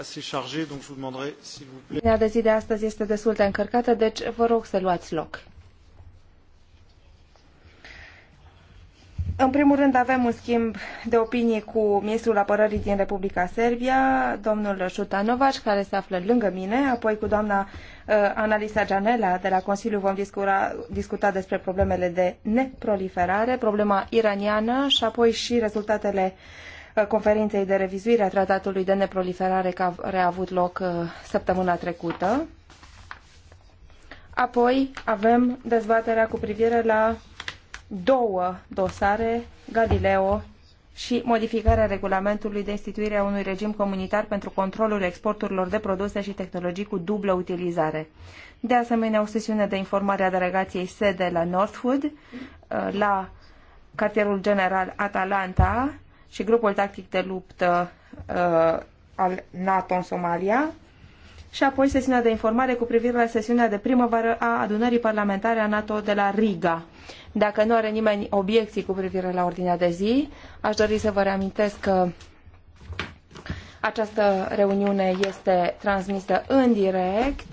assez chargée, donc je vous demanderai, s'il vous plaît. de zi de astăzi este destul de încărcată, deci vă rog să luați loc. În primul rând avem un schimb de opinii cu ministrul apărării din Republica Serbia, domnul Șuta care se află lângă mine, apoi cu doamna uh, Analisa Gianela de la Consiliu vom discura, discuta despre problemele de neproliferare, problema iraniană și apoi și rezultatele uh, Uh, conferinței de revizuire a tratatului de neproliferare care a avut loc uh, săptămâna trecută. Apoi avem dezbaterea cu privire la două dosare, Galileo și modificarea regulamentului de instituire a unui regim comunitar pentru controlul exporturilor de produse și tehnologii cu dublă utilizare. De asemenea, o sesiune de informare a delegației sede la Northwood, uh, la cartierul general Atalanta, și grupul tactic de luptă uh, al NATO în Somalia și apoi sesiunea de informare cu privire la sesiunea de primăvară a adunării parlamentare a NATO de la Riga. Dacă nu are nimeni obiecții cu privire la ordinea de zi, aș dori să vă reamintesc că această reuniune este transmisă în direct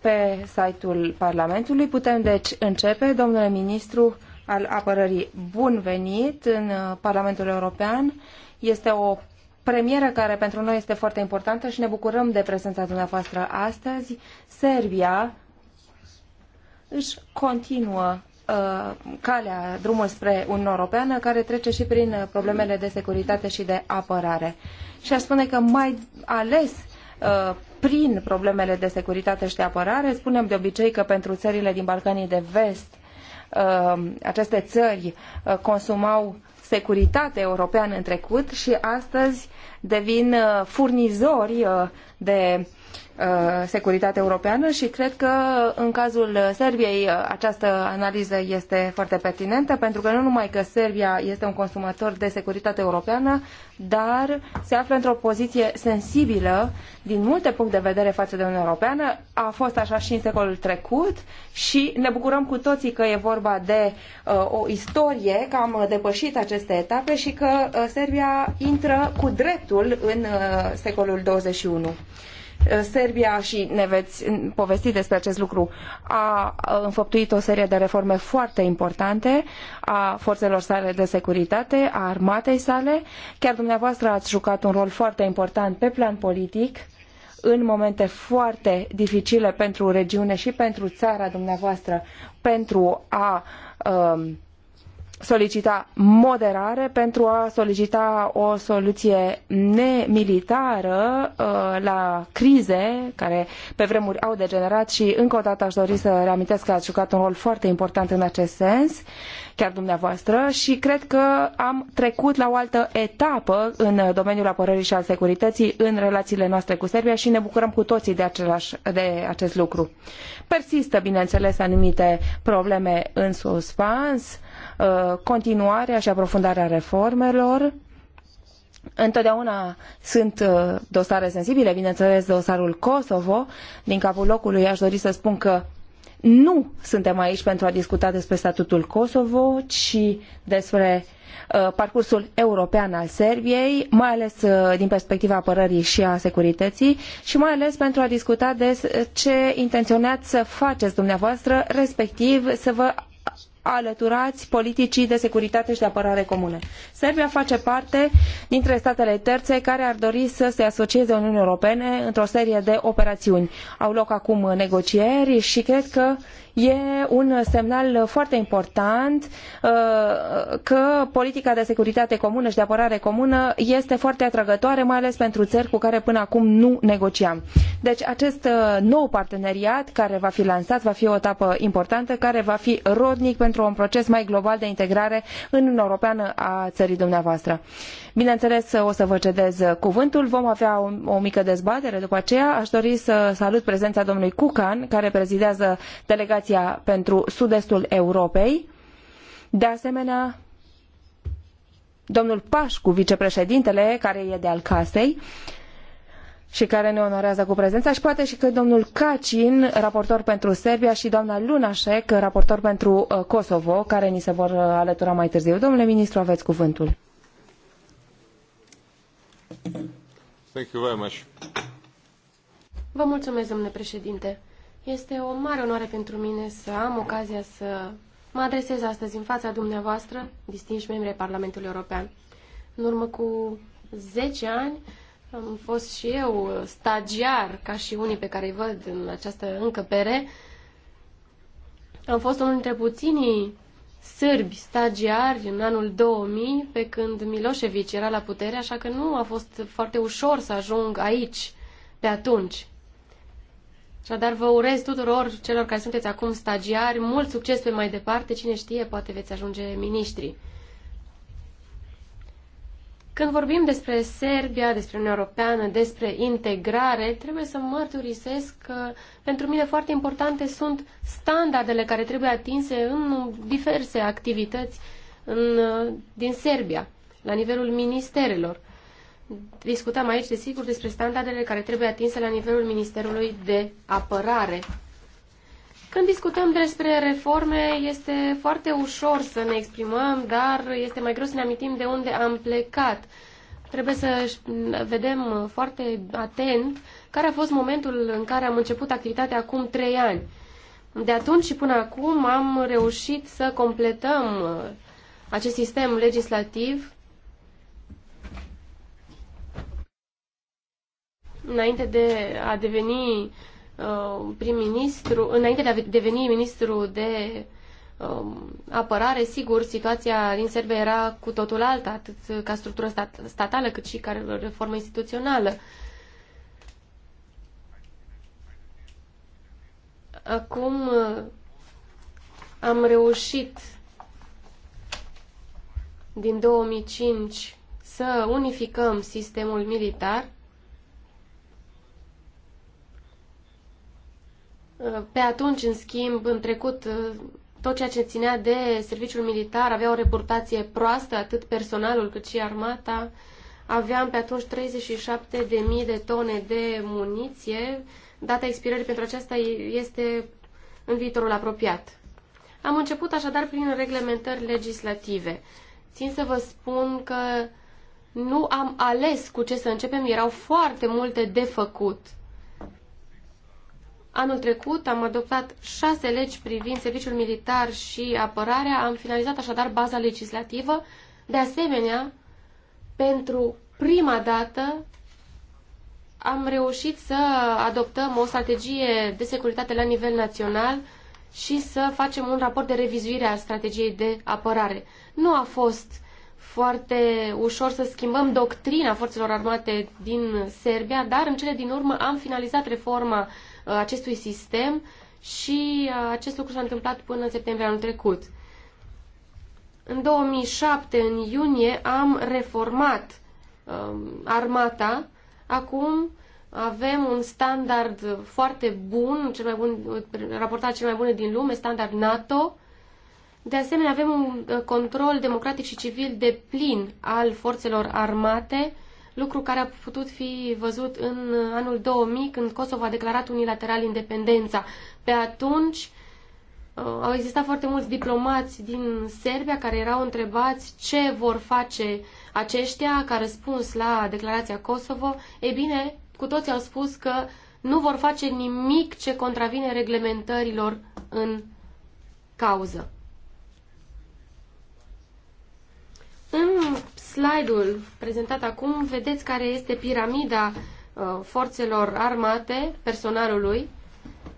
pe site-ul Parlamentului. Putem deci începe, domnule ministru, al apărării. Bun venit în uh, Parlamentul European. Este o premieră care pentru noi este foarte importantă și ne bucurăm de prezența dumneavoastră astăzi. Serbia își continuă uh, calea, drumul spre Uniunea Europeană, care trece și prin uh, problemele de securitate și de apărare. Și aș spune că mai ales prin problemele de securitate și de apărare, spunem de obicei că pentru țările din Balcanii de Vest Uh, aceste țări uh, consumau securitate europeană în trecut și astăzi devin uh, furnizori de uh, Uh, securitate europeană și cred că în cazul Serbiei uh, această analiză este foarte pertinentă pentru că nu numai că Serbia este un consumator de securitate europeană, dar se află într-o poziție sensibilă din multe puncte de vedere față de Uniunea Europeană. A fost așa și în secolul trecut și ne bucurăm cu toții că e vorba de uh, o istorie, că am depășit aceste etape și că uh, Serbia intră cu dreptul în uh, secolul 21. Eh, Serbia și ne veți povesti despre acest lucru a înfăptuit o serie de reforme foarte importante a forțelor sale de securitate, a armatei sale. Chiar dumneavoastră ați jucat un rol foarte important pe plan politic în momente foarte dificile pentru regiune și pentru țara dumneavoastră pentru a um, solicita moderare pentru a solicita o soluție nemilitară uh, la crize care pe vremuri au degenerat și încă o dată aș dori să reamintesc că ați jucat un rol foarte important în acest sens, chiar dumneavoastră, și cred că am trecut la o altă etapă în domeniul apărării și al securității în relațiile noastre cu Serbia și ne bucurăm cu toții de, același, de acest lucru. Persistă, bineînțeles, anumite probleme în suspans, Uh, continuarea și aprofundarea reformelor. Întotdeauna sunt uh, dosare sensibile, bineînțeles dosarul Kosovo. Din capul locului aș dori să spun că nu suntem aici pentru a discuta despre statutul Kosovo, ci despre uh, parcursul european al Serbiei, mai ales din perspectiva apărării și a securității și mai ales pentru a discuta de ce intenționați să faceți dumneavoastră, respectiv să vă alăturați politicii de securitate și de apărare comune. Serbia face parte dintre statele terțe care ar dori să se asocieze Uniunii Europene într-o serie de operațiuni. Au loc acum negocieri și cred că E un semnal foarte important uh, că politica de securitate comună și de apărare comună este foarte atrăgătoare, mai ales pentru țări cu care până acum nu negociam. Deci acest uh, nou parteneriat care va fi lansat va fi o etapă importantă care va fi rodnic pentru un proces mai global de integrare în Uniunea Europeană a țării dumneavoastră. Bineînțeles, uh, o să vă cedez cuvântul. Vom avea o, o mică dezbatere după aceea. Aș dori să salut prezența domnului Cucan, care prezidează delegația legislația pentru sud-estul Europei. De asemenea, domnul Pașcu, vicepreședintele, care e de al casei, și care ne onorează cu prezența și poate și că domnul Cacin, raportor pentru Serbia și doamna Lunacek, raportor pentru uh, Kosovo, care ni se vor uh, alătura mai târziu. Domnule ministru, aveți cuvântul. Thank you very much. Vă mulțumesc, domnule președinte. Este o mare onoare pentru mine să am ocazia să mă adresez astăzi în fața dumneavoastră, distinși membri ai Parlamentului European. În urmă cu 10 ani am fost și eu stagiar, ca și unii pe care îi văd în această încăpere. Am fost unul dintre puținii sârbi stagiari în anul 2000, pe când Milosevic era la putere, așa că nu a fost foarte ușor să ajung aici pe atunci. Așadar, vă urez tuturor celor care sunteți acum stagiari mult succes pe mai departe. Cine știe, poate veți ajunge miniștri. Când vorbim despre Serbia, despre Uniunea Europeană, despre integrare, trebuie să mărturisesc că pentru mine foarte importante sunt standardele care trebuie atinse în diverse activități în, din Serbia, la nivelul ministerelor. Discutăm aici, desigur, despre standardele care trebuie atinse la nivelul Ministerului de Apărare. Când discutăm despre reforme, este foarte ușor să ne exprimăm, dar este mai greu să ne amintim de unde am plecat. Trebuie să vedem foarte atent care a fost momentul în care am început activitatea acum trei ani. De atunci și până acum am reușit să completăm acest sistem legislativ înainte de a deveni uh, prim-ministru, înainte de a deveni ministru de um, apărare, sigur, situația din Serbia era cu totul alta, atât ca structură stat- statală, cât și ca reformă instituțională. Acum uh, am reușit din 2005 să unificăm sistemul militar Pe atunci, în schimb, în trecut, tot ceea ce ținea de serviciul militar avea o reputație proastă, atât personalul cât și armata. Aveam pe atunci 37.000 de tone de muniție. Data expirării pentru aceasta este în viitorul apropiat. Am început așadar prin reglementări legislative. Țin să vă spun că nu am ales cu ce să începem, erau foarte multe de făcut. Anul trecut am adoptat șase legi privind serviciul militar și apărarea, am finalizat așadar baza legislativă. De asemenea, pentru prima dată am reușit să adoptăm o strategie de securitate la nivel național și să facem un raport de revizuire a strategiei de apărare. Nu a fost foarte ușor să schimbăm doctrina forțelor armate din Serbia, dar în cele din urmă am finalizat reforma Uh, acestui sistem și uh, acest lucru s-a întâmplat până în septembrie anul trecut. În 2007, în iunie, am reformat um, armata. Acum avem un standard foarte bun, cel mai bun, raportat cel mai bun din lume, standard NATO. De asemenea, avem un uh, control democratic și civil de plin al forțelor armate, uh, lucru care a putut fi văzut în anul 2000, când Kosovo a declarat unilateral independența. Pe atunci uh, au existat foarte mulți diplomați din Serbia care erau întrebați ce vor face aceștia ca răspuns la declarația Kosovo. Ei bine, cu toții au spus că nu vor face nimic ce contravine reglementărilor în cauză. În slide-ul prezentat acum vedeți care este piramida uh, forțelor armate, personalului.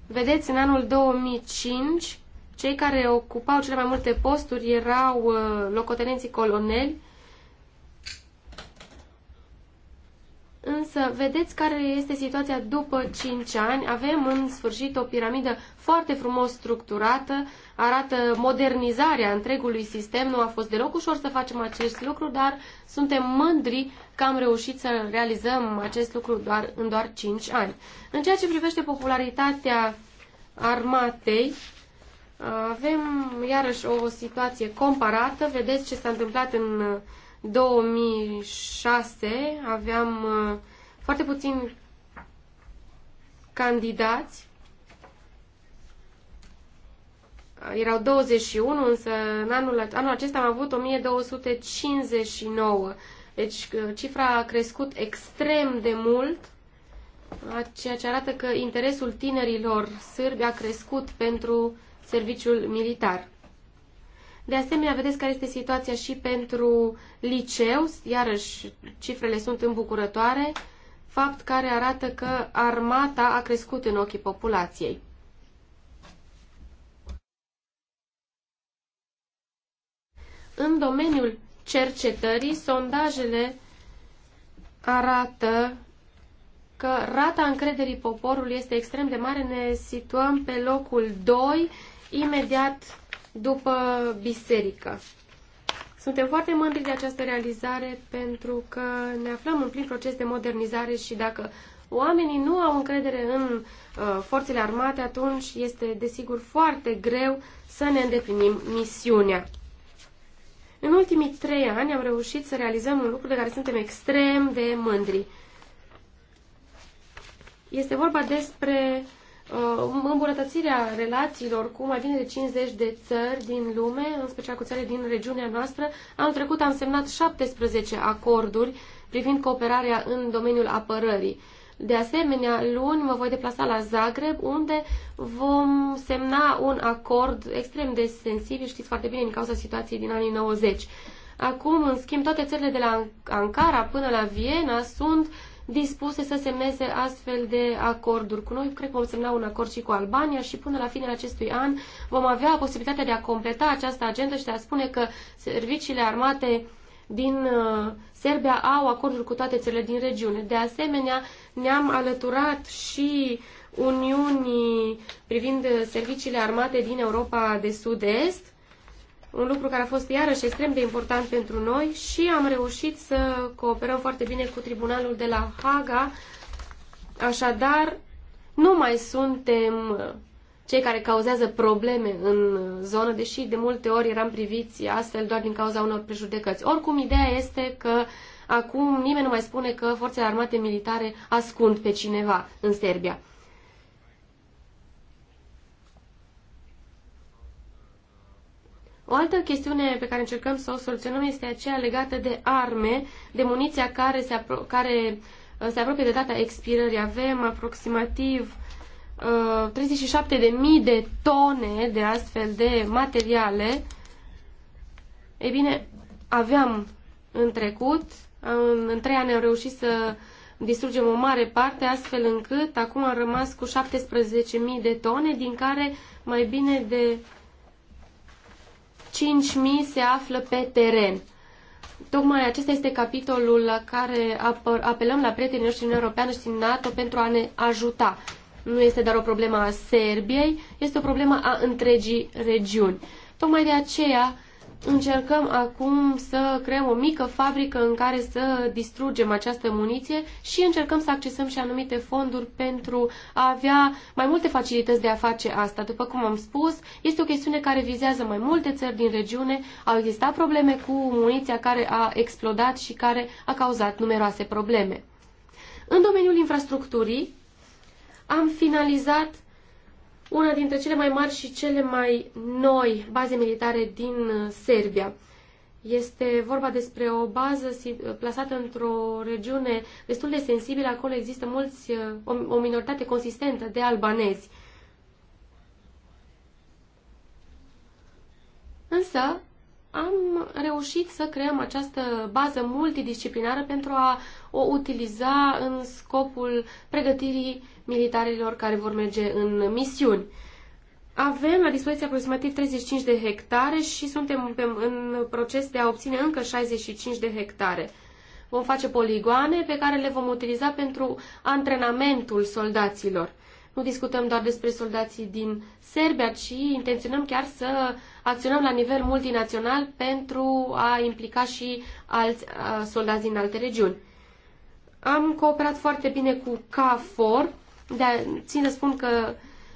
Vedeți, în anul 2005, cei care ocupau cele mai multe posturi erau uh, locotenenții coloneli, Însă, vedeți care este situația după 5 ani. Avem, în sfârșit, o piramidă foarte frumos structurată, arată modernizarea întregului sistem. Nu a fost deloc ușor să facem acest lucru, dar suntem mândri că am reușit să realizăm acest lucru doar, în doar 5 ani. În ceea ce privește popularitatea armatei, avem iarăși o situație comparată. Vedeți ce s-a întâmplat în 2006 aveam uh, foarte puțini candidați. Uh, erau 21, însă în anul, anul acesta am avut 1259. Deci uh, cifra a crescut extrem de mult, ceea ce arată că interesul tinerilor sârbi a crescut pentru serviciul militar. De asemenea, vedeți care este situația și pentru liceu, iarăși cifrele sunt îmbucurătoare, fapt care arată că armata a crescut în ochii populației. În domeniul cercetării, sondajele arată că rata încrederii poporului este extrem de mare, ne situăm pe locul 2, imediat după biserică. Suntem foarte mândri de această realizare pentru că ne aflăm în plin proces de modernizare și dacă oamenii nu au încredere în uh, forțele armate, atunci este desigur foarte greu să ne îndeplinim misiunea. În ultimii trei ani am reușit să realizăm un lucru de care suntem extrem de mândri. Este vorba despre Uh, îmbunătățirea relațiilor cu mai bine de 50 de țări din lume, în special cu țările din regiunea noastră. am trecut am semnat 17 acorduri privind cooperarea în domeniul apărării. De asemenea, luni mă voi deplasa la Zagreb, unde vom semna un acord extrem de sensibil, știți foarte bine, din cauza situației din anii 90. Acum, în schimb, toate țările de la Ankara până la Viena sunt uh, dispuse să semneze astfel de acorduri cu noi. Cred că vom semna un acord și cu Albania și până la finele acestui an vom avea posibilitatea de a completa această agendă și de a spune că serviciile armate din uh, Serbia au acorduri cu toate țările din regiune. De asemenea, ne-am alăturat și Uniunii privind serviciile armate din Europa de Sud-Est un lucru care a fost iarăși extrem de important pentru noi și am reușit să cooperăm foarte bine cu Tribunalul de la Haga. Așadar, nu mai suntem cei care cauzează probleme în zonă, deși de multe ori eram priviți astfel doar din cauza unor prejudecăți. Oricum, ideea este că acum nimeni nu mai spune că forțele armate militare ascund pe cineva în Serbia. O altă chestiune pe care încercăm să o soluționăm este aceea legată de arme, de muniția care se, apro- care uh, se apropie de data expirării. Avem aproximativ uh, 37.000 de tone de astfel de materiale. Ei bine, aveam în trecut, în, în trei ani am reușit să distrugem o mare parte, astfel încât acum am rămas cu 17.000 de tone, din care mai bine de 5.000 se află pe teren. Tocmai acesta este capitolul la care apelăm la prietenii noștri în Europeană și în NATO pentru a ne ajuta. Nu este doar o problemă a Serbiei, este o problemă a întregii regiuni. Tocmai de aceea încercăm acum să creăm o mică fabrică în care să distrugem această muniție și încercăm să accesăm și anumite fonduri pentru a avea mai multe facilități de a face asta. După cum am spus, este o chestiune care vizează mai multe țări din regiune. Au existat probleme cu muniția care a explodat și care a cauzat numeroase probleme. În domeniul infrastructurii am finalizat una dintre cele mai mari și cele mai noi baze militare din uh, Serbia. Este vorba despre o bază uh, plasată într-o regiune destul de sensibilă, acolo există mulți, uh, o, o minoritate consistentă de albanezi. Însă, am reușit să creăm această bază multidisciplinară pentru a o utiliza în scopul pregătirii militarilor care vor merge în misiuni. Avem la dispoziție aproximativ 35 de hectare și suntem în proces de a obține încă 65 de hectare. Vom face poligoane pe care le vom utiliza pentru antrenamentul soldaților. Nu discutăm doar despre soldații din Serbia, ci intenționăm chiar să acționăm la nivel multinațional pentru a implica și alți soldați din alte regiuni. Am cooperat foarte bine cu CAFOR, de țin să spun că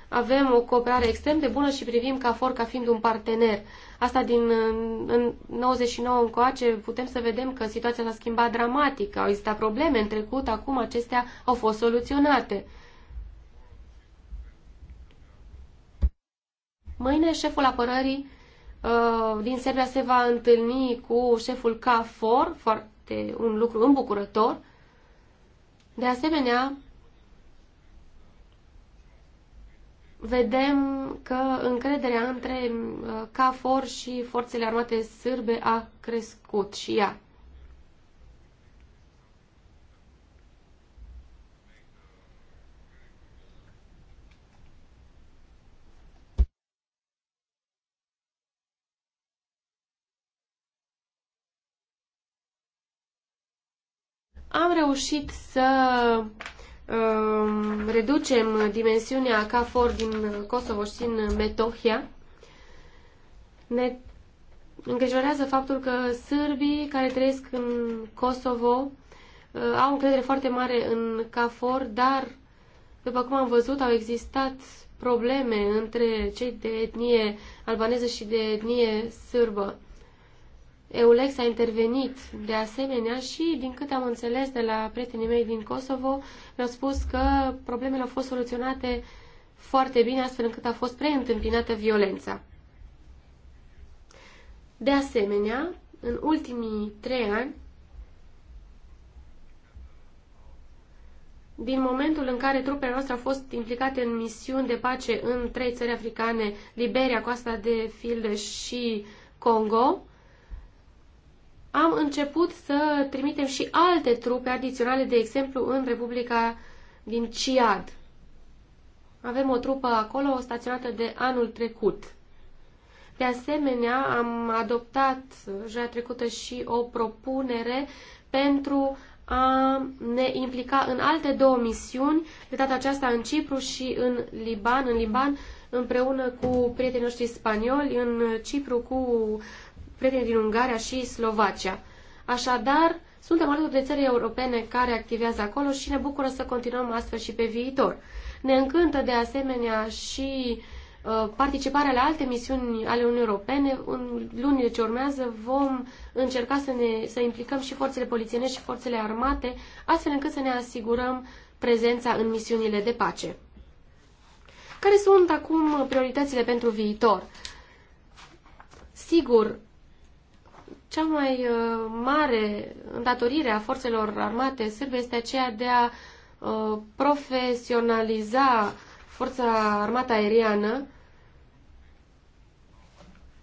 avem o cooperare extrem de bună și privim CAFOR ca fiind un partener. Asta din în 99 încoace putem să vedem că situația s-a schimbat dramatic, au existat probleme în trecut, acum acestea au fost soluționate. Mâine, șeful apărării Uh, din Serbia se va întâlni cu șeful CAFOR, foarte un lucru îmbucurător. De asemenea, vedem că încrederea între uh, CAFOR și forțele armate sârbe a crescut și ea. am reușit să um, reducem dimensiunea CAFOR din Kosovo și din Metohia. Ne îngrijorează faptul că sârbii care trăiesc în Kosovo uh, au încredere foarte mare în CAFOR, dar, după cum am văzut, au existat probleme între cei de etnie albaneză și de etnie sârbă. Eulex a intervenit de asemenea și, din câte am înțeles de la prietenii mei din Kosovo, mi-au spus că problemele au fost soluționate foarte bine, astfel încât a fost preîntâmpinată violența. De asemenea, în ultimii trei ani, din momentul în care trupele noastre au fost implicate în misiuni de pace în trei țări africane, Liberia, Coasta de Filde și Congo, am început să trimitem și alte trupe adiționale, de exemplu, în Republica din Ciad. Avem o trupă acolo staționată de anul trecut. De asemenea, am adoptat joia trecută și o propunere pentru a ne implica în alte două misiuni, de data aceasta în Cipru și în Liban, în Liban împreună cu prietenii noștri spanioli, în Cipru cu prieteni din Ungaria și Slovacia. Așadar, suntem alături de țări europene care activează acolo și ne bucură să continuăm astfel și pe viitor. Ne încântă de asemenea și uh, participarea la alte misiuni ale Uniunii Europene. În lunile ce urmează vom încerca să, ne, să implicăm și forțele polițienești și forțele armate, astfel încât să ne asigurăm prezența în misiunile de pace. Care sunt acum prioritățile pentru viitor? Sigur, cea mai uh, mare îndatorire a forțelor armate sârbe este aceea de a uh, profesionaliza forța armată aeriană.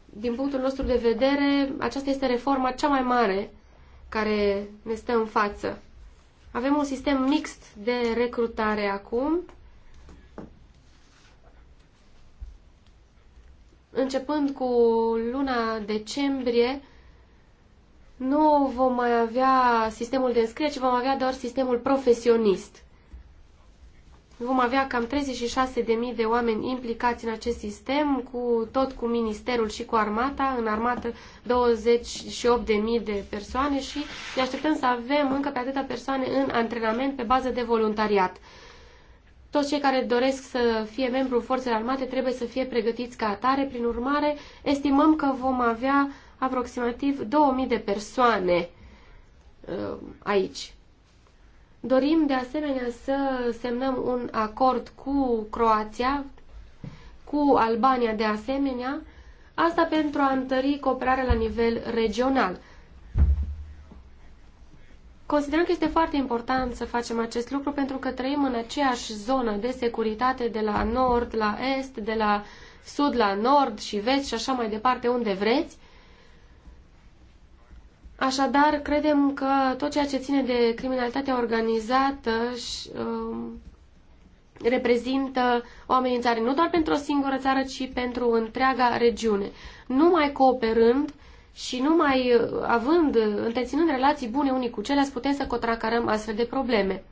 Din punctul nostru de vedere, aceasta este reforma cea mai mare care ne stă în față. Avem un sistem mixt de recrutare acum, începând cu luna decembrie, nu vom mai avea sistemul de înscriere, ci vom avea doar sistemul profesionist. Vom avea cam 36.000 de oameni implicați în acest sistem, cu tot cu ministerul și cu armata, în armată 28.000 de persoane și ne așteptăm să avem încă pe atâta persoane în antrenament pe bază de voluntariat. Toți cei care doresc să fie membru în forțele armate trebuie să fie pregătiți ca atare, prin urmare estimăm că vom avea aproximativ 2000 de persoane uh, aici. Dorim de asemenea să semnăm un acord cu Croația, cu Albania de asemenea, asta pentru a întări cooperarea la nivel regional. Considerăm că este foarte important să facem acest lucru pentru că trăim în aceeași zonă de securitate de la nord la est, de la sud la nord și vest și așa mai departe unde vreți Așadar, credem că tot ceea ce ține de criminalitatea organizată și, um, reprezintă o amenințare nu doar pentru o singură țară, ci pentru întreaga regiune. Numai cooperând și numai uh, având, întreținând relații bune unii cu ceilalți, putem să contracarăm astfel de probleme.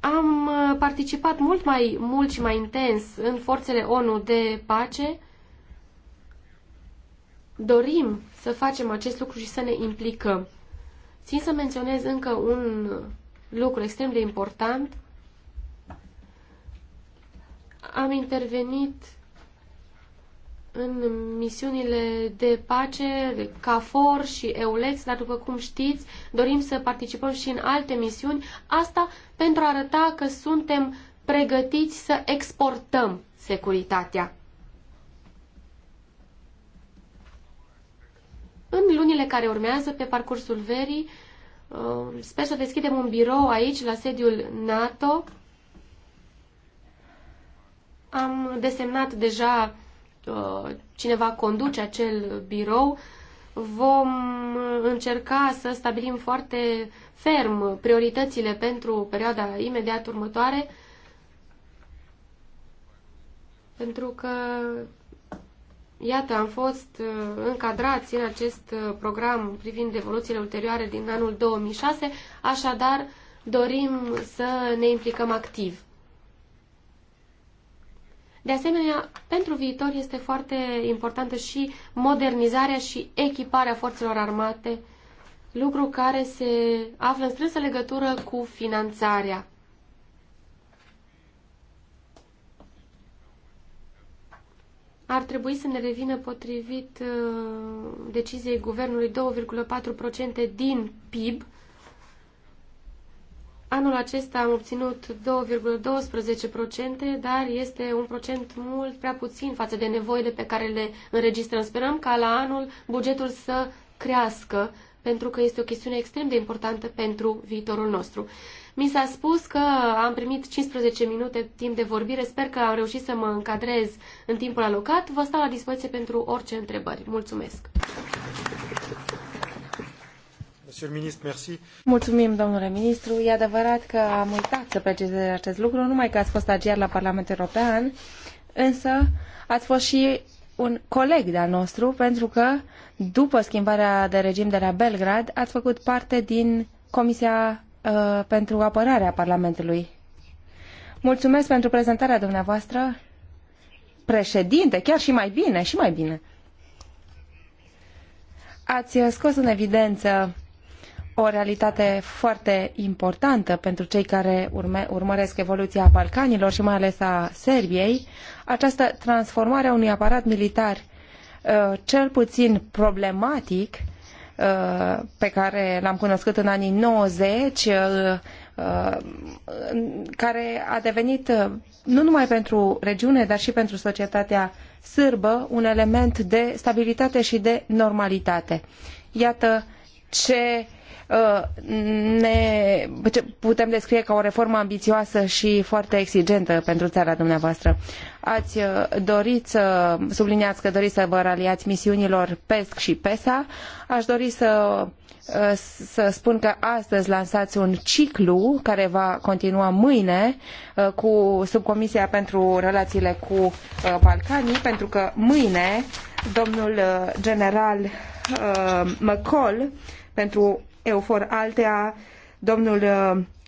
Am uh, participat mult mai mult și mai intens în forțele ONU de pace, dorim să facem acest lucru și să ne implicăm. Țin să menționez încă un lucru extrem de important. Am intervenit în misiunile de pace, de CAFOR și EULEX, dar după cum știți, dorim să participăm și în alte misiuni, asta pentru a arăta că suntem pregătiți să exportăm securitatea. în lunile care urmează, pe parcursul verii, uh, sper să deschidem un birou aici, la sediul NATO. Am desemnat deja uh, cineva conduce acel birou. Vom încerca să stabilim foarte ferm prioritățile pentru perioada imediat următoare, pentru că Iată, am fost uh, încadrați în acest uh, program privind evoluțiile ulterioare din anul 2006, așadar dorim să ne implicăm activ. De asemenea, pentru viitor este foarte importantă și modernizarea și echiparea forțelor armate, lucru care se află în strânsă legătură cu finanțarea. ar trebui să ne revină potrivit uh, deciziei guvernului 2,4% din PIB. Anul acesta am obținut 2,12%, dar este un procent mult prea puțin față de nevoile pe care le înregistrăm. Sperăm ca la anul bugetul să crească, pentru că este o chestiune extrem de importantă pentru viitorul nostru. Mi s-a spus că am primit 15 minute timp de vorbire. Sper că am reușit să mă încadrez în timpul alocat. Vă stau la dispoziție pentru orice întrebări. Mulțumesc! Mulțumim, domnule ministru. E adevărat că am uitat să precizez acest lucru, numai că ați fost agiar la Parlamentul European, însă ați fost și un coleg de-al nostru, pentru că după schimbarea de regim de la Belgrad, ați făcut parte din Comisia Uh, pentru apărarea Parlamentului. Mulțumesc pentru prezentarea dumneavoastră. Președinte, chiar și mai bine, și mai bine. Ați scos în evidență o realitate foarte importantă pentru cei care urme, urmăresc evoluția Balcanilor și mai ales a Serbiei, această transformare a unui aparat militar uh, cel puțin problematic Uh, pe care l-am cunoscut în anii 90, uh, uh, care a devenit nu numai pentru regiune, dar și pentru societatea sârbă un element de stabilitate și de normalitate. Iată ce Uh, ne putem descrie ca o reformă ambițioasă și foarte exigentă pentru țara dumneavoastră. Ați uh, dorit să subliniați că doriți să vă raliați misiunilor PESC și PESA. Aș dori să, uh, să spun că astăzi lansați un ciclu care va continua mâine cu subcomisia pentru relațiile cu Balcanii, pentru că mâine domnul general McCall pentru EUFOR Altea, domnul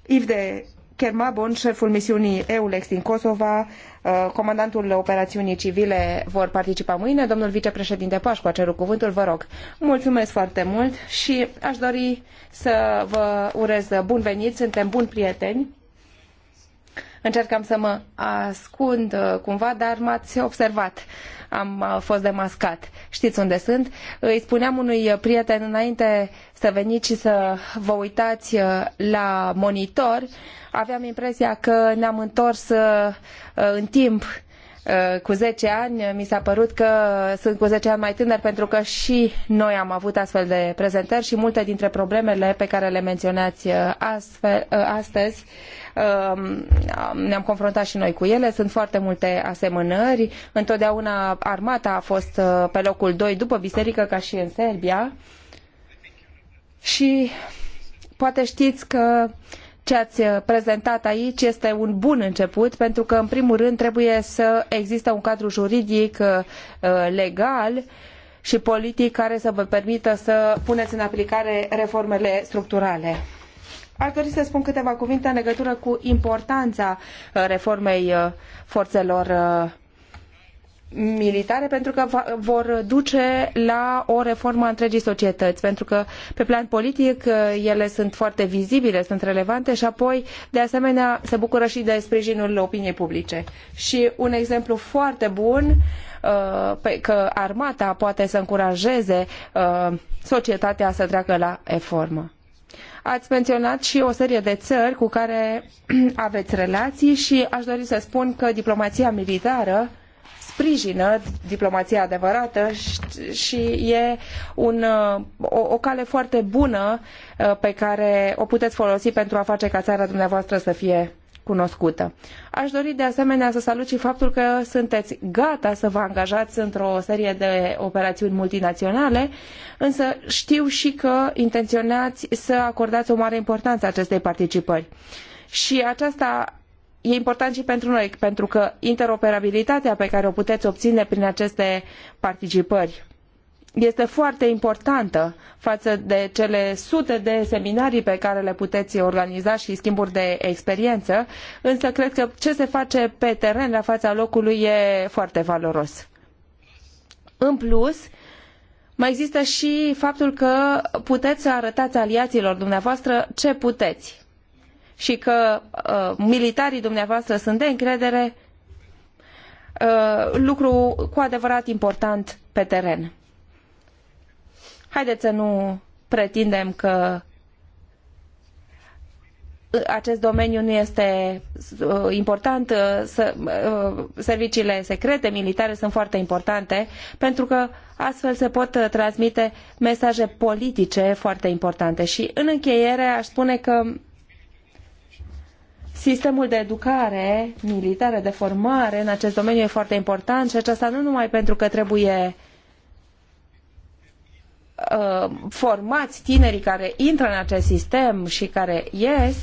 Yves uh, de Kermabon, șeful misiunii EULEX din Kosova, uh, comandantul operațiunii civile vor participa mâine. Domnul vicepreședinte Pașcu a cerut cuvântul, vă rog. Mulțumesc foarte mult și aș dori să vă urez bun venit, suntem buni prieteni. Încercam să mă ascund uh, cumva, dar m-ați observat. Uh, am fost demascat. Știți unde sunt? Îi spuneam unui prieten înainte să veniți și să vă uitați uh, la monitor, aveam impresia că ne-am întors uh, uh, în timp Eh, cu zece ani, mi s-a părut că sunt cu zece ani mai tânăr pentru că și noi am avut astfel de prezentări și multe dintre problemele pe care le menționați eh, astfel, eh, astăzi ne-am confruntat și noi cu ele. Sunt foarte multe asemănări. Întotdeauna armata a fost pe locul doi după biserică, ca și în Serbia. Și poate știți că ce ați uh, prezentat aici este un bun început, pentru că, în primul rând, trebuie să existe un cadru juridic uh, uh, legal și politic care să vă permită să puneți în aplicare reformele structurale. Aș dori să spun câteva cuvinte în legătură cu importanța reformei forțelor militare pentru că vor duce la o reformă a întregii societăți, pentru că pe plan politic uh, ele sunt foarte vizibile, sunt relevante și apoi de asemenea se bucură și de sprijinul opiniei publice. Și un exemplu foarte bun uh, că armata poate să încurajeze uh, societatea să treacă la reformă. Ați menționat și o serie de țări cu care aveți relații și aș dori să spun că diplomația militară uh, sprijină diplomația adevărată și e un, uh, o, o cale foarte bună uh, pe care o puteți folosi pentru a face ca țara dumneavoastră să fie cunoscută. Aș dori de asemenea să salut și faptul că sunteți gata să vă angajați într-o serie de operațiuni multinaționale, însă știu și că intenționați să acordați o mare importanță acestei participări. Și aceasta e important și pentru noi, pentru că interoperabilitatea pe care o puteți obține prin aceste participări este foarte importantă față de cele sute de seminarii pe care le puteți organiza și schimburi de experienă însă cred că ce se face pe teren la fața locului e foarte valoros. În plus, mai există și faptul că puteți să arătați aliaților dumneavoastră ce puteți și că uh, militarii dumneavoastră sunt de încredere, uh, lucru cu adevărat important pe teren. Haideți să nu pretindem că uh, acest domeniu nu este uh, important, uh, să, uh, serviciile secrete militare sunt foarte importante pentru că astfel se pot transmite mesaje politice foarte importante și în încheiere aș spune că Sistemul de educare militară, de formare în acest domeniu e foarte important și aceasta nu numai pentru că trebuie uh, formați tinerii care intră în acest sistem și care ies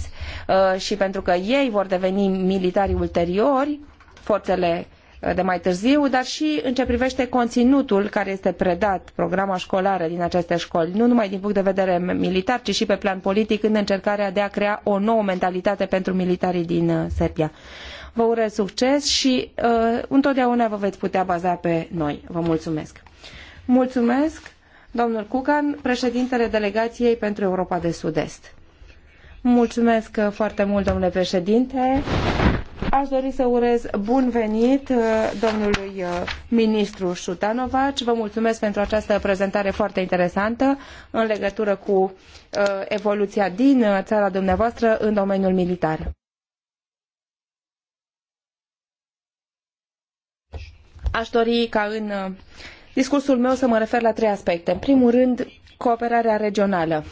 uh, și pentru că ei vor deveni militari ulteriori, forțele de mai târziu, dar și în ce privește conținutul care este predat, programa școlară din aceste școli, nu numai din punct de vedere militar, ci și pe plan politic, în încercarea de a crea o nouă mentalitate pentru militarii din uh, Serbia. Vă urez succes și uh, întotdeauna vă veți putea baza pe noi. Vă mulțumesc! Mulțumesc, domnul Cucan, președintele delegației pentru Europa de Sud-Est. Mulțumesc uh, foarte mult, domnule președinte. Aș dori să urez bun venit uh, domnului uh, ministru Șutanovac. Vă mulțumesc pentru această prezentare foarte interesantă în legătură cu uh, evoluția din țara dumneavoastră în domeniul militar. Aș dori ca în discursul meu să mă refer la trei aspecte. În primul rând, cooperarea regională.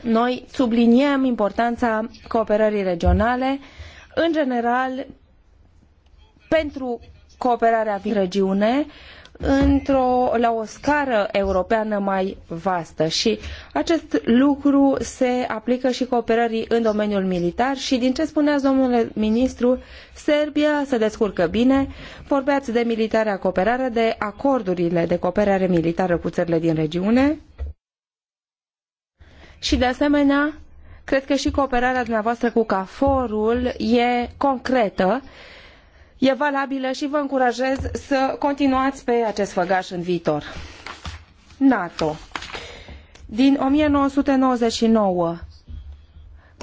Noi subliniem importanța cooperării regionale uh, în general, pentru cooperarea din regiune, într-o, la o scară europeană mai vastă și acest lucru se aplică și cooperării în domeniul militar și din ce spuneați, domnule ministru, Serbia se descurcă bine, vorbeați de militarea cooperare, de acordurile de cooperare militară cu țările din regiune și de asemenea Cred că și cooperarea dumneavoastră cu CAFORul e concretă, e valabilă și vă încurajez să continuați pe acest făgaș în viitor. NATO. Din 1999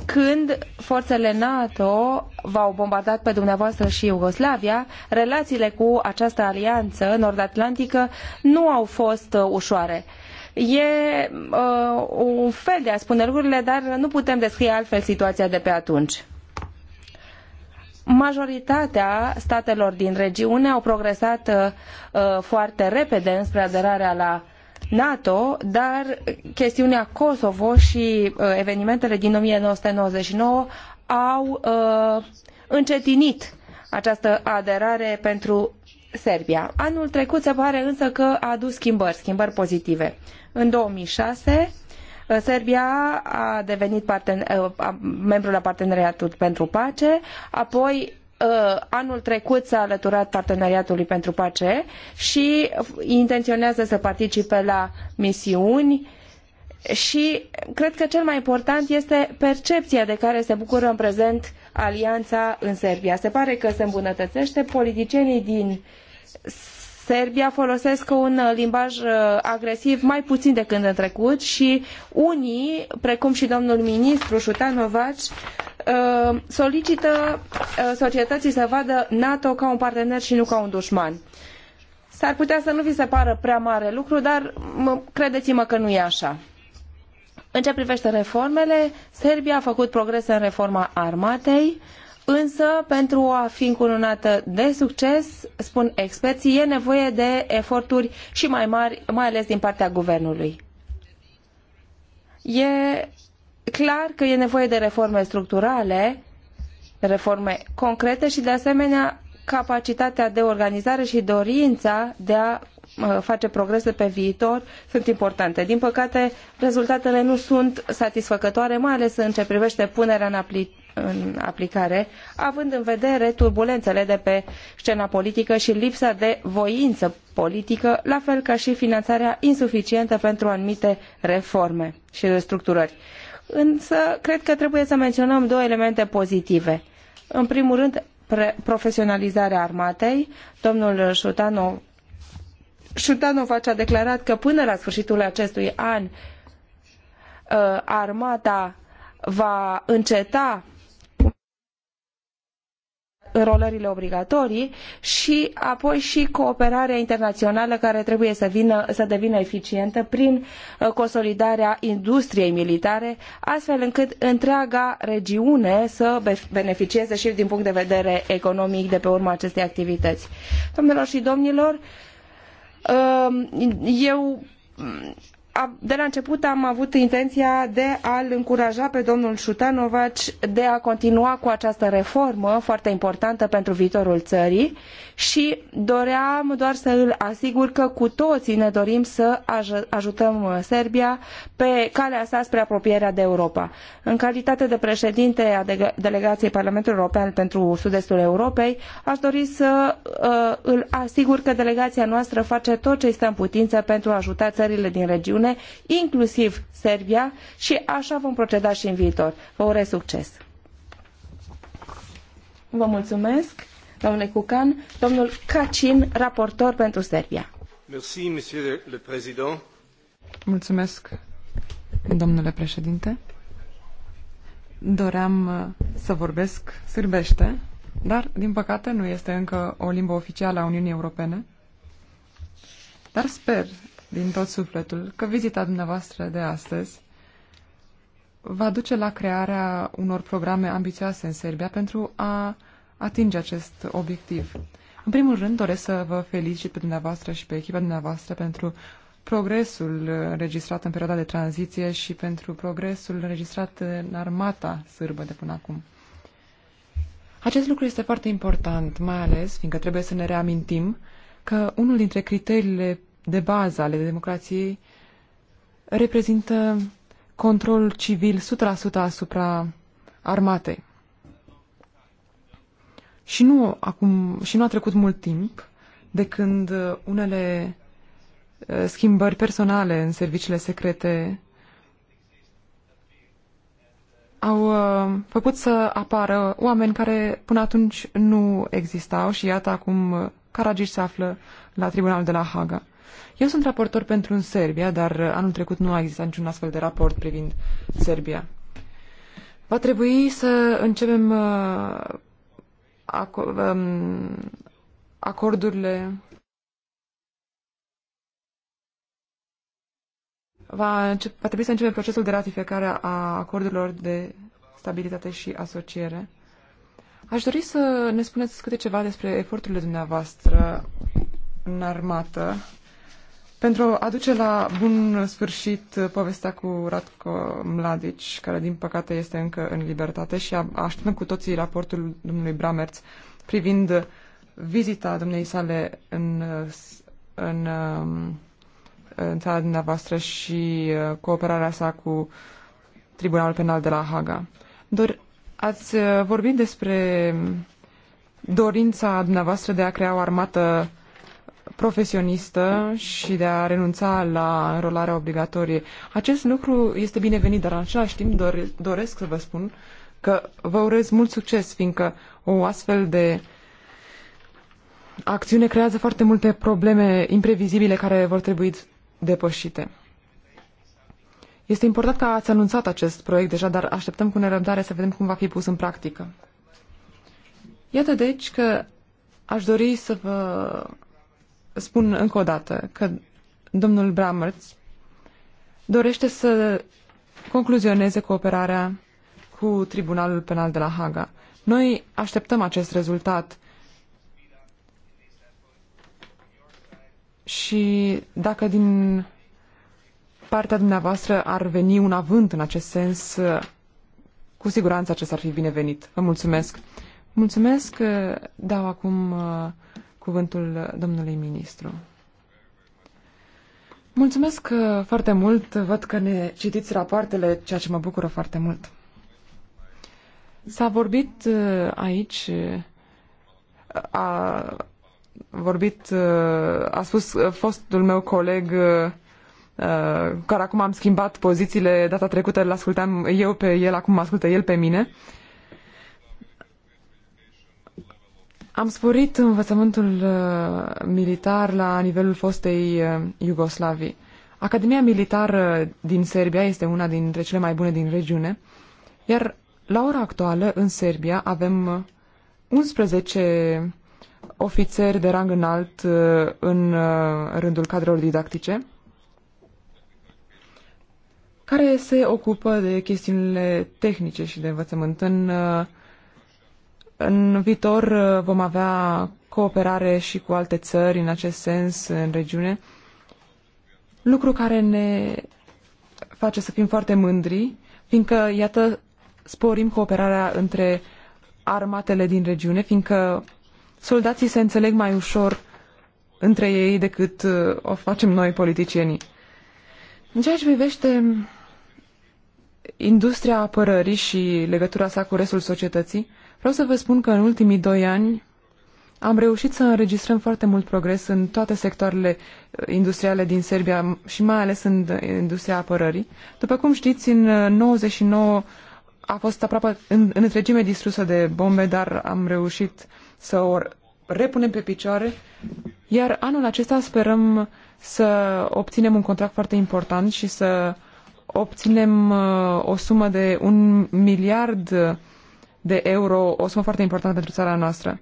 când forțele NATO v-au bombardat pe dumneavoastră și Iugoslavia, relațiile cu această alianță nord-atlantică nu au fost uh, ușoare. E uh, un fel de a spune lucrurile, dar nu putem descrie altfel situația de pe atunci. Majoritatea statelor din regiune au progresat uh, foarte repede înspre aderarea la NATO, dar chestiunea Kosovo și uh, evenimentele din 1999 au uh, încetinit această aderare pentru Serbia. Anul trecut se pare însă că a adus schimbări, schimbări pozitive. În 2006, uh, Serbia a devenit uh, membru la Parteneriatul pentru Pace, apoi uh, anul trecut s-a alăturat Parteneriatului pentru Pace și intenționează să participe la misiuni și cred că cel mai important este percepția de care se bucură în prezent alianța în Serbia. Se pare că se îmbunătățește, politicienii din Serbia folosesc un uh, limbaj uh, agresiv mai puțin decât în trecut și unii, precum și domnul ministru Șutanovaci, uh, solicită societății să vadă NATO ca un partener și nu ca un dușman. S-ar putea să nu vi se pară prea mare lucru, dar credeți-mă că nu e așa. În ce privește reformele, Serbia a făcut progrese în reforma armatei, uh, Însă, pentru a fi încununată de succes, spun experții, e nevoie de eforturi și mai mari, mai ales din partea guvernului. E clar că e nevoie de reforme structurale, reforme concrete și, de asemenea, capacitatea de organizare și dorința de a face progrese pe viitor sunt importante. Din păcate, rezultatele nu sunt satisfăcătoare, mai ales în ce privește punerea în aplicare în aplicare, având în vedere turbulențele de pe scena politică și lipsa de voință politică, la fel ca și finanțarea insuficientă pentru anumite reforme și restructurări. Însă, cred că trebuie să menționăm două elemente pozitive. În primul rând, profesionalizarea armatei. Domnul Șutanu Șutanov a declarat că până la sfârșitul acestui an uh, armata va înceta înrolările obligatorii și apoi și cooperarea internațională care trebuie să, vină, să devină eficientă prin uh, consolidarea industriei militare, astfel încât întreaga regiune să beneficieze și din punct de vedere economic de pe urma acestei activități. Domnilor și domnilor, uh, eu de la început am avut intenția de a-l încuraja pe domnul Șutanovac de a continua cu această reformă foarte importantă pentru viitorul țării și doream doar să îl asigur că cu toții ne dorim să ajutăm Serbia pe calea sa spre apropierea de Europa. În calitate de președinte a delegației Parlamentului European pentru Sud-Estul Europei, aș dori să uh, îl asigur că delegația noastră face tot ce stă în putință pentru a ajuta țările din regiune Uniune, inclusiv Serbia, și așa vom proceda și în viitor. Vă urez succes! Vă mulțumesc, domnule Cucan. Domnul Cacin, raportor pentru Serbia. Merci, Mulțumesc, domnule președinte. Doream uh, să vorbesc sârbește, dar, din păcate, nu este încă o limbă oficială a Uniunii Europene. Dar sper din tot sufletul că vizita dumneavoastră de astăzi va duce la crearea unor programe ambițioase în Serbia pentru a atinge acest obiectiv. În primul rând, doresc să vă felicit pe dumneavoastră și pe echipa dumneavoastră pentru progresul înregistrat în perioada de tranziție și pentru progresul înregistrat în armata sârbă de până acum. Acest lucru este foarte important, mai ales fiindcă trebuie să ne reamintim că unul dintre criteriile de bază ale democrației reprezintă controlul civil 100% asupra armatei. Și nu, acum, și nu a trecut mult timp de când uh, unele uh, schimbări personale în serviciile secrete au uh, făcut să apară oameni care până atunci nu existau și iată acum Caragici se află la tribunalul de la Haga. Eu sunt raportor pentru în Serbia, dar anul trecut nu a existat niciun astfel de raport privind Serbia. Va trebui să începem uh, um, acordurile va, încep, va trebui să începem procesul de ratificare a acordurilor de stabilitate și asociere. Aș dori să ne spuneți câte ceva despre eforturile dumneavoastră în armată pentru a aduce la bun sfârșit uh, povestea cu Radko Mladic, care din păcate este încă în libertate și așteptăm cu toții raportul domnului Bramerț privind vizita domnei sale în, uh, în, um, în țara dumneavoastră și uh, cooperarea sa cu Tribunalul Penal de la Haga. Dor, ați vorbit despre dorința dumneavoastră de a crea o armată profesionistă și de a renunța la înrolarea obligatorie. Acest lucru este binevenit, dar în același timp doresc să vă spun că vă urez mult succes, fiindcă o astfel de acțiune creează foarte multe probleme imprevizibile care vor trebui depășite. Este important că ați anunțat acest proiect deja, dar așteptăm cu nerăbdare să vedem cum va fi pus în practică. Iată deci că aș dori să vă spun încă o dată că domnul Bramertz dorește să concluzioneze cooperarea cu Tribunalul Penal de la Haga. Noi așteptăm acest rezultat și dacă din partea dumneavoastră ar veni un avânt în acest sens, cu siguranță acesta ar fi binevenit. Vă mulțumesc. Mulțumesc. Dau acum cuvântul domnului ministru. Mulțumesc uh, foarte mult. Văd că ne citiți rapoartele, ceea ce mă bucură foarte mult. S-a vorbit uh, aici, uh, a vorbit, a spus fostul meu coleg care acum am schimbat pozițiile, data trecută îl ascultam eu pe el, acum mă ascultă el pe mine. Am sporit învățământul uh, militar la nivelul fostei uh, Iugoslavii. Academia militară uh, din Serbia este una dintre cele mai bune din regiune, iar la ora actuală în Serbia avem 11 ofițeri de rang înalt în rândul cadrelor didactice care se ocupă de chestiunile tehnice și de învățământ. În în viitor uh, vom avea cooperare și cu alte țări în acest sens în regiune, lucru care ne face să fim foarte mândri, fiindcă, iată, sporim cooperarea între armatele din regiune, fiindcă soldații se înțeleg mai ușor între ei decât uh, o facem noi politicienii. În ceea ce privește industria apărării și legătura sa cu restul societății, Vreau să vă spun că în ultimii doi ani am reușit să înregistrăm foarte mult progres în toate sectoarele uh, industriale din Serbia și mai ales în uh, industria apărării. După cum știți, în 99 uh, a fost aproape în, în întregime distrusă de bombe, dar am reușit să o repunem pe picioare, iar anul acesta sperăm să obținem un contract foarte important și să obținem o sumă de un miliard de euro, o sumă foarte importantă pentru țara noastră.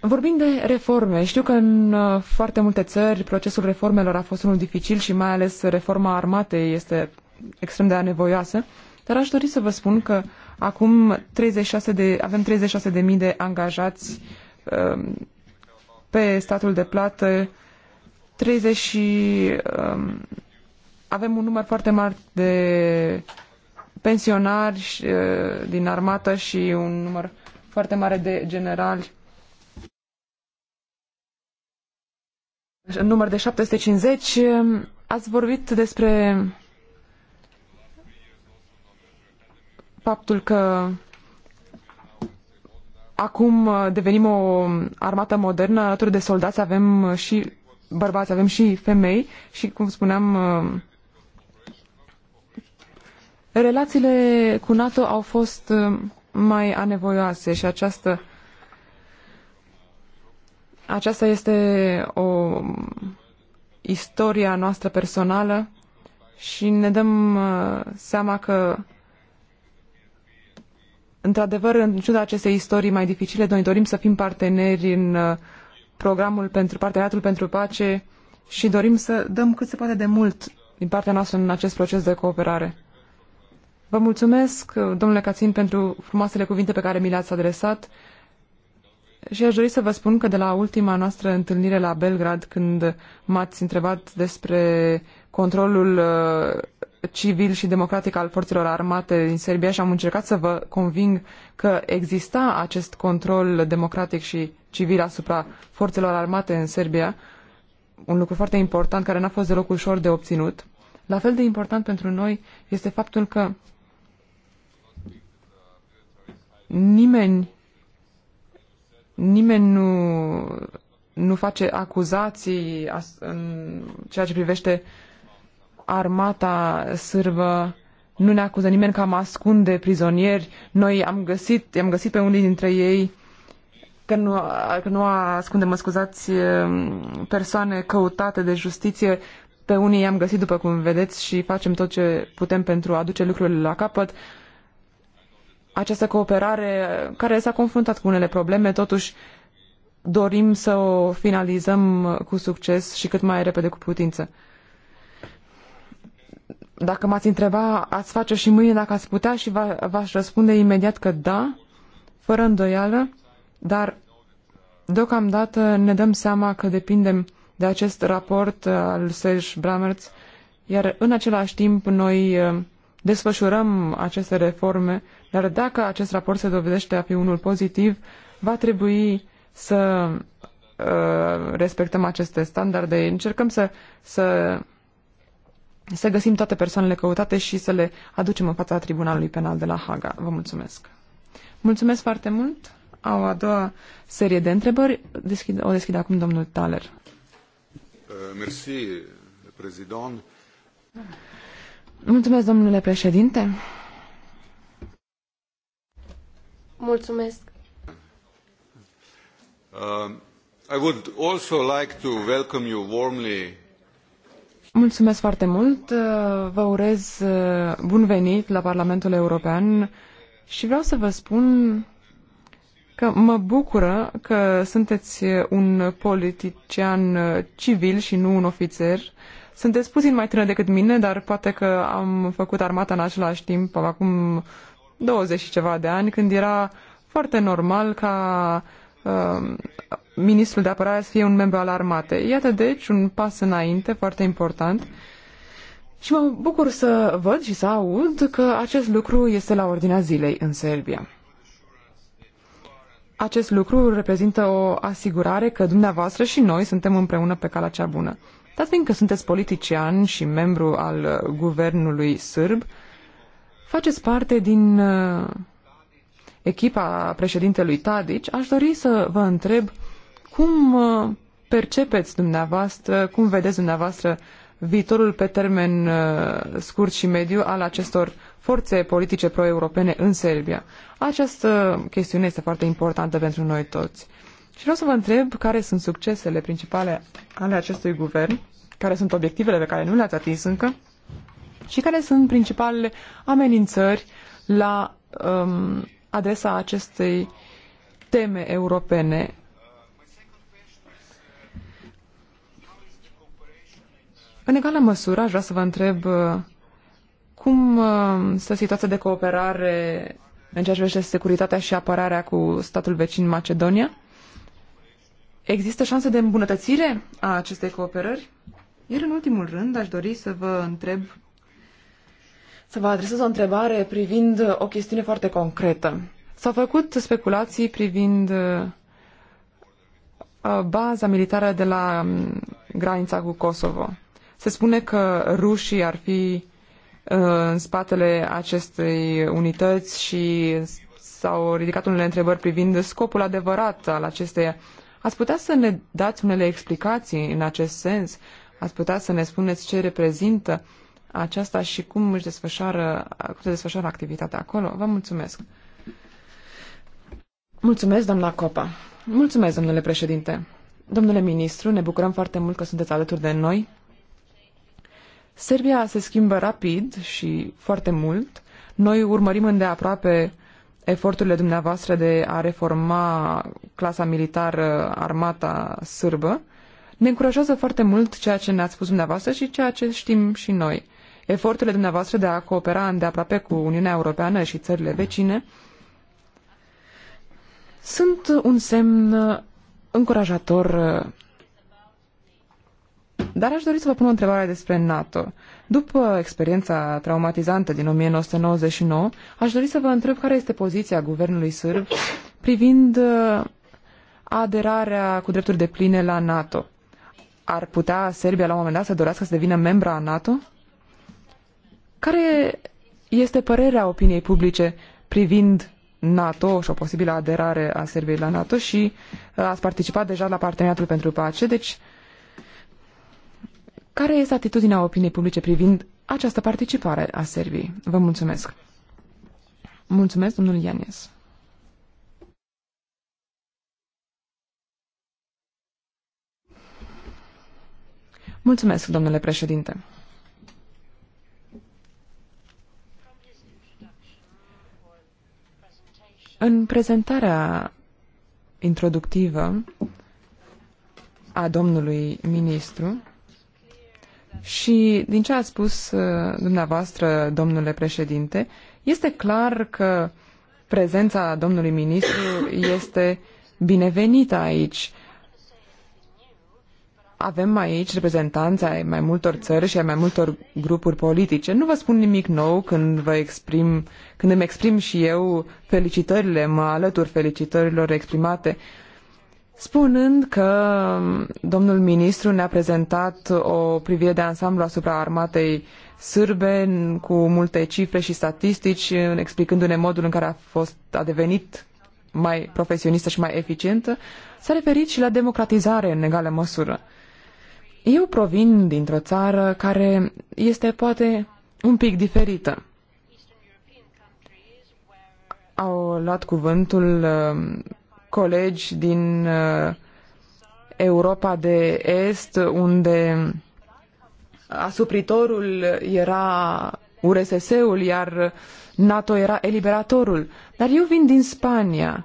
Vorbind de reforme, știu că în uh, foarte multe țări procesul reformelor a fost unul dificil și mai ales reforma armatei este extrem de anevoioasă, dar aș dori să vă spun că acum 36 de, avem 36.000 de, de angajați um, pe statul de plată, 30 și, um, avem un număr foarte mare de pensionari din armată și un număr foarte mare de generali. Deci, în număr de 750, ați vorbit despre faptul că acum devenim o armată modernă, alături de soldați avem și bărbați, avem și femei și, cum spuneam, Relațiile cu NATO au fost uh, mai anevoioase și această aceasta este o istoria noastră personală și ne dăm uh, seama că într-adevăr, în ciuda acestei istorii mai dificile, noi dorim să fim parteneri în uh, programul pentru parteneriatul pentru pace și dorim să dăm cât se poate de mult din partea noastră în acest proces de cooperare. Vă mulțumesc, domnule Cațin, pentru frumoasele cuvinte pe care mi le-ați adresat și aș dori să vă spun că de la ultima noastră întâlnire la Belgrad, când m-ați întrebat despre controlul uh, civil și democratic al forțelor armate din Serbia și am încercat să vă conving că exista acest control democratic și civil asupra forțelor armate în Serbia, un lucru foarte important care n-a fost deloc ușor de obținut. La fel de important pentru noi este faptul că nimeni, nimeni nu, nu face acuzații în ceea ce privește armata sârbă nu ne acuză nimeni că am ascunde prizonieri. Noi am găsit, am găsit pe unii dintre ei că nu, că nu ascundem, mă scuzați, um, persoane căutate de justiție. Pe unii i-am găsit, după cum vedeți, și facem tot ce putem pentru a aduce lucrurile la capăt această cooperare care s-a confruntat cu unele probleme, totuși dorim să o finalizăm cu succes și cât mai repede cu putință. Dacă m-ați întreba, ați face și mâine dacă ați putea și v-aș răspunde imediat că da, fără îndoială, dar deocamdată ne dăm seama că depindem de acest raport al Serge Bramertz, iar în același timp noi uh, desfășurăm aceste reforme dar dacă acest raport se dovedește a fi unul pozitiv, va trebui să uh, respectăm aceste standarde, încercăm să, să, să găsim toate persoanele căutate și să le aducem în fața Tribunalului Penal de la Haga. Vă mulțumesc! Mulțumesc foarte mult! Au a doua serie de întrebări. Deschid, o deschid acum domnul Thaler. Uh, Mersi, Mulțumesc, domnule președinte. Mulțumesc. Um, I would also like to welcome you warmly Mulțumesc foarte mult. Uh, vă urez uh, bun venit la Parlamentul European și vreau să vă spun că mă bucură că sunteți un politician uh, civil și nu un ofițer. Sunteți puțin mai tânăr decât mine, dar poate că am făcut armata în același timp, acum 20 și ceva de ani, când era foarte normal ca uh, ministrul de apărare să fie un membru al armatei. Iată, deci, un pas înainte foarte important. Și mă bucur să văd și să aud că acest lucru este la ordinea zilei în Serbia. Acest lucru reprezintă o asigurare că dumneavoastră și noi suntem împreună pe calea cea bună. Dați fiindcă sunteți politician și membru al guvernului sârb, uh, faceți parte din uh, echipa președintelui Tadic, aș dori să vă întreb cum uh, percepeți dumneavoastră, cum vedeți dumneavoastră viitorul pe termen uh, scurt și mediu al acestor forțe politice pro-europene în Serbia. Această chestiune este foarte importantă pentru noi toți. Și vreau să vă întreb care sunt succesele principale ale acestui guvern, care sunt obiectivele pe care nu le-ați atins încă și care sunt principalele amenințări la um, adresa acestei teme europene. În egală măsură, aș vrea să vă întreb uh, cum uh, stă situația de cooperare în ceea ce privește securitatea și apărarea cu statul vecin Macedonia? Există șanse de îmbunătățire a acestei cooperări? Iar în ultimul rând, aș dori să vă întreb să vă adresez o întrebare privind uh, o chestiune foarte concretă. S-au făcut speculații privind uh, uh, baza militară de la um, granița cu Kosovo. Se spune că rușii ar fi în spatele acestei unități și s-au ridicat unele întrebări privind scopul adevărat al acesteia. Ați putea să ne dați unele explicații în acest sens? Ați putea să ne spuneți ce reprezintă uh, aceasta și cum își desfășoară, cum se desfășoară activitatea acolo. Vă mulțumesc. Mulțumesc, doamna Copa. Mulțumesc, domnule președinte. Domnule ministru, ne bucurăm foarte mult că sunteți alături de noi. Serbia se schimbă rapid și foarte mult. Noi urmărim îndeaproape eforturile dumneavoastră de a reforma clasa militară armata sârbă. Ne încurajează foarte mult ceea ce ne-ați spus dumneavoastră și ceea ce știm și noi eforturile dumneavoastră de a coopera îndeaproape cu Uniunea Europeană și țările vecine sunt un semn încurajator. Dar aș dori să vă pun o întrebare despre NATO. După experiența traumatizantă din 1999, aș dori să vă întreb care este poziția guvernului sârb privind uh, aderarea cu drepturi de pline la NATO. Ar putea Serbia la un moment dat să dorească să devină membra a NATO? Care este părerea opiniei publice privind NATO și o posibilă aderare a Serbiei la NATO și uh, ați participat deja la Parteneriatul pentru Pace, deci care este atitudinea opiniei publice privind această participare a Serbiei? Vă mulțumesc. Mulțumesc, domnul Ianes. Mulțumesc, domnule președinte. În prezentarea introductivă a domnului ministru și din ce a spus uh, dumneavoastră, domnule președinte, este clar că prezența domnului ministru este binevenită aici avem aici reprezentanți ai mai multor țări și ai mai multor grupuri politice. Nu vă spun nimic nou când vă exprim, când îmi exprim și eu felicitările, mă alătur felicitărilor exprimate, spunând că domnul ministru ne-a prezentat o privire de ansamblu asupra armatei sârbe cu multe cifre și statistici, explicându-ne modul în care a fost a devenit mai profesionistă și mai eficientă, s-a referit și la democratizare în egală măsură. Eu provin dintr-o țară care este poate un pic diferită. Au luat cuvântul uh, colegi din uh, Europa de Est, unde asupritorul era URSS-ul, iar NATO era eliberatorul. Dar eu vin din Spania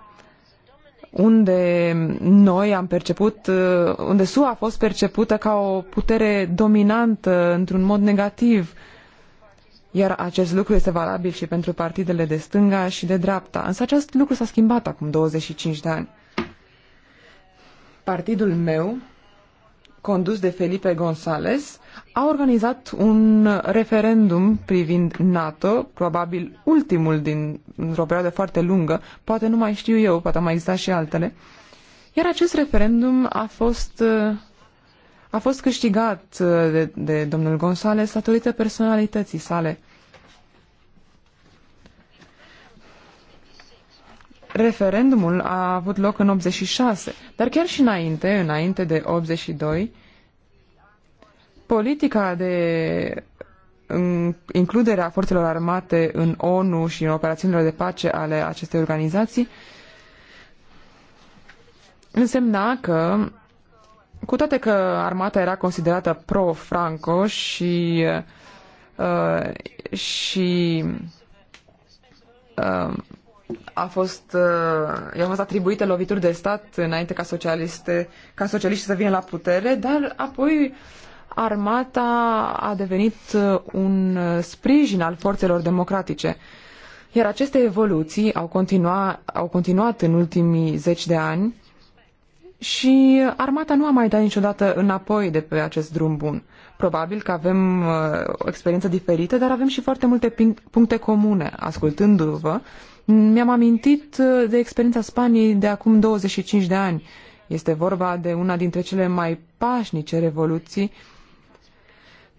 unde noi am perceput, uh, unde SUA a fost percepută ca o putere dominantă într-un mod negativ. Iar acest lucru este valabil și pentru partidele de stânga și de dreapta. Însă acest lucru s-a schimbat acum 25 de ani. Partidul meu condus de Felipe González, a organizat un referendum privind NATO, probabil ultimul din o perioadă foarte lungă, poate nu mai știu eu, poate mai exista și altele. Iar acest referendum a fost, a fost câștigat de, de domnul González datorită personalității sale. Referendumul a avut loc în 86, dar chiar și înainte, înainte de 82, politica de includere a forțelor armate în ONU și în operațiunile de pace ale acestei organizații însemna că, cu toate că armata era considerată pro-Franco și, uh, și uh, a fost, uh, i-au fost atribuite lovituri de stat înainte ca, socialiste, ca socialiști să vină la putere, dar apoi armata a devenit uh, un uh, sprijin al forțelor democratice. Iar aceste evoluții au, continuat au continuat în ultimii zeci de ani și armata nu a mai dat niciodată înapoi de pe acest drum bun. Probabil că avem o experiență diferită, dar avem și foarte multe puncte comune. Ascultându-vă, mi-am amintit uh, de experiența Spaniei de acum 25 de ani. Este vorba de una dintre cele mai pașnice revoluții.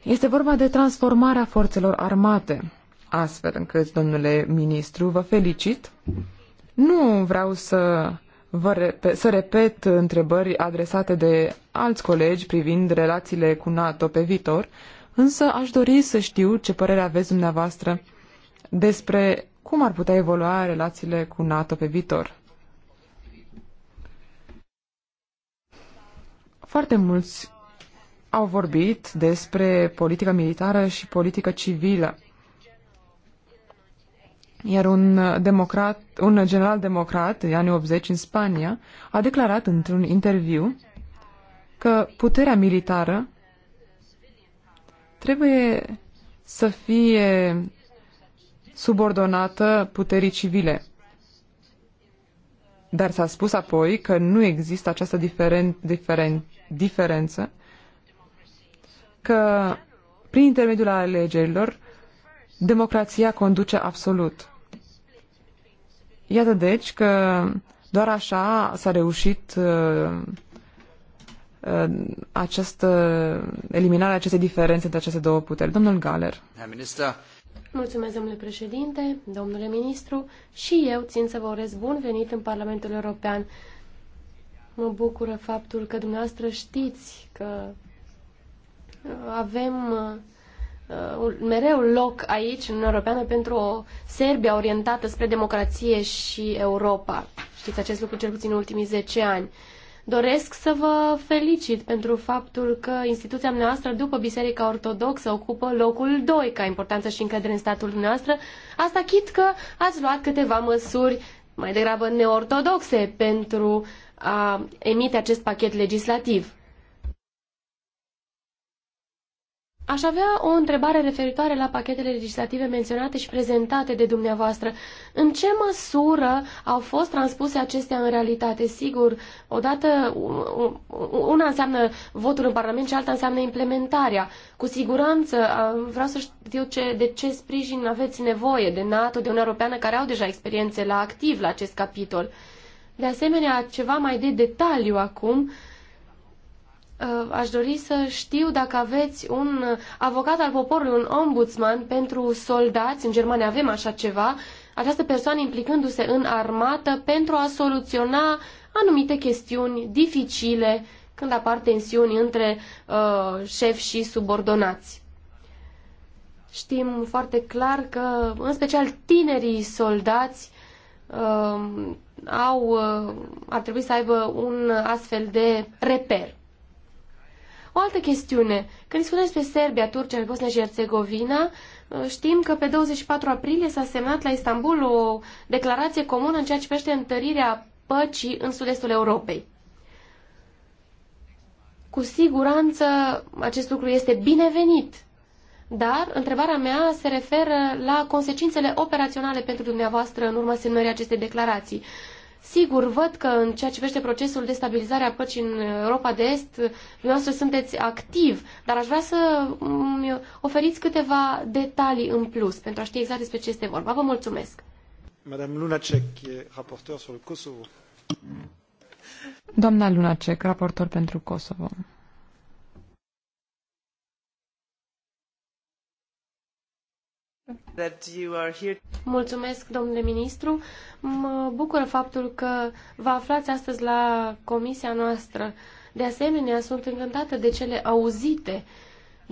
Este vorba de transformarea forțelor armate. Astfel încât, domnule ministru, vă felicit. Nu vreau să vă rep- să repet întrebări adresate de alți colegi privind relațiile cu NATO pe viitor, însă aș dori să știu ce părere aveți dumneavoastră despre cum ar putea evolua relațiile cu NATO pe viitor? Foarte mulți au vorbit despre politică militară și politică civilă. Iar un, democrat, un general democrat în anii 80 în Spania a declarat într-un interviu că puterea militară trebuie să fie subordonată puterii civile. Dar s-a spus apoi că nu există această diferen, diferen, diferență, că prin intermediul alegerilor, democrația conduce absolut. Iată deci că doar așa s-a reușit uh, uh, această eliminarea acestei diferențe între aceste două puteri. Domnul Galer. Mulțumesc, domnule președinte, domnule ministru, și eu țin să vă urez bun venit în Parlamentul European. Mă bucură faptul că dumneavoastră știți că uh, avem uh, mereu loc aici, în Uniunea Europeană, pentru o Serbia orientată spre democrație și Europa. Știți acest lucru cel puțin în ultimii 10 ani. Doresc să vă felicit pentru faptul că instituția noastră, după Biserica Ortodoxă, ocupă locul 2 ca importanță și încredere în statul noastră. Asta chit că ați luat câteva măsuri mai degrabă neortodoxe pentru a emite acest pachet legislativ. Aș avea o întrebare referitoare la pachetele legislative menționate și prezentate de dumneavoastră. În ce măsură au fost transpuse acestea în realitate? Sigur, odată una înseamnă votul în Parlament și alta înseamnă implementarea. Cu siguranță vreau să știu ce, de ce sprijin aveți nevoie de NATO, de Uniunea Europeană, care au deja experiențe la activ la acest capitol. De asemenea, ceva mai de detaliu acum, uh, Uh, aș dori să știu dacă aveți un avocat al poporului, un ombudsman pentru soldați, în Germania avem așa ceva, această persoană implicându-se în armată pentru a soluționa anumite chestiuni dificile când apar tensiuni între uh, șef și subordonați. Știm foarte clar că, în special, tinerii soldați uh, au, uh, ar trebui să aibă un astfel de reper. O altă chestiune. Când discutăm despre Serbia, Turcia și Bosnia și Herțegovina, uh, știm că pe 24 aprilie s-a semnat la Istanbul o declarație comună în ceea ce privește întărirea păcii în sud-estul Europei. Cu siguranță acest lucru este binevenit, dar întrebarea mea se referă la consecințele operaționale pentru dumneavoastră în urma semnării acestei declarații. Sigur, văd că în ceea ce privește procesul de stabilizare a păcii în Europa de Est, dumneavoastră sunteți activ, dar aș vrea să îmi oferiți câteva detalii în plus pentru a ști exact despre ce este vorba. Vă mulțumesc. Madame Lunacek, raportor sur Kosovo. Doamna Lunacek, raportor pentru Kosovo. Mulțumesc, domnule ministru. Mă bucură faptul că vă aflați astăzi la comisia noastră. De asemenea, sunt încântată de cele auzite uh,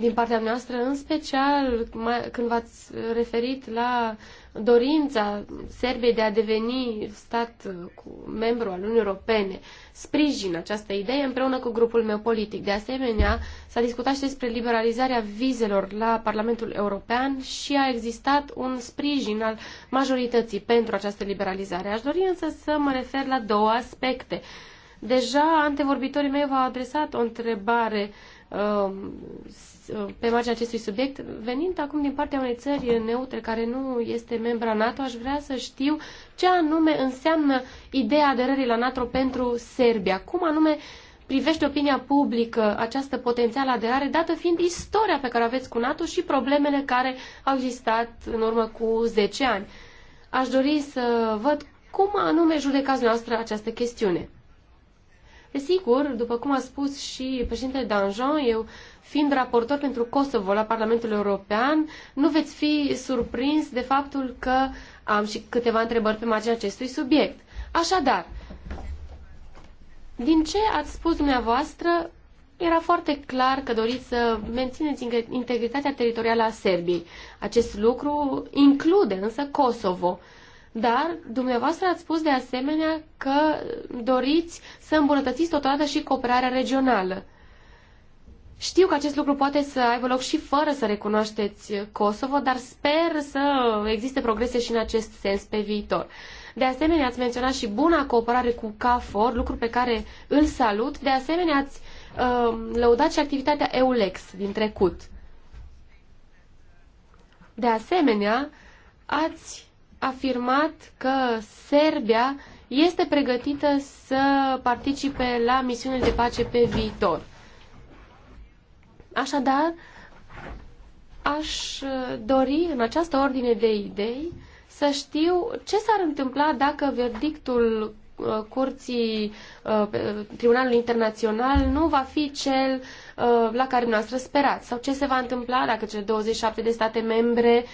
din partea noastră, în special când v-ați referit la dorința Serbiei de a deveni stat uh, cu membru al Uniunii Europene. Sprijin această idee împreună cu grupul meu politic. De asemenea, s-a discutat și despre liberalizarea vizelor la Parlamentul European și a existat un sprijin al majorității pentru această liberalizare. Aș dori însă să mă refer la două aspecte. Deja antevorbitorii mei v-au adresat o întrebare uh, Uh, pe marginea acestui subiect. Venind acum din partea unei țări neutre care nu este membra NATO, aș vrea să știu ce anume înseamnă ideea aderării la NATO pentru Serbia. Cum anume privește opinia publică această potențială aderare, dată fiind istoria pe care o aveți cu NATO și problemele care au existat în urmă cu 10 ani. Aș dori să văd cum anume judecați noastră această chestiune. Desigur, după cum a spus și președintele Danjon, eu fiind raportor pentru Kosovo la Parlamentul European, nu veți fi surprins de faptul că am și câteva întrebări pe marginea acestui subiect. Așadar, din ce ați spus dumneavoastră, era foarte clar că doriți să mențineți integritatea teritorială a Serbiei. Acest lucru include însă Kosovo. Uh, dar dumneavoastră ați spus de asemenea că doriți să îmbunătățiți totodată și cooperarea regională. Știu că acest lucru poate să aibă loc și fără să recunoașteți Kosovo, dar sper să existe progrese și în acest sens pe viitor. De asemenea, ați menționat și buna cooperare cu CAFOR, lucru pe care îl salut. De asemenea, ați uh, lăudat și activitatea EULEX din trecut. De asemenea, ați afirmat că Serbia este pregătită să participe la misiunile de pace pe viitor. Așadar, aș dori în această ordine de idei să știu ce s-ar întâmpla dacă verdictul uh, curții uh, Tribunalului Internațional nu va fi cel uh, la care noastră sperați sau ce se va întâmpla dacă cele 27 de state membre uh,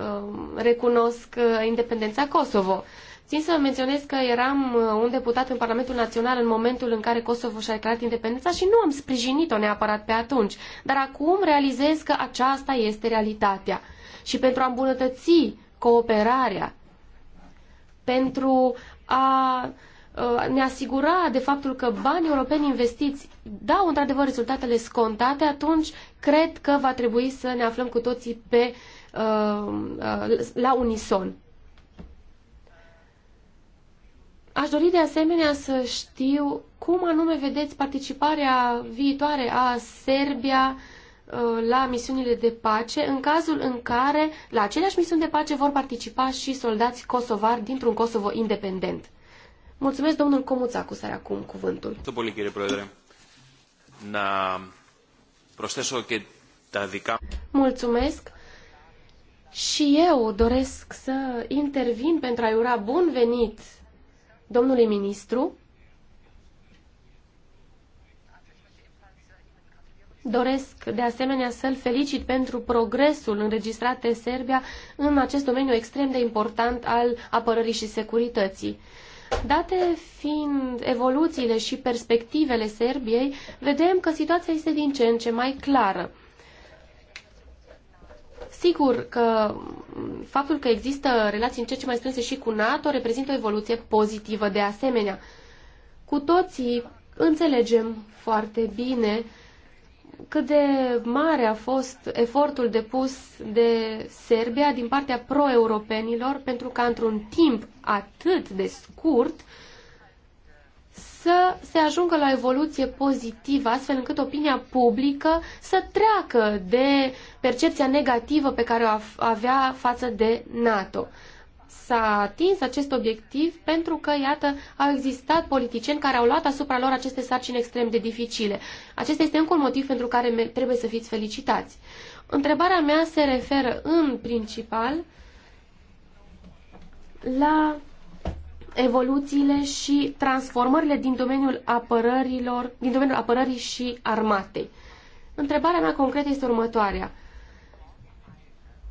Um, recunosc uh, independența Kosovo. Țin să menționez că eram uh, un deputat în Parlamentul Național în momentul în care Kosovo și-a declarat independența și nu am sprijinit-o neapărat pe atunci, dar acum realizez că aceasta este realitatea. Și pentru a îmbunătăți cooperarea, pentru a uh, ne asigura de faptul că banii europeni investiți dau într-adevăr rezultatele scontate, atunci cred că va trebui să ne aflăm cu toții pe Uh, uh, la unison. Aș dori de asemenea să știu cum anume vedeți participarea viitoare a Serbia uh, la misiunile de pace, în cazul în care la aceleași misiuni de pace vor participa și soldați kosovari dintr-un Kosovo independent. Mulțumesc, domnul Comuța, cu sare acum cuvântul. Mulțumesc. Și eu doresc să intervin pentru a-i ura bun venit domnului ministru. Doresc de asemenea să-l felicit pentru progresul înregistrat de Serbia în acest domeniu extrem de important al apărării și securității. Date fiind evoluțiile și perspectivele Serbiei, vedem că situația este din ce în ce mai clară. Sigur că faptul că există relații în ce ce mai strânse și cu NATO reprezintă o evoluție pozitivă de asemenea. Cu toții înțelegem foarte bine cât de mare a fost efortul depus de Serbia din partea pro-europenilor pentru ca într-un timp atât de scurt uh, să se ajungă la o evoluție pozitivă, astfel încât opinia publică să treacă de percepția negativă pe care o avea față de NATO. S-a atins acest obiectiv pentru că, iată, au existat politicieni care au luat asupra lor aceste sarcini extrem de dificile. Acesta este încă un motiv pentru care trebuie să fiți felicitați. Întrebarea mea se referă în principal la evoluțiile și transformările din domeniul, apărărilor, din domeniul apărării și armatei. Întrebarea mea concretă este următoarea.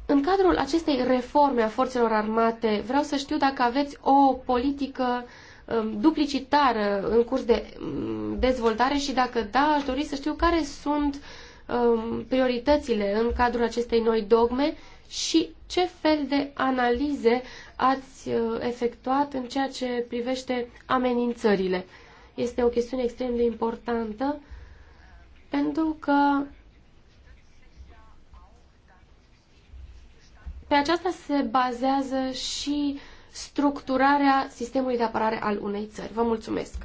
În cadrul acestei reforme a forțelor armate, vreau să știu dacă aveți o politică um, duplicitară în curs de um, dezvoltare și dacă da, aș dori să știu care sunt um, prioritățile în cadrul acestei noi dogme și ce fel de analize ați uh, efectuat în ceea ce privește amenințările. Este o chestiune extrem de importantă pentru că pe aceasta se bazează și structurarea sistemului de apărare al unei țări. Vă mulțumesc.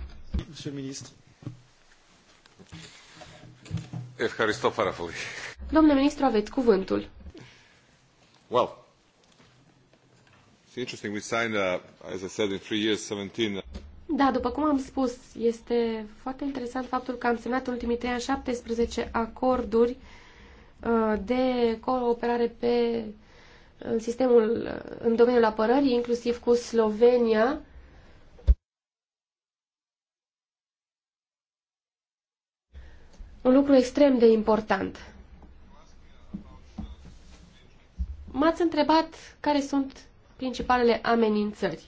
Domnule ministru, aveți cuvântul. Well, 17. Da, după cum am spus, este foarte interesant faptul că am semnat în ultimii trei ani 17 acorduri uh, de cooperare pe uh, în sistemul, uh, în domeniul apărării, inclusiv cu Slovenia. Un lucru extrem de important. M-ați întrebat care sunt principalele amenințări.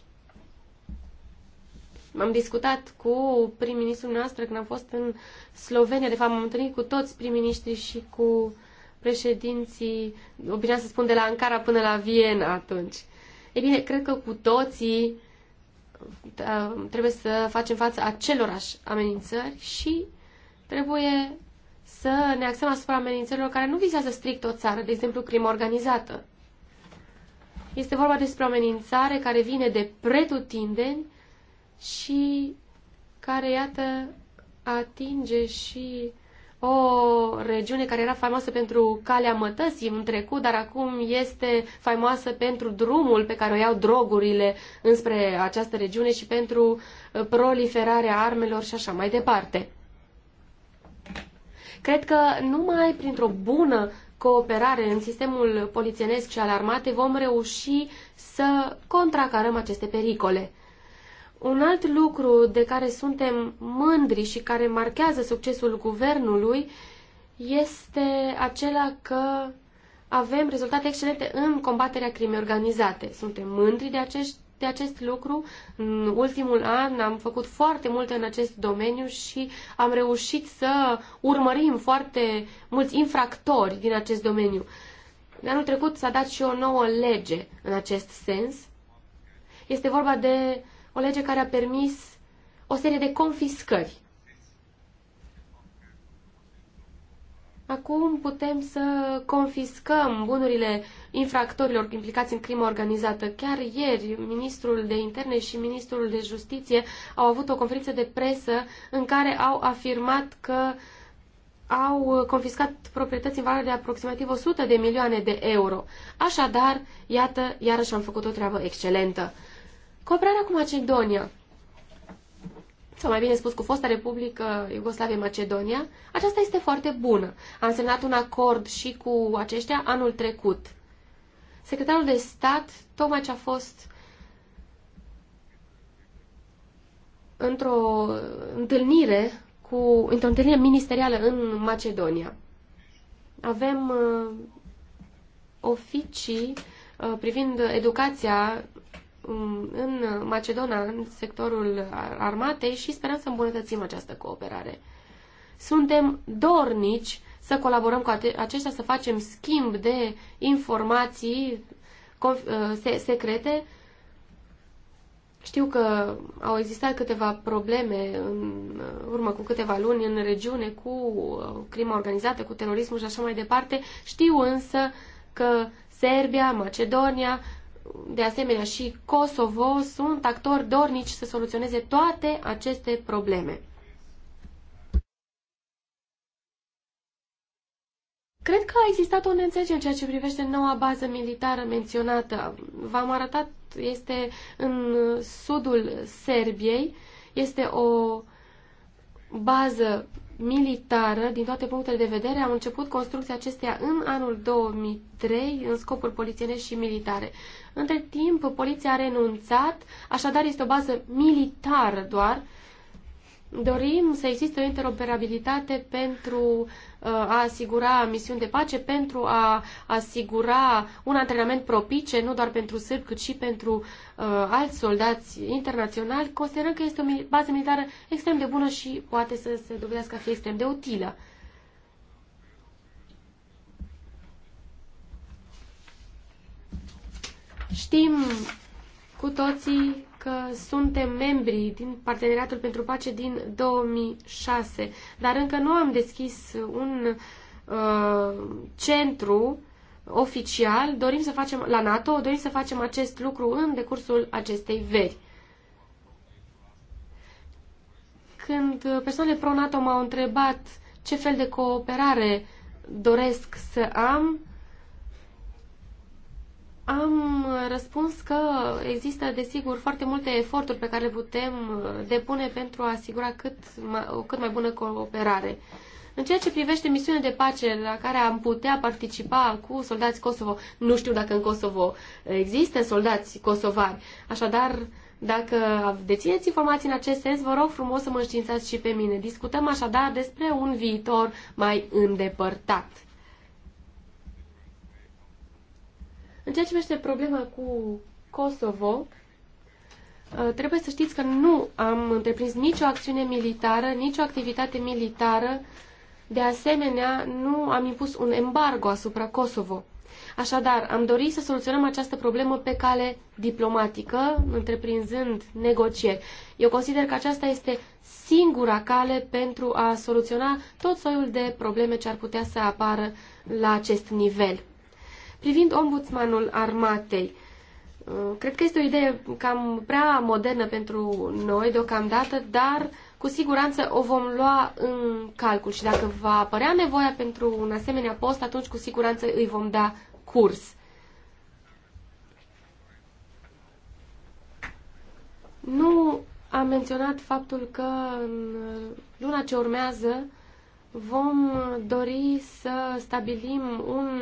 M-am discutat cu prim-ministrul noastră când am fost în Slovenia. De fapt, m-am întâlnit cu toți prim-ministrii și cu președinții, obișnuia să spun de la Ankara până la Viena atunci. E bine, cred că cu toții da, trebuie să facem față acelorași amenințări și trebuie să ne axăm asupra amenințărilor care nu vizează strict o țară, de exemplu, crimă organizată. Este vorba despre o amenințare care vine de pretutindeni și care, iată, atinge și o regiune care era faimoasă pentru calea mătăsii în trecut, dar acum este faimoasă pentru drumul pe care o iau drogurile înspre această regiune și pentru uh, proliferarea armelor și așa mai departe. Cred că numai printr-o bună cooperare în sistemul polițienesc și al armatei vom reuși să contracarăm aceste pericole. Un alt lucru de care suntem mândri și care marchează succesul guvernului este acela că avem rezultate excelente în combaterea crimei organizate. Suntem mândri de acești de acest lucru. În ultimul an am făcut foarte multe în acest domeniu și am reușit să urmărim foarte mulți infractori din acest domeniu. De anul trecut s-a dat și o nouă lege în acest sens. Este vorba de o lege care a permis o serie de confiscări Acum putem să confiscăm bunurile infractorilor implicați în crimă organizată. Chiar ieri, ministrul de interne și ministrul de justiție au avut o conferință de presă în care au afirmat că au confiscat proprietăți în valoare de aproximativ 100 de milioane de euro. Așadar, iată, iarăși am făcut o treabă excelentă. Cooperarea cu Macedonia sau mai bine spus cu fosta Republică Iugoslavie Macedonia, aceasta este foarte bună. Am semnat un acord și cu aceștia anul trecut. Secretarul de stat tocmai ce a fost într-o întâlnire cu într-o întâlnire ministerială în Macedonia. Avem uh, oficii uh, privind educația Um, în Macedona, în sectorul armatei și sperăm să îmbunătățim această cooperare. Suntem dornici să colaborăm cu aceștia, să facem schimb de informații uh, secrete. Știu că au existat câteva probleme în uh, urmă cu câteva luni în regiune cu uh, crima organizată, cu terorismul și așa mai departe. Știu însă că Serbia, Macedonia de asemenea și Kosovo sunt actori dornici să soluționeze toate aceste probleme. Cred că a existat o neînțelegere în ceea ce privește noua bază militară menționată. V-am arătat, este în sudul Serbiei, este o bază militară, din toate punctele de vedere, au început construcția acesteia în anul 2003 în scopuri polițienești și militare. Între timp, poliția a renunțat, așadar este o bază militară doar, Dorim să existe o interoperabilitate pentru uh, a asigura misiuni de pace, pentru a asigura un antrenament propice, nu doar pentru sârbi, cât și pentru uh, alți soldați internaționali, considerăm că este o bază militară extrem de bună și poate să se dovedească a fi extrem de utilă. Știm cu toții că suntem membri din Parteneriatul pentru Pace din 2006, dar încă nu am deschis un uh, centru oficial, dorim să facem la NATO, dorim să facem acest lucru în decursul acestei veri. Când persoanele pro-NATO m-au întrebat ce fel de cooperare doresc să am, am răspuns că există, desigur, foarte multe eforturi pe care le putem depune pentru a asigura cât mai, o cât mai bună cooperare. În ceea ce privește misiunea de pace la care am putea participa cu soldați Kosovo, nu știu dacă în Kosovo există soldați kosovari, așadar dacă dețineți informații în acest sens, vă rog frumos să mă științați și pe mine. Discutăm așadar despre un viitor mai îndepărtat. În ceea ce privește problema cu Kosovo, uh, trebuie să știți că nu am întreprins nicio acțiune militară, nicio activitate militară. De asemenea, nu am impus un embargo asupra Kosovo. Așadar, am dorit să soluționăm această problemă pe cale diplomatică, întreprinzând negocieri. Eu consider că aceasta este singura cale pentru a soluționa tot soiul de probleme ce ar putea să apară la acest nivel privind ombudsmanul armatei. Uh, cred că este o idee cam prea modernă pentru noi deocamdată, dar cu siguranță o vom lua în calcul și dacă va apărea nevoia pentru un asemenea post, atunci cu siguranță îi vom da curs. Nu am menționat faptul că în luna ce urmează vom dori să stabilim un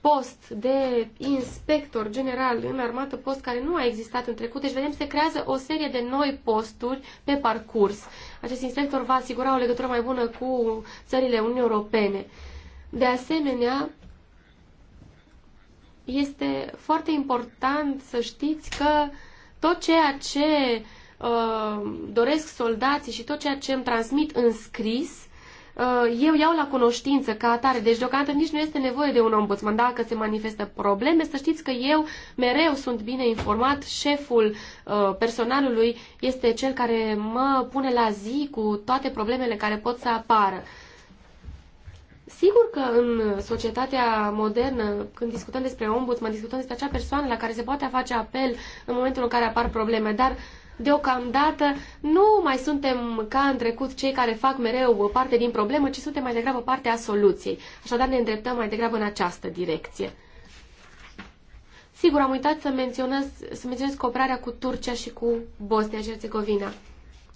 post de inspector general în armată, post care nu a existat în trecut. Deci vedem, se creează o serie de noi posturi pe parcurs. Acest inspector va asigura o legătură mai bună cu țările Uniunii Europene. De asemenea, este foarte important să știți că tot ceea ce uh, doresc soldații și tot ceea ce îmi transmit în scris Uh, eu iau la cunoștință ca atare, deci deocamdată nici nu este nevoie de un ombudsman. Dacă se manifestă probleme, să știți că eu mereu sunt bine informat, șeful uh, personalului este cel care mă pune la zi cu toate problemele care pot să apară. Sigur că în societatea modernă, când discutăm despre ombudsman, discutăm despre acea persoană la care se poate face apel în momentul în care apar probleme, dar uh, deocamdată nu mai suntem ca în trecut cei care fac mereu parte din problemă, ci suntem mai degrabă parte a soluției. Așadar ne îndreptăm mai degrabă în această direcție. Sigur, am uitat să menționez, să menționez cooperarea cu Turcia și cu Bosnia-Herzegovina. și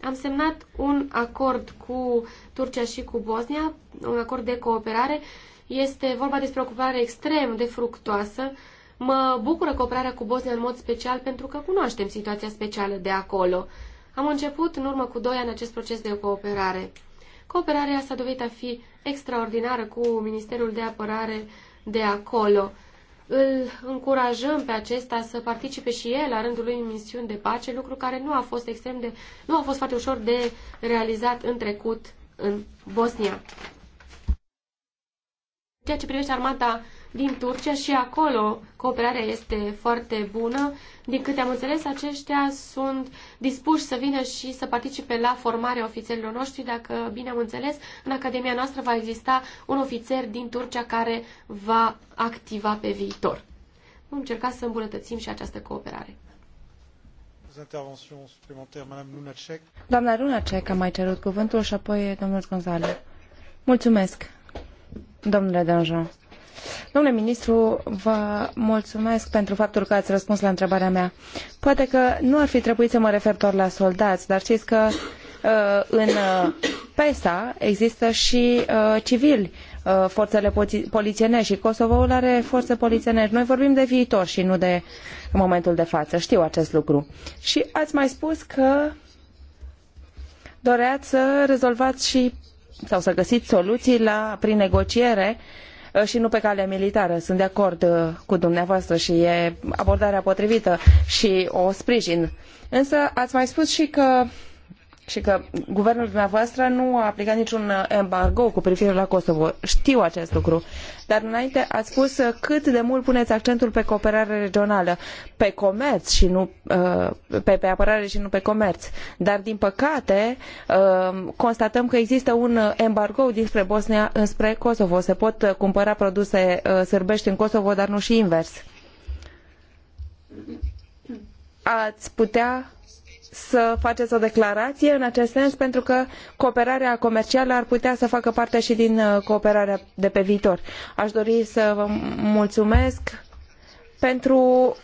Am semnat un acord cu Turcia și cu Bosnia, un acord de cooperare. Este vorba despre o cooperare extrem de fructoasă, uh, Mă bucură cooperarea cu Bosnia în mod special pentru că cunoaștem situația specială de acolo. Am început în urmă cu doi ani acest proces de cooperare. Cooperarea s-a dovedit a fi extraordinară cu Ministerul de Apărare de acolo. Îl încurajăm pe acesta să participe și el la rândul lui în misiuni de pace, lucru care nu a fost extrem de, nu a fost foarte ușor de realizat în trecut în Bosnia. Ceea ce privește armata din Turcia și acolo cooperarea este foarte bună. Din câte am înțeles, aceștia sunt dispuși să vină și să participe la formarea ofițerilor noștri. Dacă bine am înțeles, în Academia noastră va exista un ofițer din Turcia care va activa pe viitor. Vom încerca să îmbunătățim și această cooperare. Doamna Lunacek a mai cerut cuvântul și apoi domnul González. Mulțumesc, domnule Danjean. Domnule ministru, vă mulțumesc pentru faptul că ați răspuns la întrebarea mea. Poate că nu ar fi trebuit să mă refer doar la soldați, dar știți că uh, în uh, PESA există și uh, civili forțele polițienești și Kosovoul are forțe polițienești. Noi vorbim de viitor și nu de momentul de față. Știu acest lucru. Și ați mai spus că doreați să rezolvați și sau să găsiți soluții la, prin negociere uh, Uh, și nu pe calea militară. Sunt de acord uh, cu dumneavoastră și e abordarea potrivită și o sprijin. Însă ați mai spus și că și că guvernul dumneavoastră nu a aplicat niciun embargo cu privire la Kosovo. Știu acest lucru. Dar înainte ați spus cât de mult puneți accentul pe cooperare regională, pe comerț și nu uh, pe, pe apărare și nu pe comerț. Dar din păcate uh, constatăm că există un embargo dinspre Bosnia înspre Kosovo. Se pot cumpăra produse uh, sârbești în Kosovo, dar nu și invers. Ați putea să faceți o declarație în acest sens pentru că cooperarea comercială ar putea să facă parte și din uh, cooperarea de pe viitor. Aș dori să vă mulțumesc pentru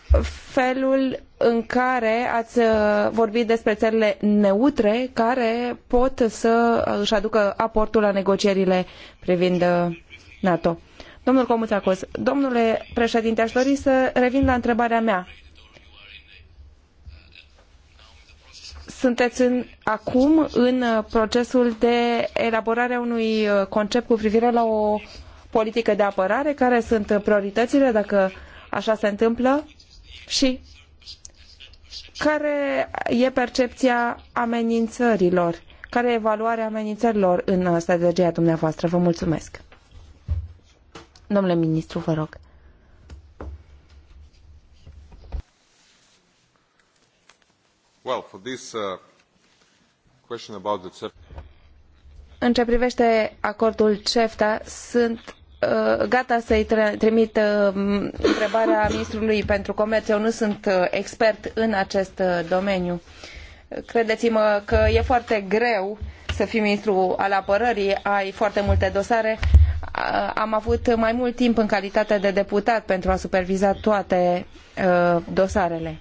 felul în care ați uh, vorbit despre țările neutre care pot să își aducă aportul la negocierile privind uh, NATO. Domnul Comuțacos, domnule președinte, aș dori să revin la întrebarea mea sunteți în, acum în uh, procesul de elaborare a unui uh, concept cu privire la o politică de apărare, care sunt uh, prioritățile, dacă așa se întâmplă, și care e percepția amenințărilor, care e evaluarea amenințărilor în strategia dumneavoastră. Vă mulțumesc. Domnule ministru, vă rog. În uh, ceea În ce privește acordul CEFTA, sunt uh, gata să-i trimit uh, întrebarea ministrului pentru comer Eu nu sunt expert în acest domeniu. credei mă că e foarte greu să fii ministru al apărării, ai foarte multe dosare. Am avut mai mult timp în calitate de deputat pentru a superviza toate dosarele.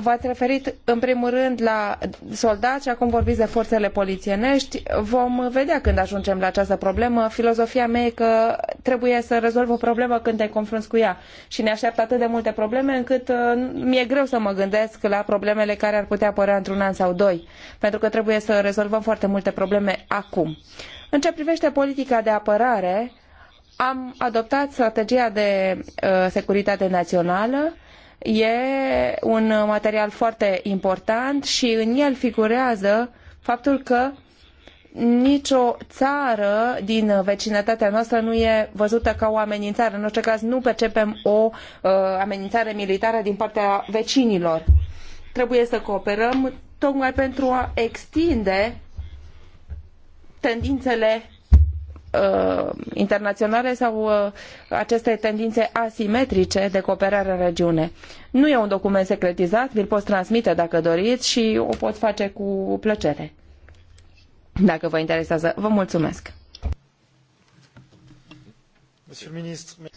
V-ați referit în primul rând la soldați acum vorbiți de forțele polițienești. Vom vedea când ajungem la această problemă. Filozofia mea e că trebuie să rezolv o problemă când te confrunți cu ea. Și ne așteaptă atât de multe probleme încât uh, mi-e greu să mă gândesc la problemele care ar putea apărea într-un an sau doi. Pentru că trebuie să rezolvăm foarte multe probleme acum. În ce privește politica de apărare, am adoptat strategia de uh, securitate națională E un material foarte important și în el figurează faptul că nicio țară din vecinătatea noastră nu e văzută ca o amenințare. În orice caz, nu percepem o uh, amenințare militară din partea vecinilor. Trebuie să cooperăm tocmai pentru a extinde tendințele Uh, internaționale sau uh, aceste tendințe asimetrice de cooperare în regiune. Nu e un document secretizat, vi-l pot transmite dacă doriți și o pot face cu plăcere. Dacă vă interesează, vă mulțumesc.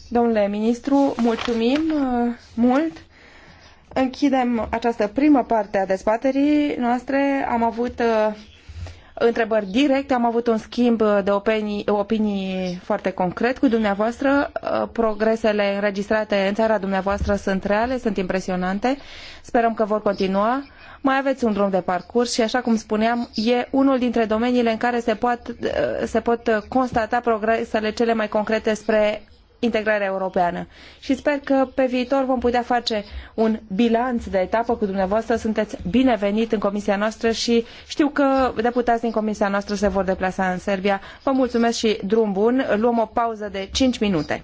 Domnule ministru, mulțumim uh, mult. Închidem această primă parte a dezbaterii noastre. Am avut întrebări directe, am avut un schimb de opinii, opinii foarte concret cu dumneavoastră. Uh, progresele înregistrate în țara dumneavoastră sunt reale, sunt impresionante. Sperăm că vor continua. Mai aveți un drum de parcurs și, așa cum spuneam, e unul dintre domeniile în care se pot, uh, se pot constata progresele cele mai concrete spre integrarea europeană. Și sper că pe viitor vom putea face un bilanț de etapă cu dumneavoastră. Sunteți binevenit în comisia noastră și știu că deputați din comisia noastră se vor deplasa în Serbia. Vă mulțumesc și drum bun. Luăm o pauză de 5 minute.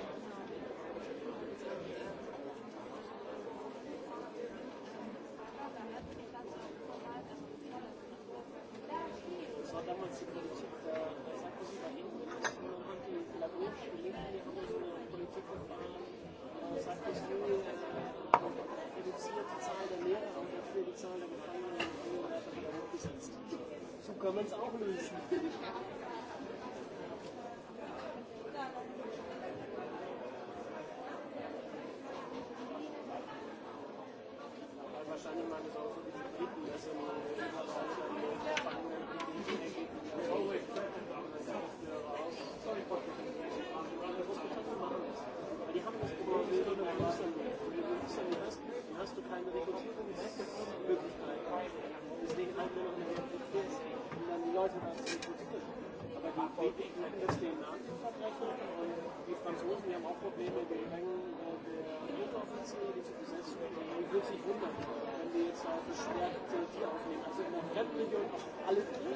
Beschwerdete, die aufnehmen. Also in der Fremdregion alles drin.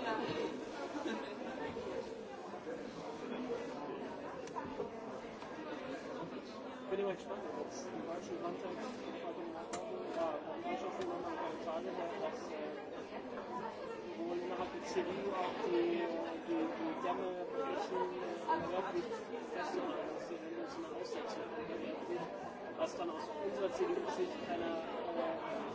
bin immer gespannt, ob es zum Beispiel Sonntag bei dem ja, Mannschaftsübermann von Tage her, dass äh, wohl innerhalb der CDU auch die, die, die Dämme brechen, wirklich besser als die Hände zu einer Aussetzung. Was dann aus unserer CDU-Sicht keiner äh,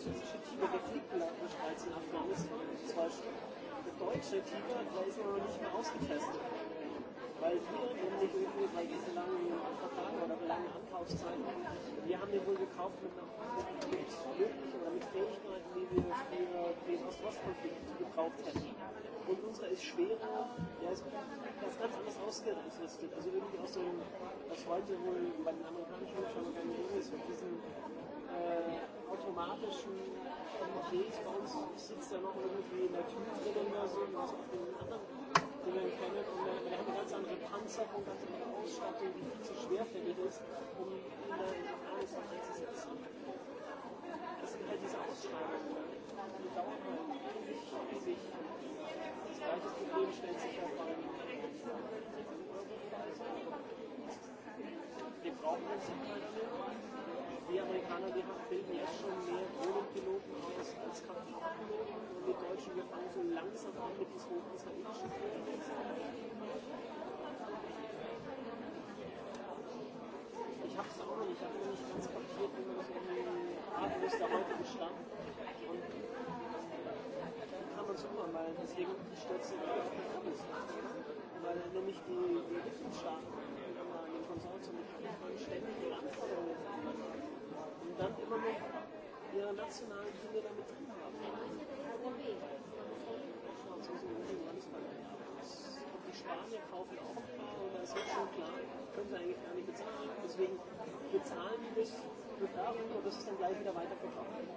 französische Tiger, der fliegt bereits da in Afghanistan, zwei Stück. Das deutsche Tiger, der ist aber noch nicht mehr ausgetestet. Weil wir nämlich irgendwie bei diesen langen Verfahren oder langen Ankaufszeiten, wir haben den wohl gekauft mit, mit möglichen oder mit Fähigkeiten, die wir für den Ost-Ost-Konflikt gebraucht hätten. Und unsere ist schwerer, der ist, der ist ganz anders ausgerüstet. Also irgendwie aus so einem, das wollte wohl bei den amerikanischen Schauern gar nicht ist, mit diesen äh, automatischen MPs. Bei uns sitzt da noch irgendwie in der Tür drin oder so, was auf den anderen, Dingen kennen. Und äh, wir haben eine ganz andere Panzerung, ganz andere Ausstattung, die viel zu schwerfällig ist, um in der Afghanistan einzusetzen. Das sind halt diese Ausschreibungen. Die dauern halt ewig. Das gleiche Problem stellt sich auch bei wir brauchen uns die Amerikaner, die haben, bilden jetzt schon mehr Drohnenpiloten aus als Kampfpiloten. Und die Deutschen, wir fangen so langsam an mit diesem hochisraelischen Ich habe es auch noch nicht, ich habe noch nicht ganz kapiert, wie man das irgendwie Artmuster heute bestand. Und dann kann man es immer mal, deswegen stürzen wir auf die Kabels. Weil nämlich die, die Mitgliedstaaten, wenn man an den Konsortium mit ständigen Anforderungen dann immer noch ihre nationalen Kinder damit drin haben. Äh, die Spanier kaufen auch ein paar und da ist jetzt schon klar, können sie eigentlich gar nicht bezahlen. Deswegen bezahlen die das mit Werbung und das ist dann gleich wieder weiterverkauft.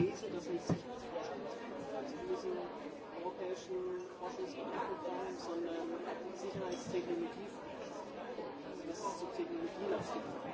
These, dass es diesen europäischen Forschungsgedanken bleiben, sondern Sicherheitstechnologie, also dass es so technologielastig wird.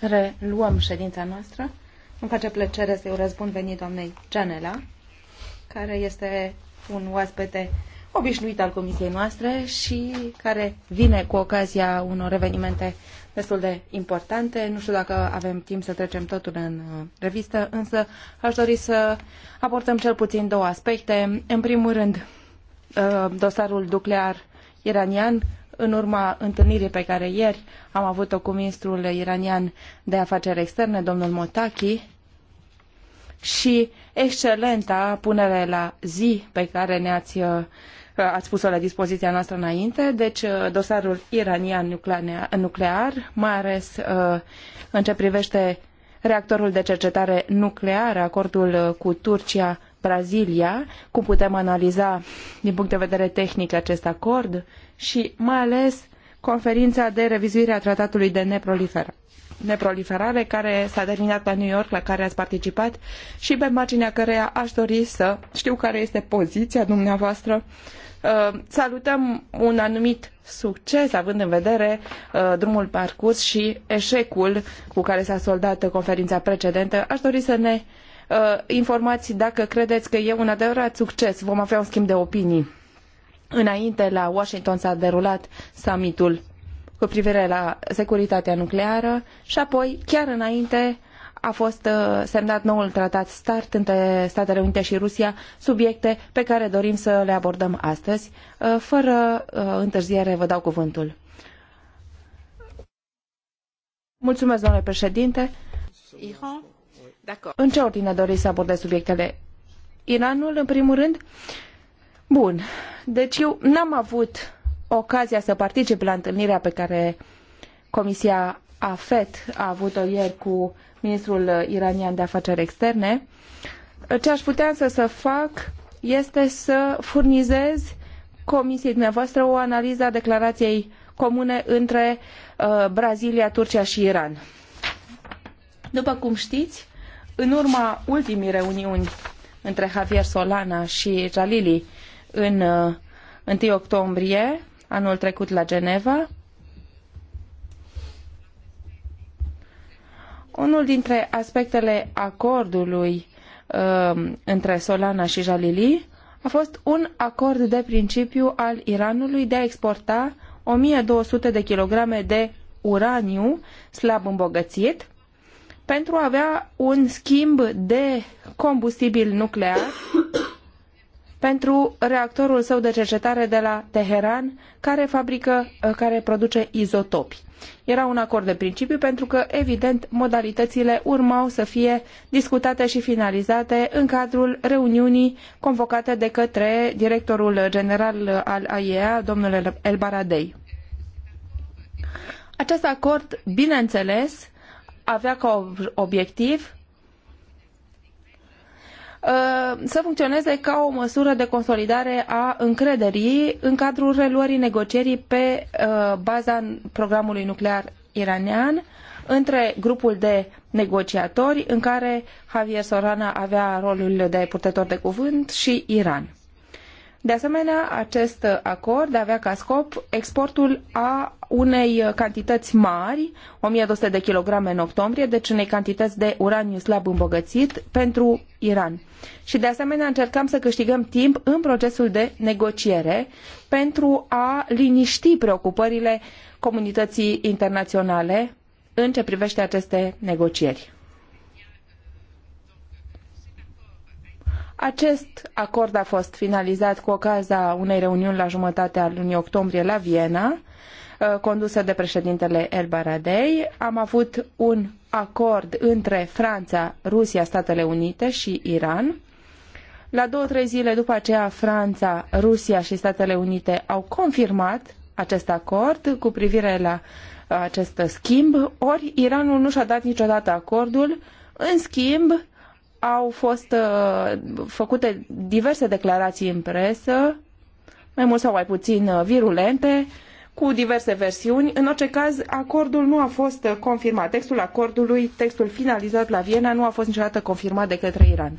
Reluăm ședința noastră. Îmi face plăcere să-i urez bun venit doamnei Gianela, care este un oaspete obișnuit al comisiei noastre și care vine cu ocazia unor evenimente destul de importante. Nu știu dacă avem timp să trecem totul în uh, revistă, însă aș dori să aportăm cel puțin două aspecte. În primul rând, uh, dosarul nuclear iranian în urma întâlnirii pe care ieri am avut-o cu ministrul iranian de afaceri externe, domnul Motaki, și excelenta punere la zi pe care ne-ați uh, ați pus-o la dispoziția noastră înainte, deci uh, dosarul iranian nuclear, mai ales uh, în ce privește reactorul de cercetare nucleară, acordul cu Turcia Brazilia, cum putem analiza din punct de vedere tehnic acest acord și mai ales conferința de revizuire a tratatului de neproliferare neproliferare care s-a terminat la New York, la care ați participat și pe marginea căreia aș dori să știu care este poziția dumneavoastră. Uh, salutăm un anumit succes, având în vedere uh, drumul parcurs și eșecul cu care s-a soldat conferința precedentă. Aș dori să ne Uh, informaii dacă credeți că e un adevărat succes. Vom avea un schimb de opinii. Înainte, la Washington s-a derulat summitul cu privire la securitatea nucleară și apoi, chiar înainte, a fost uh, semnat noul tratat START între Statele Unite și Rusia, subiecte pe care dorim să le abordăm astăzi. Uh, fără întârziere, vă dau cuvântul. Mulțumesc, domnule președinte. În ce ordine doriți să abordez subiectele? Iranul, în primul rând? Bun. Deci eu n-am avut ocazia să particip la întâlnirea pe care Comisia AFET a avut-o ieri cu ministrul iranian de afaceri externe. Ce aș putea însă să fac este să furnizez Comisiei dumneavoastră o analiză a declarației comune între uh, Brazilia, Turcia și Iran. După cum știți, în urma ultimii reuniuni între Javier Solana și Jalili în 1 uh, octombrie anul trecut la Geneva, unul dintre aspectele acordului uh, între Solana și Jalili a fost un acord de principiu al Iranului de a exporta 1200 de kilograme de uraniu slab îmbogățit pentru a avea un schimb de combustibil nuclear pentru reactorul său de cercetare de la Teheran, care fabrică, uh, care produce izotopi. Era un acord de principiu pentru că, evident, modalitățile urmau să fie discutate și finalizate în cadrul reuniunii convocate de către directorul general al AIEA, domnul El Baradei. Acest acord, bineînțeles, avea ca obiectiv uh, să funcționeze ca o măsură de consolidare a încrederii în cadrul reluării negocierii pe uh, baza programului nuclear iranian între grupul de negociatori în care Javier Sorana avea rolul de purtător de cuvânt și Iran. De asemenea, acest acord avea ca scop exportul a unei cantități mari, 1200 de kilograme în octombrie, deci unei cantități de uraniu slab îmbogățit pentru Iran. Și de asemenea încercam să câștigăm timp în procesul de negociere pentru a liniști preocupările comunității internaționale în ce privește aceste negocieri. Acest acord a fost finalizat cu ocazia unei reuniuni la jumătatea lunii octombrie la Viena, uh, condusă de președintele El Baradei. Am avut un acord între Franța, Rusia, Statele Unite și Iran. La două-trei zile după aceea, Franța, Rusia și Statele Unite au confirmat acest acord cu privire la uh, acest schimb, ori Iranul nu și-a dat niciodată acordul, în schimb, au fost uh, făcute diverse declarații în presă, mai mult sau mai puțin uh, virulente, cu diverse versiuni. În orice caz, acordul nu a fost uh, confirmat. Textul acordului, textul finalizat la Viena, nu a fost niciodată confirmat de către Iran.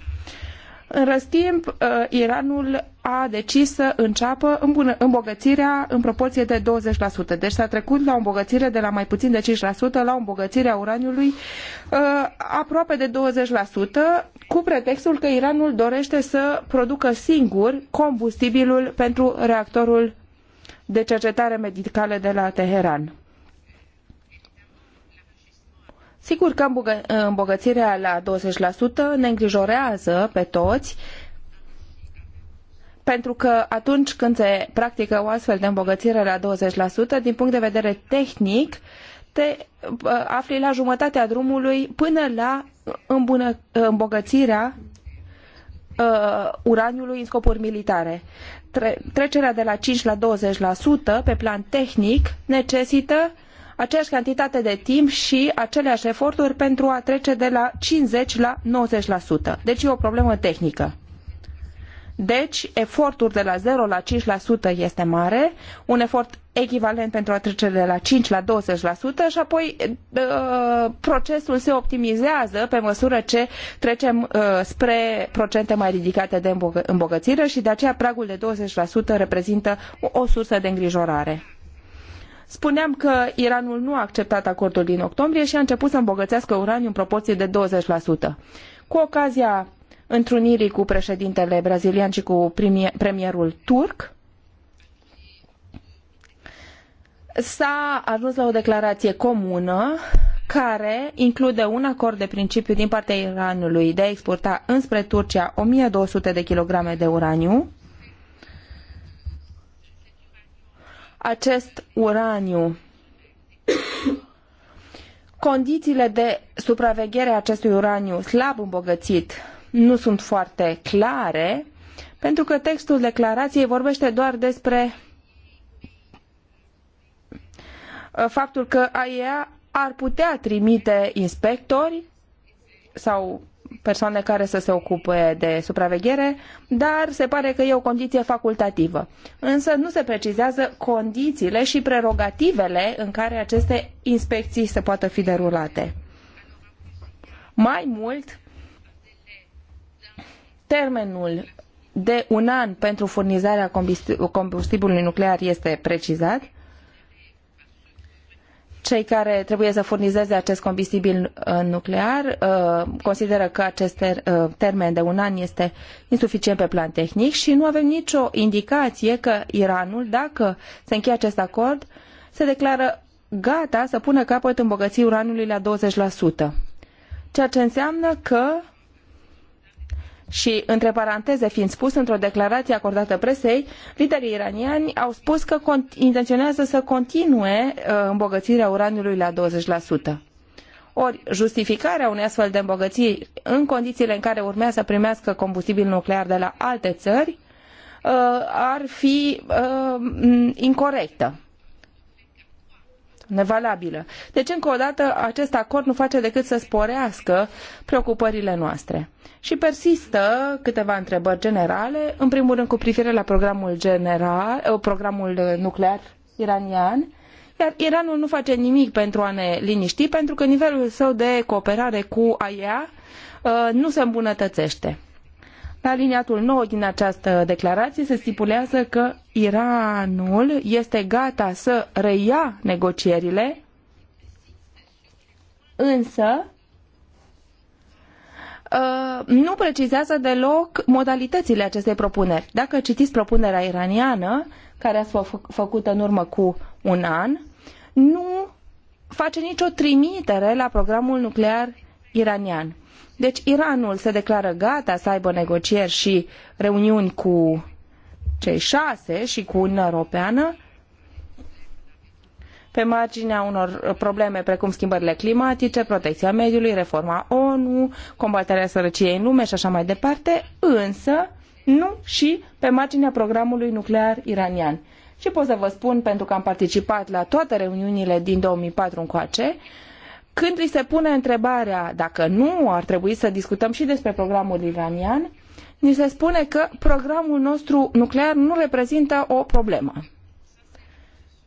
În răstimp, Iranul a decis să înceapă îmbogățirea în proporție de 20%. Deci s-a trecut la o îmbogățire de la mai puțin de 5% la o îmbogățire a uraniului aproape de 20%, cu pretextul că Iranul dorește să producă singur combustibilul pentru reactorul de cercetare medicală de la Teheran. Sigur că îmbogățirea la 20% ne îngrijorează pe toți, pentru că atunci când se practică o astfel de îmbogățire la 20%, din punct de vedere tehnic, te afli la jumătatea drumului până la îmbună, îmbogățirea uh, uraniului în scopuri militare. Tre trecerea de la 5 la 20% pe plan tehnic necesită aceeași cantitate de timp și aceleași eforturi pentru a trece de la 50 la 90%. Deci e o problemă tehnică. Deci, efortul de la 0 la 5% este mare, un efort echivalent pentru a trece de la 5 la 20% și apoi uh, procesul se optimizează pe măsură ce trecem uh, spre procente mai ridicate de îmbogățire și de aceea pragul de 20% reprezintă o sursă de îngrijorare. Spuneam că Iranul nu a acceptat acordul din octombrie și a început să îmbogățească uraniu în proporție de 20%. Cu ocazia întrunirii cu președintele brazilian și cu premierul turc, s-a ajuns la o declarație comună care include un acord de principiu din partea Iranului de a exporta înspre Turcia 1200 de kilograme de uraniu. Acest uraniu Condițiile de supraveghere a acestui uraniu slab îmbogățit nu sunt foarte clare, pentru că textul declarației vorbește doar despre Uh, faptul că AIEA ar putea trimite inspectori sau persoane care să se ocupe de supraveghere, dar se pare că e o condiție facultativă. Însă nu se precizează condițiile și prerogativele în care aceste inspecții se poată fi derulate. Mai mult, termenul de un an pentru furnizarea combustibilului nuclear este precizat, cei care trebuie să furnizeze acest combustibil uh, nuclear uh, consideră că acest uh, termen de un an este insuficient pe plan tehnic și nu avem nicio indicație că Iranul, dacă se încheie acest acord, se declară gata să pună capăt îmbogățirii uranului la 20%. Ceea ce înseamnă că și, între paranteze fiind spus, într-o declarație acordată presei, liderii iraniani au spus că intenționează să continue uh, îmbogățirea uraniului la 20%. Ori, justificarea unei astfel de îmbogăiri în condițiile în care urmează să primească combustibil nuclear de la alte țări uh, ar fi uh, incorrectă nevalabilă. Deci, încă o dată, acest acord nu face decât să sporească preocupările noastre. Și persistă câteva întrebări generale, în primul rând cu privire la programul, general, eh, programul nuclear iranian, iar Iranul nu face nimic pentru a ne liniști, pentru că nivelul său de cooperare cu AIA eh, nu se îmbunătățește. La liniatul 9 din această declarație se stipulează că Iranul este gata să reia negocierile, însă uh, nu precizează deloc modalitățile acestei propuneri. Dacă citiți propunerea iraniană, care a fost făcută în urmă cu un an, nu face nicio trimitere la programul nuclear iranian. Deci Iranul se declară gata să aibă negocieri și reuniuni cu cei șase și cu Uniunea Europeană pe marginea unor probleme precum schimbările climatice, protecția mediului, reforma ONU, combaterea sărăciei în lume și așa mai departe, însă nu și pe marginea programului nuclear iranian. Și pot să vă spun, pentru că am participat la toate reuniunile din 2004 încoace, când li se pune întrebarea dacă nu ar trebui să discutăm și despre programul iranian, ni se spune că programul nostru nuclear nu reprezintă o problemă.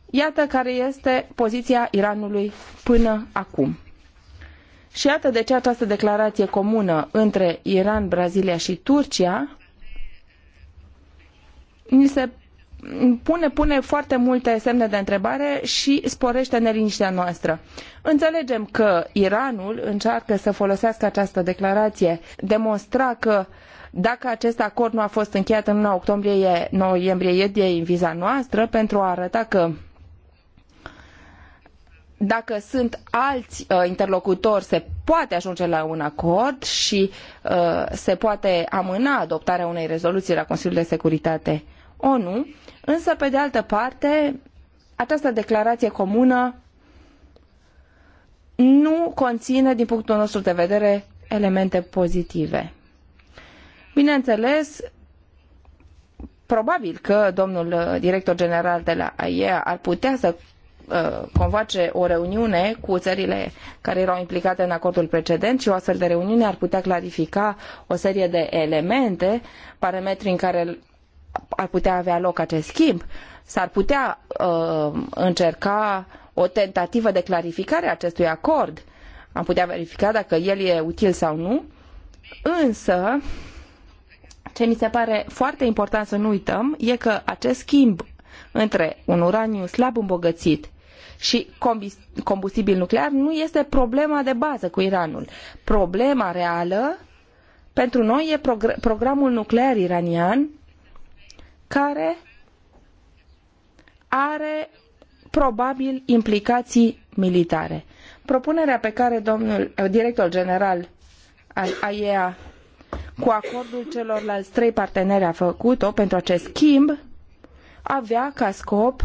Iată care este poziția Iranului până acum. Și iată de ce această declarație comună între Iran, Brazilia și Turcia ni se pune, pune foarte multe semne de întrebare și sporește neliniștea noastră. Înțelegem că Iranul încearcă să folosească această declarație, demonstra că dacă acest acord nu a fost încheiat în 9 octombrie, noiembrie, e în viza noastră pentru a arăta că dacă sunt alți uh, interlocutori, se poate ajunge la un acord și uh, se poate amâna adoptarea unei rezoluții la Consiliul de Securitate ONU Însă, pe de altă parte, această declarație comună nu conține, din punctul nostru de vedere, elemente pozitive. Bineînțeles, probabil că domnul director general de la AIEA ar putea să uh, convoace o reuniune cu țările care erau implicate în acordul precedent și o astfel de reuniune ar putea clarifica o serie de elemente, parametri în care ar putea avea loc acest schimb, s-ar putea uh, încerca o tentativă de clarificare a acestui acord. Am putea verifica dacă el e util sau nu. Însă, ce mi se pare foarte important să nu uităm e că acest schimb între un uraniu slab îmbogățit și combustibil nuclear nu este problema de bază cu Iranul. Problema reală pentru noi e programul nuclear iranian care are probabil implicații militare. Propunerea pe care domnul eh, director general al AIEA cu acordul celorlalți trei parteneri a făcut-o pentru acest schimb avea ca scop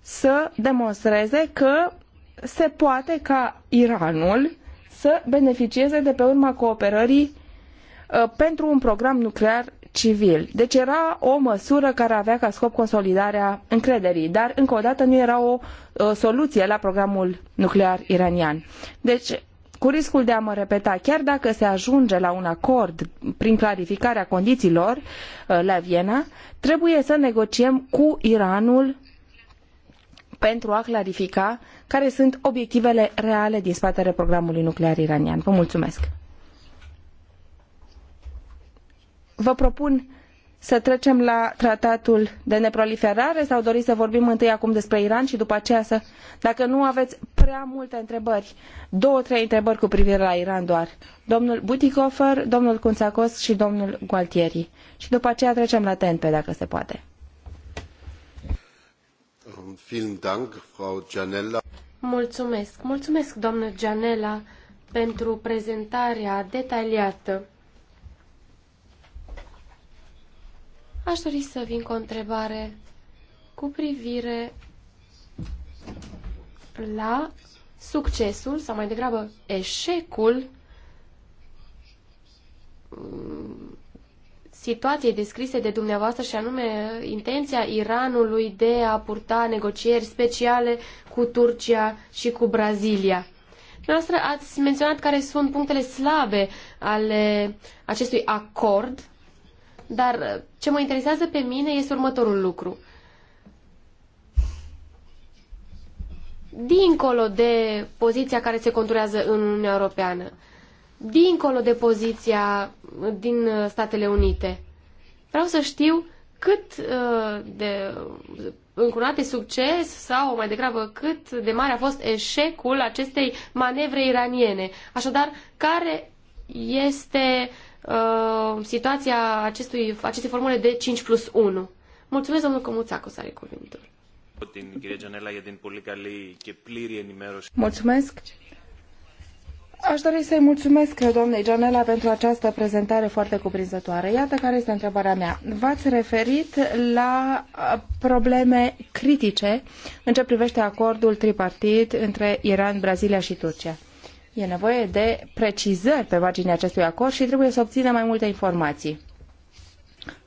să demonstreze că se poate ca Iranul să beneficieze de pe urma cooperării eh, pentru un program nuclear civil. Deci era o măsură care avea ca scop consolidarea încrederii, dar încă o dată nu era o, uh, soluție la programul nuclear iranian. Deci, cu riscul de a mă repeta, chiar dacă se ajunge la un acord prin clarificarea condițiilor uh, la Viena, trebuie să negociem cu Iranul pentru a clarifica care sunt obiectivele reale din spatele programului nuclear iranian. Vă mulțumesc! vă propun să trecem la tratatul de neproliferare sau doriți să vorbim întâi acum despre Iran și după aceea să... Dacă nu aveți prea multe întrebări, două, trei întrebări cu privire la Iran doar. Domnul Butikofer, domnul Kunțacos și domnul Gualtieri. Și după aceea trecem la TNP, dacă se poate. Mulțumesc. Mulțumesc, doamnă Gianella, pentru prezentarea detaliată Aș dori să vin cu o întrebare cu privire la succesul, sau mai degrabă eșecul mm, situației descrise de dumneavoastră și anume intenția Iranului de a purta negocieri speciale cu Turcia și cu Brazilia. Noastră ați menționat care sunt punctele slabe ale acestui acord dar ce mă interesează pe mine este următorul lucru. Dincolo de poziția care se conturează în Uniunea Europeană, dincolo de poziția din Statele Unite, vreau să știu cât uh, de încurate succes sau mai degrabă cât de mare a fost eșecul acestei manevre iraniene. Așadar, care este uh, situația acestui, acestei formule de 5 plus 1. Mulțumesc, domnul Comuțacu, să are cuvântul. Mulțumesc. Aș dori să-i mulțumesc doamnei janela pentru această prezentare foarte cuprinzătoare. Iată care este întrebarea mea. V-ați referit la uh, probleme critice în ce privește acordul tripartit între Iran, Brazilia și Turcia. E nevoie de precizări pe marginea acestui acord și trebuie să obțină mai multe informații.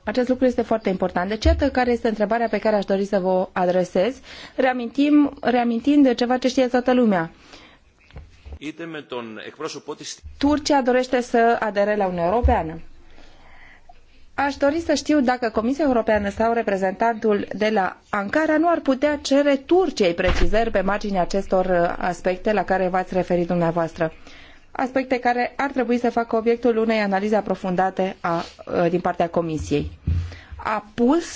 Acest lucru este foarte important. Deci, ce? care este întrebarea pe care aș dori să vă adresez, reamintim, reamintind de ceva ce știe toată lumea. Turcia dorește să adere la Uniunea Europeană. Aș dori să știu dacă Comisia Europeană sau reprezentantul de la Ankara nu ar putea cere Turciei precizări pe marginea acestor uh, aspecte la care v-ați referit dumneavoastră. Aspecte care ar trebui să facă obiectul unei analize aprofundate a, uh, din partea Comisiei. A pus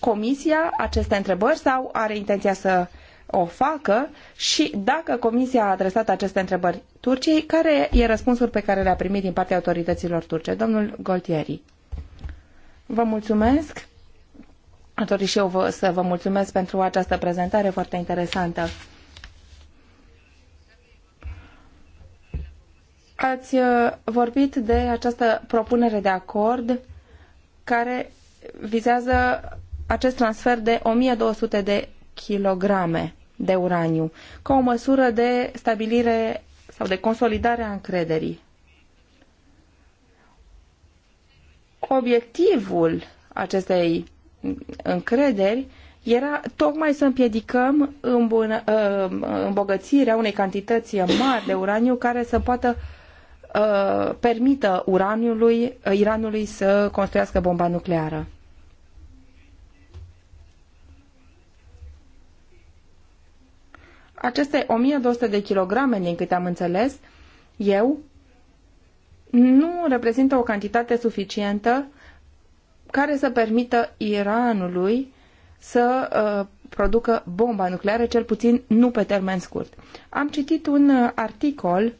Comisia aceste întrebări sau are intenția să o facă și dacă Comisia a adresat aceste întrebări Turciei, care e răspunsul pe care le-a primit din partea autorităților turce? Domnul Goltieri. Vă mulțumesc. dori și eu vă, să vă mulțumesc pentru această prezentare foarte interesantă. Ați uh, vorbit de această propunere de acord care vizează acest transfer de 1200 de kilograme de uraniu ca o măsură de stabilire sau de consolidare a încrederii. obiectivul acestei încrederi era tocmai să împiedicăm îmbună, ă, îmbogățirea unei cantități mari de uraniu care să poată permite ă, permită uraniului, Iranului să construiască bomba nucleară. Aceste 1200 de kilograme, din câte am înțeles, eu nu reprezintă o cantitate suficientă care să permită Iranului să uh, producă bomba nucleară, cel puțin nu pe termen scurt. Am citit un uh, articol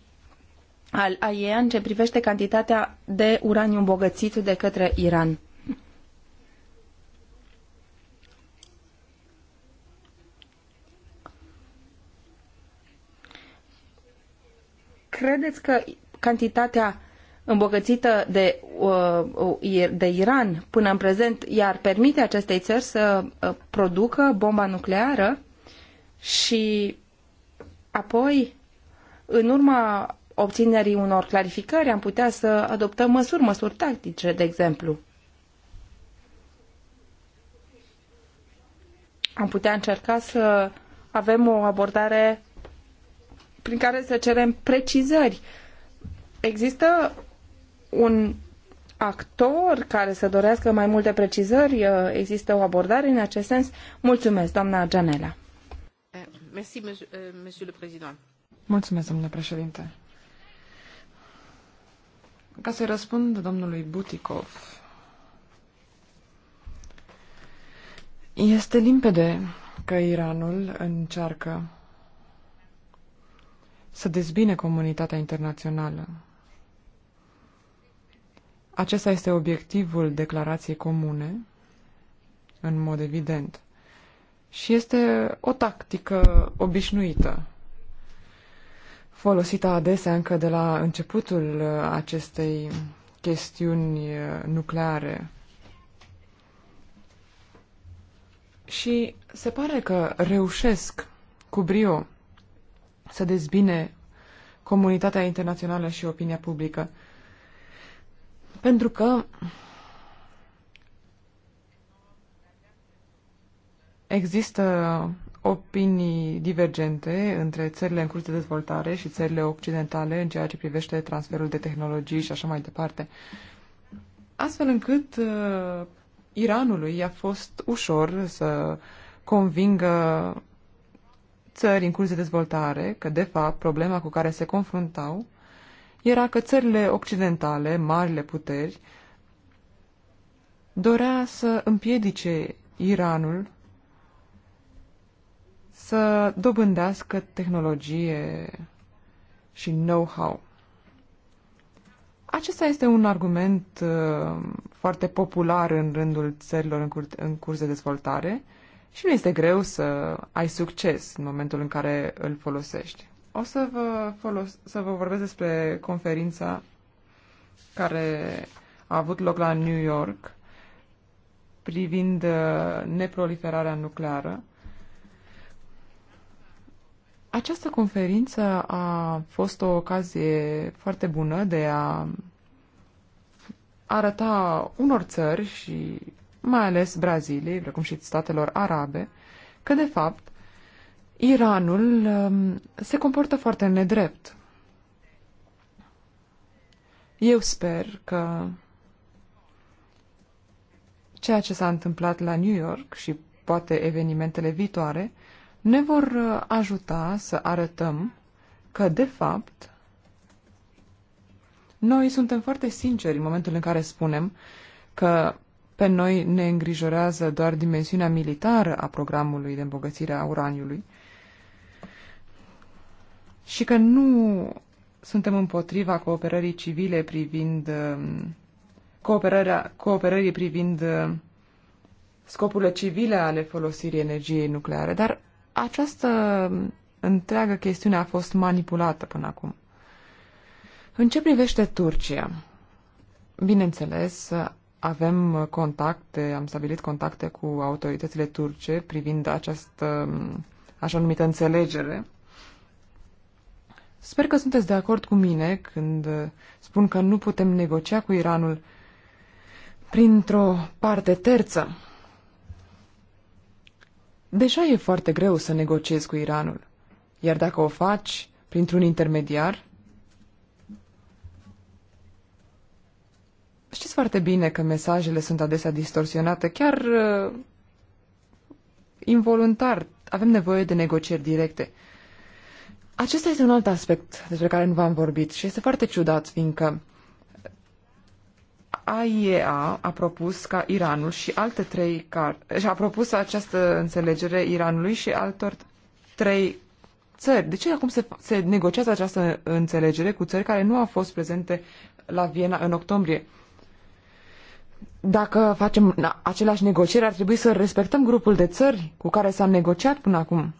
al AIEA în ce privește cantitatea de uraniu îmbogățit de către Iran. Credeți că cantitatea îmbogățită de, uh, de Iran până în prezent, iar permite acestei țări să uh, producă bomba nucleară și apoi, în urma obținerii unor clarificări, am putea să adoptăm măsuri, măsuri tactice, de exemplu. Am putea încerca să avem o abordare prin care să cerem precizări. Există un actor care să dorească mai multe precizări? Uh, există o abordare în acest sens? Mulțumesc, doamna Gianela. Eh, eh, Mulțumesc, domnule președinte. Ca să-i răspund domnului Butikov, este limpede că Iranul încearcă să dezbine comunitatea internațională acesta este obiectivul declarației comune, în mod evident. Și este o tactică obișnuită, folosită adesea încă de la începutul uh, acestei chestiuni uh, nucleare. Și se pare că reușesc cu brio să dezbine comunitatea internațională și opinia publică. Pentru că există opinii divergente între țările în curs de dezvoltare și țările occidentale în ceea ce privește transferul de tehnologii și așa mai departe. Astfel încât uh, Iranului a fost ușor să convingă țări în curs de dezvoltare că, de fapt, problema cu care se confruntau era că țările occidentale, marile puteri, dorea să împiedice Iranul să dobândească tehnologie și know-how. Acesta este un argument uh, foarte popular în rândul țărilor în, cur- în curs de dezvoltare și nu este greu să ai succes în momentul în care îl folosești. O să vă, folos- să vă vorbesc despre conferința care a avut loc la New York privind uh, neproliferarea nucleară. Această conferință a fost o ocazie foarte bună de a arăta unor țări și mai ales Braziliei, precum și statelor arabe, că de fapt Iranul um, se comportă foarte nedrept. Eu sper că ceea ce s-a întâmplat la New York și poate evenimentele viitoare ne vor uh, ajuta să arătăm că, de fapt, noi suntem foarte sinceri în momentul în care spunem că pe noi ne îngrijorează doar dimensiunea militară a programului de îmbogățire a uraniului și că nu suntem împotriva cooperării civile privind um, cooperarea, cooperării privind um, scopurile civile ale folosirii energiei nucleare, dar această um, întreagă chestiune a fost manipulată până acum. În ce privește Turcia? Bineînțeles, avem contacte, am stabilit contacte cu autoritățile turce privind această așa numită înțelegere Sper că sunteți de acord cu mine când uh, spun că nu putem negocia cu Iranul printr-o parte terță. Deja e foarte greu să negociezi cu Iranul, iar dacă o faci printr-un intermediar, știți foarte bine că mesajele sunt adesea distorsionate, chiar uh, involuntar. Avem nevoie de negocieri directe. Acesta este un alt aspect despre care nu v-am vorbit și este foarte ciudat, fiindcă AIEA a propus ca Iranul și alte trei car și a propus această înțelegere Iranului și altor trei țări. De ce acum se, se negociază această înțelegere cu țări care nu au fost prezente la Viena în octombrie? Dacă facem aceleași negocieri, ar trebui să respectăm grupul de țări cu care s-a negociat până acum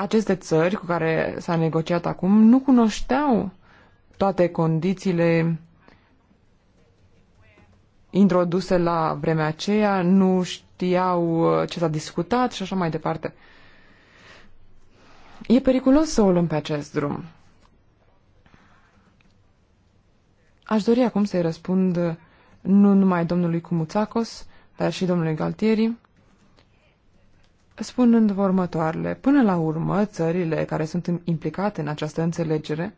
aceste țări cu care s-a negociat acum nu cunoșteau toate condițiile introduse la vremea aceea, nu știau uh, ce s-a discutat și așa mai departe. E periculos să o luăm pe acest drum. Aș dori acum să-i răspund uh, nu numai domnului Cumuțacos, dar și domnului Galtieri spunând următoarele. Până la urmă, țările care sunt implicate în această înțelegere,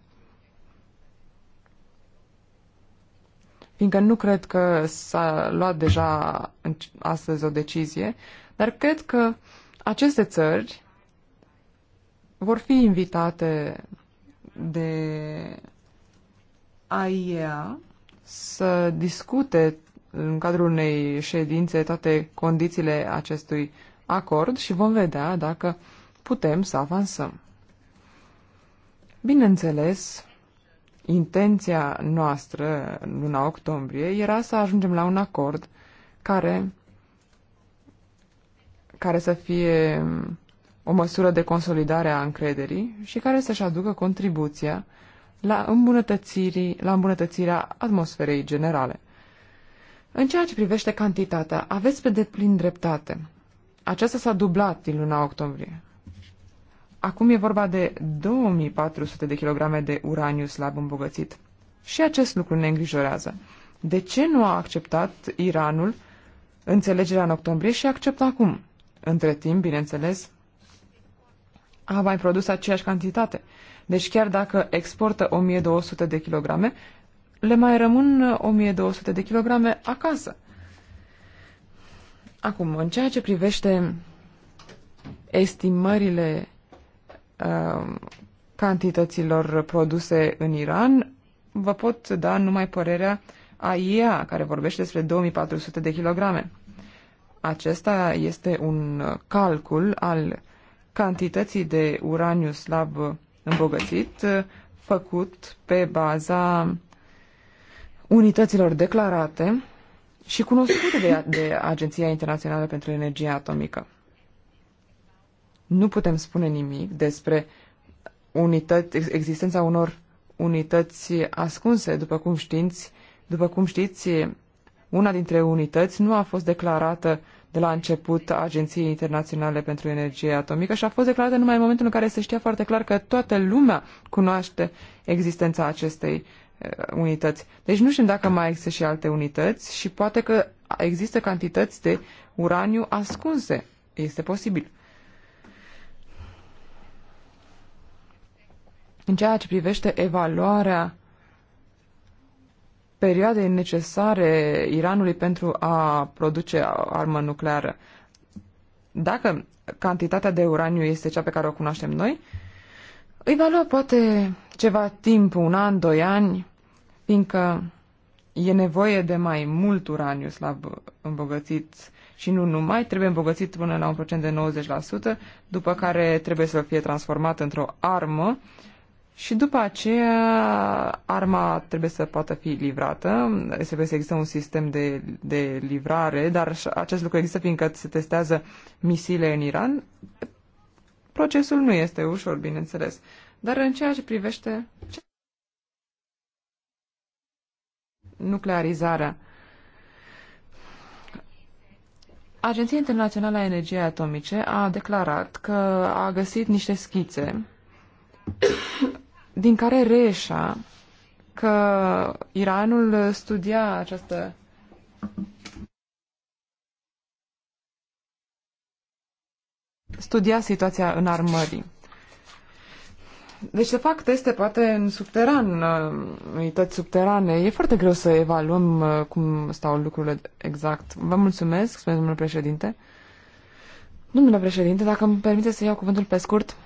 fiindcă nu cred că s-a luat deja astăzi o decizie, dar cred că aceste țări vor fi invitate de AIEA să discute în cadrul unei ședințe toate condițiile acestui acord și vom vedea dacă putem să avansăm. Bineînțeles, intenția noastră în luna octombrie era să ajungem la un acord care, care să fie o măsură de consolidare a încrederii și care să-și aducă contribuția la, îmbunătățirii, la îmbunătățirea atmosferei generale. În ceea ce privește cantitatea, aveți pe deplin dreptate. Aceasta s-a dublat din luna octombrie. Acum e vorba de 2400 de kilograme de uraniu slab îmbogățit. Și acest lucru ne îngrijorează. De ce nu a acceptat Iranul înțelegerea în octombrie și acceptă acum? Între timp, bineînțeles, a mai produs aceeași cantitate. Deci chiar dacă exportă 1200 de kilograme, le mai rămân 1200 de kilograme acasă. Acum, în ceea ce privește estimările uh, cantităților produse în Iran, vă pot da numai părerea AIEA, care vorbește despre 2400 de kilograme. Acesta este un calcul al cantității de uraniu slab îmbogățit făcut pe baza unităților declarate și cunoscută de, de Agenția Internațională pentru Energie Atomică. Nu putem spune nimic despre unități, existența unor unități ascunse, după cum știți, după cum știți, una dintre unități nu a fost declarată de la început Agenției Internaționale pentru Energie Atomică și a fost declarată numai în momentul în care se știa foarte clar că toată lumea cunoaște existența acestei Uh, unități. Deci nu știm dacă mai există și alte unități și poate că există cantități de uraniu ascunse. Este posibil. În ceea ce privește evaluarea perioadei necesare Iranului pentru a produce armă nucleară, dacă cantitatea de uraniu este cea pe care o cunoaștem noi, îi va lua poate ceva timp, un an, doi ani, fiindcă e nevoie de mai mult uraniu slab îmbogățit și nu numai, trebuie îmbogățit până la un procent de 90%, după care trebuie să fie transformat într-o armă și după aceea arma trebuie să poată fi livrată, trebuie să există un sistem de, de livrare, dar acest lucru există fiindcă se testează misile în Iran. Procesul nu este ușor, bineînțeles. Dar în ceea ce privește... Ce nuclearizarea. Agenția Internațională a Energiei Atomice a declarat că a găsit niște schițe din care reșa că Iranul studia această studia situația în armării. Deci se fac teste, poate, în subteran, unități subterane. E foarte greu să evaluăm uh, cum stau lucrurile exact. Vă mulțumesc, spune domnul președinte. Domnule președinte, dacă îmi permite să iau cuvântul pe scurt.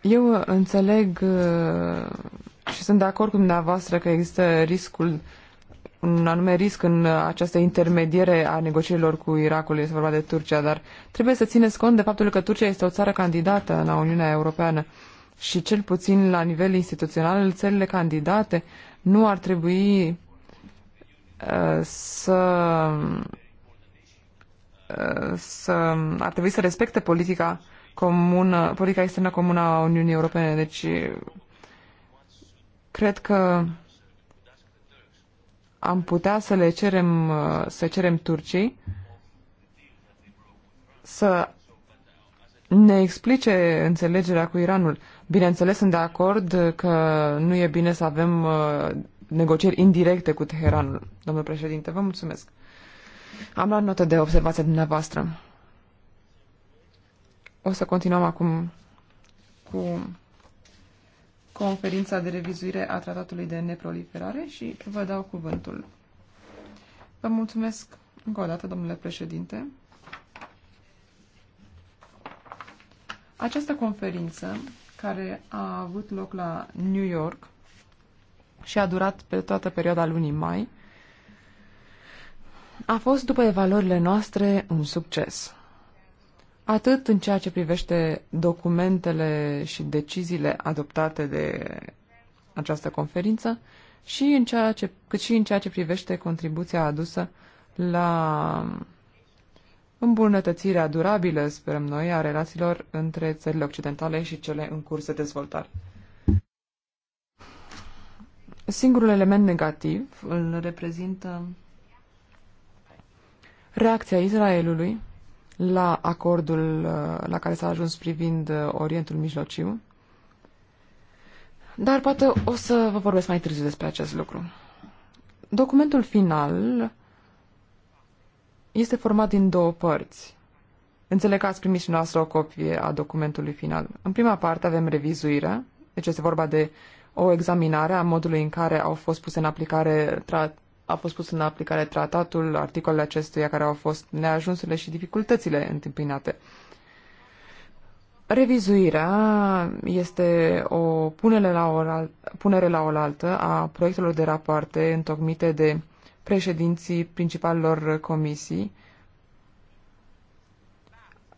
Eu înțeleg uh, și sunt de acord cu dumneavoastră că există riscul un anume risc în această intermediere a negocierilor cu Irakul, este vorba de Turcia, dar trebuie să țineți cont de faptul că Turcia este o țară candidată la Uniunea Europeană și cel puțin la nivel instituțional țările candidate nu ar trebui uh, să uh, să ar trebui să respecte politica comună, politica externă comună a Uniunii Europene. Deci cred că am putea să le cerem, să cerem Turcii să ne explice înțelegerea cu Iranul. Bineînțeles, sunt de acord că nu e bine să avem uh, negocieri indirecte cu Teheranul. Domnul președinte, vă mulțumesc. Am luat notă de observație dumneavoastră. O să continuăm acum cu conferința de revizuire a Tratatului de Neproliferare și vă dau cuvântul. Vă mulțumesc încă o dată, domnule președinte. Această conferință, care a avut loc la New York și a durat pe toată perioada lunii mai, a fost, după evaluările noastre, un succes atât în ceea ce privește documentele și deciziile adoptate de această conferință, și în ceea ce, cât și în ceea ce privește contribuția adusă la îmbunătățirea durabilă, sperăm noi, a relațiilor între țările occidentale și cele în curs de dezvoltare. Singurul element negativ îl reprezintă reacția Israelului la acordul uh, la care s-a ajuns privind uh, Orientul Mijlociu. Dar poate o să vă vorbesc mai târziu despre acest lucru. Documentul final este format din două părți. Înțeleg că ați primit și noastră o copie a documentului final. În prima parte avem revizuirea, deci este vorba de o examinare a modului în care au fost puse în aplicare tra- a fost pus în aplicare tratatul, articolele acestuia care au fost neajunsurile și dificultățile întâmpinate. Revizuirea este o punere la, oral, punere la oaltă a proiectelor de rapoarte întocmite de președinții principalilor comisii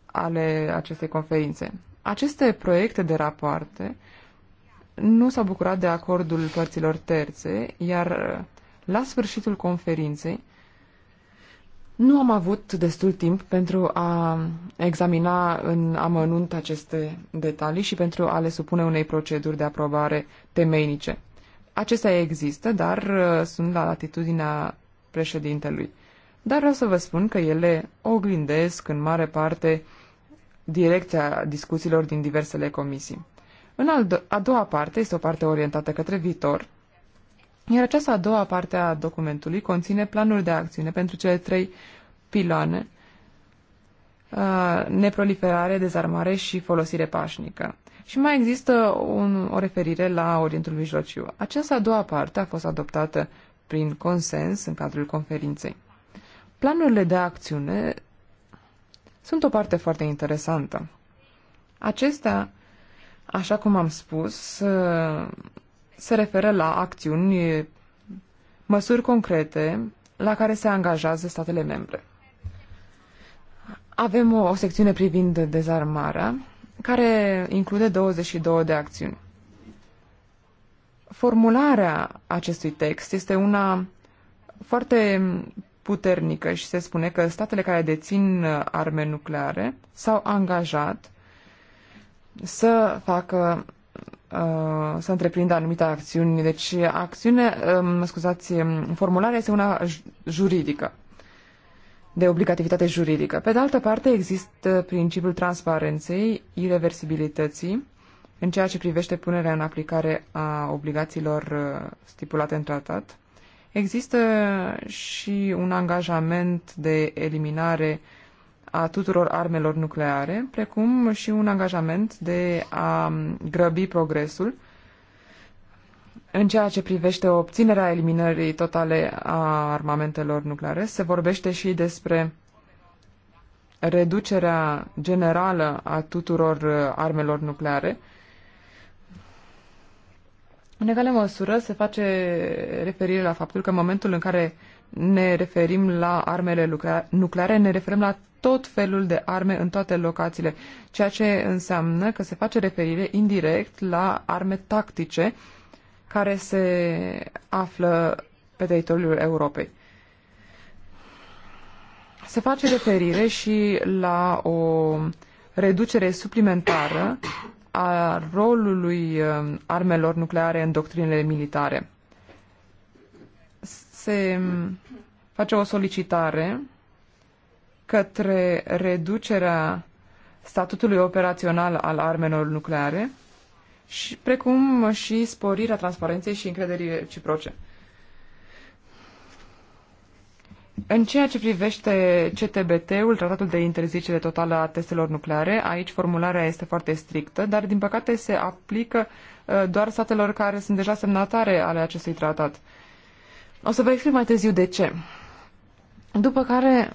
ale acestei conferințe. Aceste proiecte de rapoarte nu s-au bucurat de acordul părților terțe, iar la sfârșitul conferinței, nu am avut destul timp pentru a examina în amănunt aceste detalii și pentru a le supune unei proceduri de aprobare temeinice. Acestea există, dar uh, sunt la latitudinea președintelui. Dar vreau să vă spun că ele oglindesc în mare parte direcția discuțiilor din diversele comisii. În a doua parte este o parte orientată către viitor, iar această a doua parte a documentului conține planul de acțiune pentru cele trei piloane, uh, neproliferare, dezarmare și folosire pașnică. Și mai există un, o referire la Orientul Mijlociu. Această a doua parte a fost adoptată prin consens în cadrul conferinței. Planurile de acțiune sunt o parte foarte interesantă. Acestea, așa cum am spus, uh, se referă la acțiuni, măsuri concrete la care se angajează statele membre. Avem o, o secțiune privind dezarmarea, care include 22 de acțiuni. Formularea acestui text este una foarte puternică și se spune că statele care dețin arme nucleare s-au angajat să facă Uh, să întreprindă anumite acțiuni. Deci, acțiune, mă um, scuzați, um, formularea este una juridică, de obligativitate juridică. Pe de altă parte, există principiul transparenței, irreversibilității, în ceea ce privește punerea în aplicare a obligațiilor uh, stipulate în tratat. Există și un angajament de eliminare a tuturor armelor nucleare, precum și un angajament de a grăbi progresul în ceea ce privește obținerea eliminării totale a armamentelor nucleare. Se vorbește și despre reducerea generală a tuturor armelor nucleare. În egală măsură se face referire la faptul că în momentul în care uh, ne referim la armele nucleare, ne referim la tot felul de arme în toate locațiile, ceea ce înseamnă că se face referire indirect la arme tactice care se află pe teritoriul Europei. Se face referire și la o reducere suplimentară a rolului um, armelor nucleare în doctrinele militare se face o solicitare către reducerea statutului operațional al armelor nucleare, și, precum și sporirea transparenței și încrederii reciproce. În ceea ce privește CTBT-ul, Tratatul de Interzicere Totală a Testelor Nucleare, aici formularea este foarte strictă, dar din păcate se aplică uh, doar statelor care sunt deja semnatare ale acestui tratat. O să vă explic mai târziu de ce. După care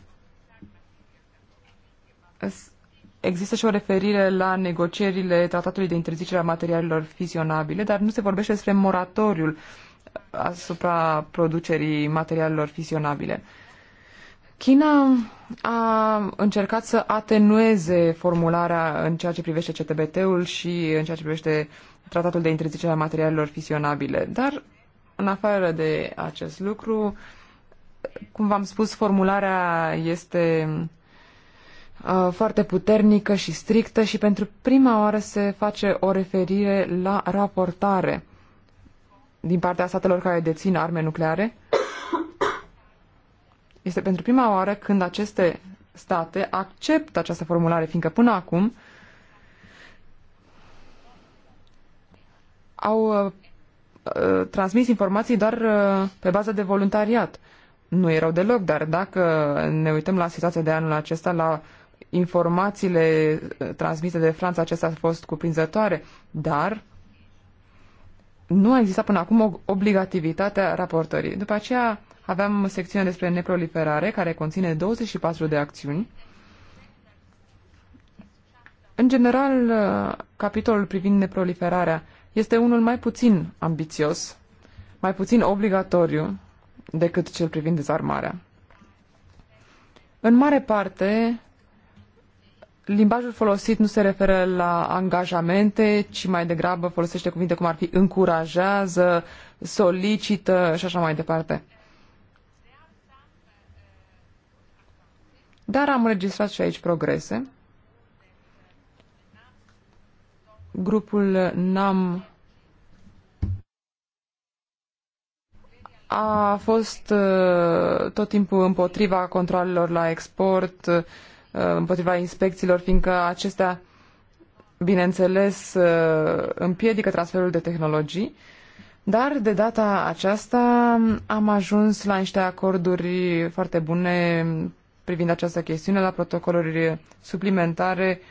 există și o referire la negocierile tratatului de interzicere a materialelor fizionabile, dar nu se vorbește despre moratoriul asupra producerii materialelor fizionabile. China a încercat să atenueze formularea în ceea ce privește CTBT-ul și în ceea ce privește tratatul de interzicere a materialelor fisionabile, dar în afară de acest lucru, cum v-am spus, formularea este uh, foarte puternică și strictă și pentru prima oară se face o referire la raportare din partea statelor care dețin arme nucleare. Este pentru prima oară când aceste state acceptă această formulare, fiindcă până acum au uh, Uh, transmis informații doar uh, pe bază de voluntariat. Nu erau deloc, dar dacă ne uităm la situația de anul acesta, la informațiile uh, transmise de Franța, acestea au fost cuprinzătoare, dar nu a existat până acum obligativitatea raportării. După aceea aveam secțiunea despre neproliferare, care conține 24 de acțiuni. În general, capitolul privind neproliferarea este unul mai puțin ambițios, mai puțin obligatoriu decât cel privind dezarmarea. În mare parte, limbajul folosit nu se referă la angajamente, ci mai degrabă folosește cuvinte cum ar fi încurajează, solicită și așa mai departe. Dar am înregistrat și aici progrese. Grupul NAM a fost uh, tot timpul împotriva controlelor la export, uh, împotriva inspecțiilor, fiindcă acestea, bineînțeles, uh, împiedică transferul de tehnologii. Dar de data aceasta am ajuns la niște acorduri foarte bune privind această chestiune, la protocoluri suplimentare.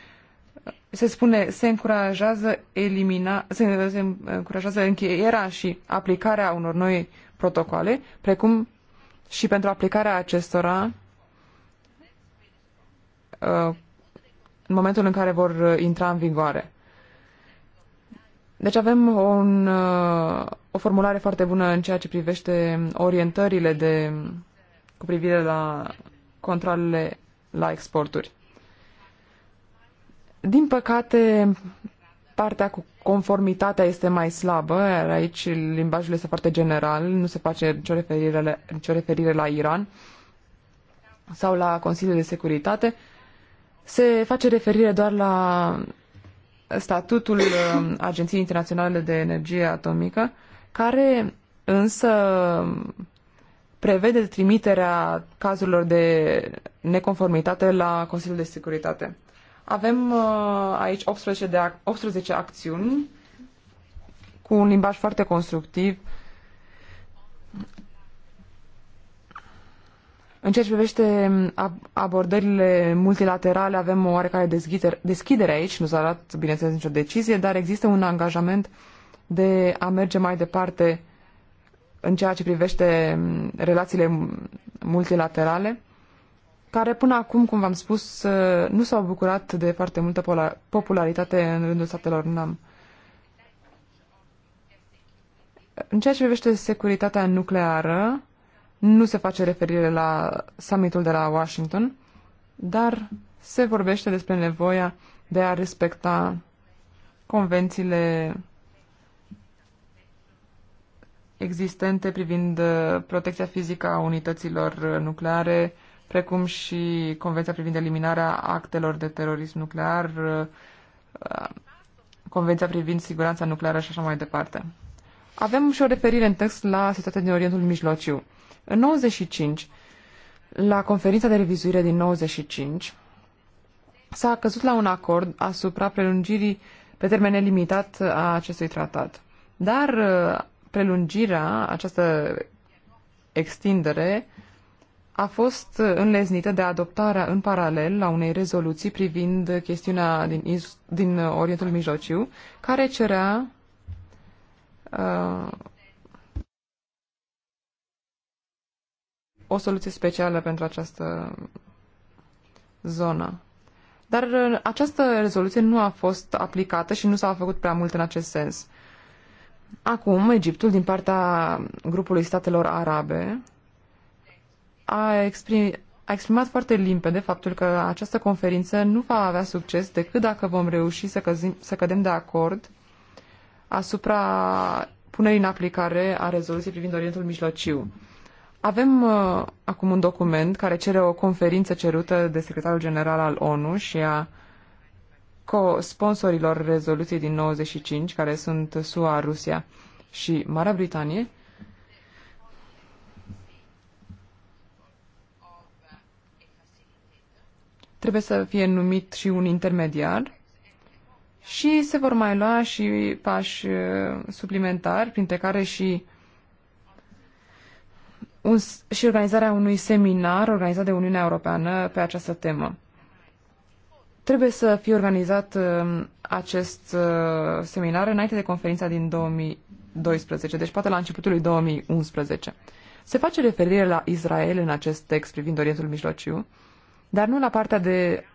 Se spune, se încurajează elimina, se, se încurajează încheierea și aplicarea unor noi protocoale, precum și pentru aplicarea acestora uh, în momentul în care vor uh, intra în vigoare. Deci avem un, uh, o formulare foarte bună în ceea ce privește orientările de, cu privire la controlele la exporturi. Din păcate, partea cu conformitatea este mai slabă, iar aici limbajul este foarte general, nu se face nicio referire, la, nicio referire la Iran sau la Consiliul de Securitate. Se face referire doar la statutul um, Agenției Internaționale de Energie Atomică, care însă prevede trimiterea cazurilor de neconformitate la Consiliul de Securitate. Avem uh, aici 18, de ac- 18 acțiuni cu un limbaj foarte constructiv. În ceea ce privește abordările multilaterale, avem o oarecare deschidere aici, nu s-a dat, bineînțeles, nicio decizie, dar există un angajament de a merge mai departe în ceea ce privește mm, relațiile multilaterale care până acum, cum v-am spus, uh, nu s-au bucurat de foarte multă popularitate în rândul statelor NAM. În ceea ce privește securitatea nucleară, nu se face referire la summitul de la Washington, dar se vorbește despre nevoia de a respecta convențiile existente privind uh, protecția fizică a unităților uh, nucleare, precum și Convenția privind eliminarea actelor de terorism nuclear, uh, Convenția privind siguranța nucleară și așa mai departe. Avem și o referire în text la situația din Orientul Mijlociu. În 95, la conferința de revizuire din 95, s-a căzut la un acord asupra prelungirii pe termen limitat a acestui tratat. Dar uh, prelungirea, această extindere, a fost înleznită de adoptarea în paralel la unei rezoluții privind chestiunea din, din Orientul Mijlociu, care cerea uh, o soluție specială pentru această zonă. Dar uh, această rezoluție nu a fost aplicată și nu s-a făcut prea mult în acest sens. Acum, Egiptul, din partea grupului statelor arabe, a, exprim, a exprimat foarte limpede faptul că această conferință nu va avea succes decât dacă vom reuși să, căzim, să cădem de acord asupra punerii în aplicare a rezoluției privind Orientul Mijlociu. Avem uh, acum un document care cere o conferință cerută de secretarul general al ONU și a co-sponsorilor rezoluției din 95, care sunt SUA, Rusia și Marea Britanie, Trebuie să fie numit și un intermediar și se vor mai lua și pași uh, suplimentari, printre care și un, și organizarea unui seminar organizat de Uniunea Europeană pe această temă. Trebuie să fie organizat um, acest uh, seminar înainte de conferința din 2012, deci poate la începutul lui 2011. Se face referire la Israel în acest text privind Orientul Mijlociu, dar nu la partea, de,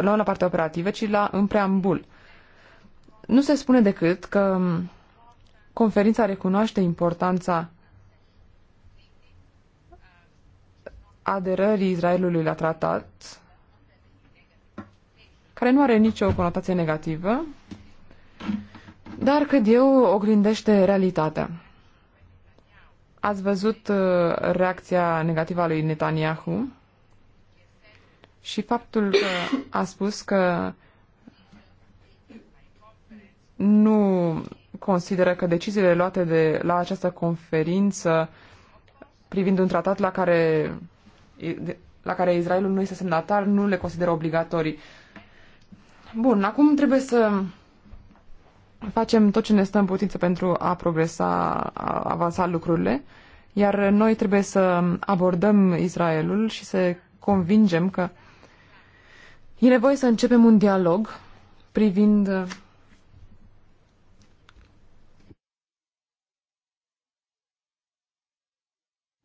la, la partea operativă, ci la în preambul. Nu se spune decât că conferința recunoaște importanța aderării Israelului la tratat, care nu are nicio conotație negativă, dar cred eu oglindește realitatea. Ați văzut uh, reacția negativă a lui Netanyahu și faptul că a spus că nu consideră că deciziile luate de, la această conferință privind un tratat la care, la care Israelul nu este semnatar nu le consideră obligatorii. Bun, acum trebuie să facem tot ce ne stă în putință pentru a progresa, a avansa lucrurile, iar noi trebuie să abordăm Israelul și să convingem că E nevoie să începem un dialog privind uh,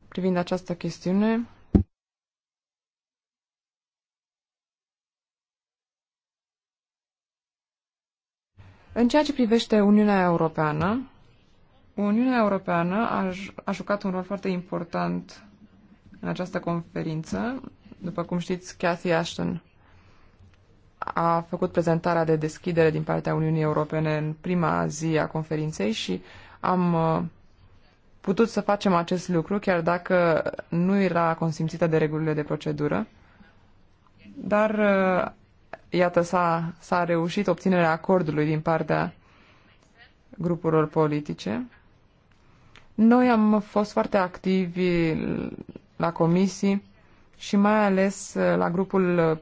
privind această chestiune. În ceea ce privește Uniunea Europeană, Uniunea Europeană a, a jucat un rol foarte important în această conferință. După cum știți, Cathy Ashton a făcut prezentarea de deschidere din partea Uniunii Europene în prima zi a conferinței și am uh, putut să facem acest lucru, chiar dacă nu era consimțită de regulile de procedură. Dar, uh, iată, s-a, s-a reușit obținerea acordului din partea grupurilor politice. Noi am fost foarte activi la comisii și mai ales la grupul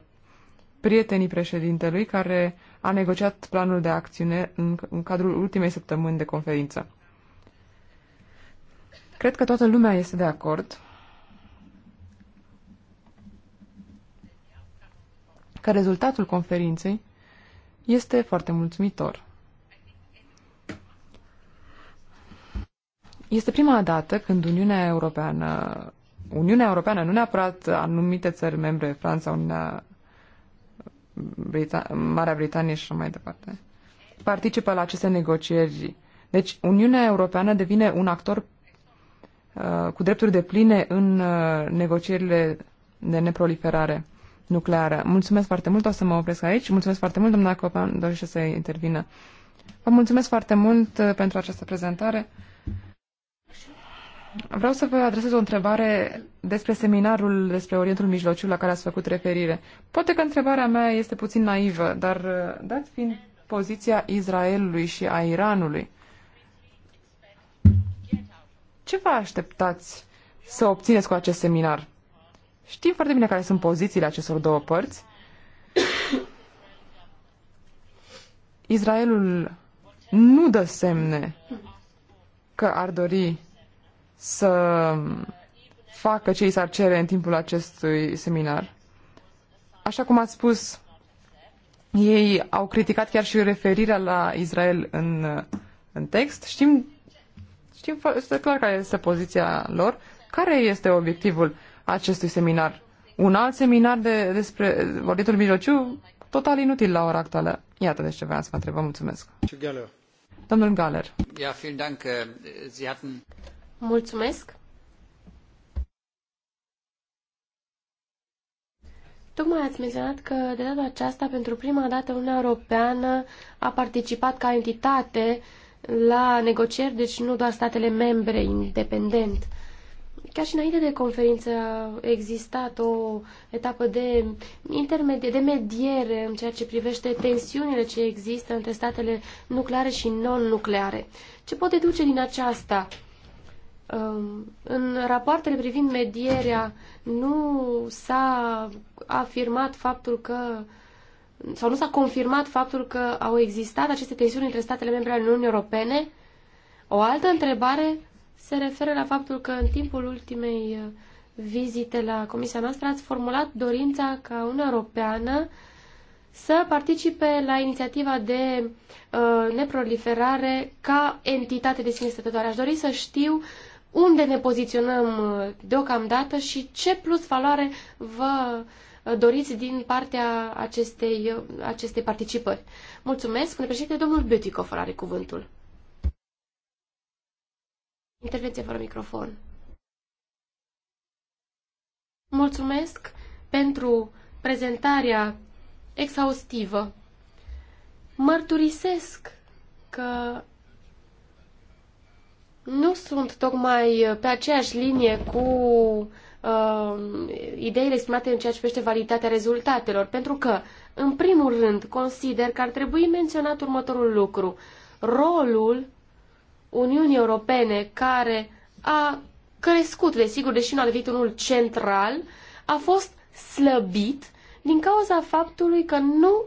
prietenii președintelui care a negociat planul de acțiune în, în cadrul ultimei săptămâni de conferință. Cred că toată lumea este de acord că rezultatul conferinței este foarte mulțumitor. Este prima dată când Uniunea Europeană, Uniunea Europeană, nu neapărat anumite țări membre, Franța, Uniunea Brita- Marea Britanie și așa mai departe, participă la aceste negocieri. Deci Uniunea Europeană devine un actor uh, cu drepturi de pline în uh, negocierile de neproliferare nucleară. Mulțumesc foarte mult, o să mă opresc aici. Mulțumesc foarte mult, doamna Copan, dorește să intervină. Vă mulțumesc foarte mult uh, pentru această prezentare. Vreau să vă adresez o întrebare despre seminarul despre Orientul Mijlociu la care ați făcut referire. Poate că întrebarea mea este puțin naivă, dar uh, dați fiind poziția Israelului și a Iranului, ce vă așteptați să obțineți cu acest seminar? Știm foarte bine care sunt pozițiile acestor două părți. Israelul nu dă semne că ar dori să facă ce i s-ar cere în timpul acestui seminar. Așa cum ați spus, ei au criticat chiar și referirea la Israel în, în text. Știm, știm este clar care este poziția lor. Care este obiectivul acestui seminar? Un alt seminar de, despre vorbitul Mijlociu, total inutil la ora actuală. Iată de ce vreau să vă întreb. Vă mulțumesc. Domnul Galer. Ja, vielen Dank. Äh, Sie hatten... Mulțumesc! Tocmai ați menționat că de data aceasta, pentru prima dată, Uniunea Europeană a participat ca entitate la negocieri, deci nu doar statele membre independent. Chiar și înainte de conferință a existat o etapă de, intermedie, de mediere în ceea ce privește tensiunile ce există între statele nucleare și non-nucleare. Ce pot deduce din aceasta? Um, în rapoartele privind medierea nu s-a afirmat faptul că sau nu s-a confirmat faptul că au existat aceste tensiuni între statele membre ale Uniunii Europene. O altă întrebare se referă la faptul că în timpul ultimei uh, vizite la Comisia noastră ați formulat dorința ca Uniunea Europeană să participe la inițiativa de uh, neproliferare ca entitate de sine stătătoare. Aș dori să știu uh, unde ne poziționăm uh, deocamdată și ce plus valoare vă uh, doriți din partea acestei, uh, acestei participări. Mulțumesc. Spune președinte, domnul Beautycofer are cuvântul. Intervenție fără microfon. Mulțumesc pentru prezentarea exhaustivă. Mărturisesc că nu sunt tocmai uh, pe aceeași linie cu uh, ideile exprimate în ceea ce privește validitatea rezultatelor, pentru că, în primul rând, consider că ar trebui menționat următorul lucru. Rolul Uniunii Europene, care a crescut, desigur, deși nu a devenit unul central, a fost slăbit din cauza faptului că nu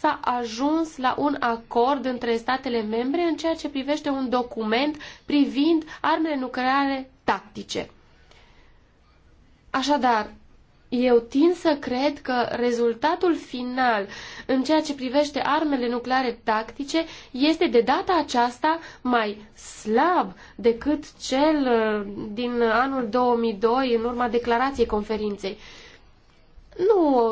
s-a ajuns la un acord între statele membre în ceea ce privește un document privind armele nucleare tactice. Așadar, eu tin să cred că rezultatul final în ceea ce privește armele nucleare tactice este de data aceasta mai slab decât cel uh, din anul 2002 în urma declarației conferinței. Nu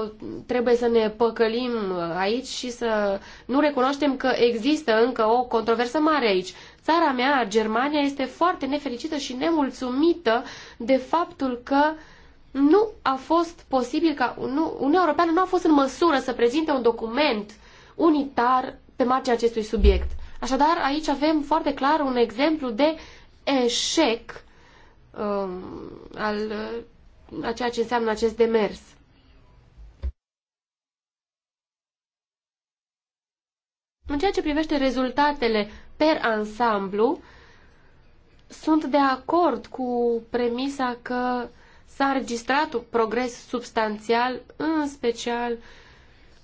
trebuie să ne păcălim aici și să nu recunoaștem că există încă o controversă mare aici. Țara mea, Germania, este foarte nefericită și nemulțumită de faptul că nu a fost posibil ca Uniunea Europeană nu a fost în măsură să prezinte un document unitar pe marginea acestui subiect. Așadar, aici avem foarte clar un exemplu de eșec um, al uh, a ceea ce înseamnă acest demers. În ceea ce privește rezultatele per ansamblu, sunt de acord cu premisa că s-a înregistrat un progres substanțial, în special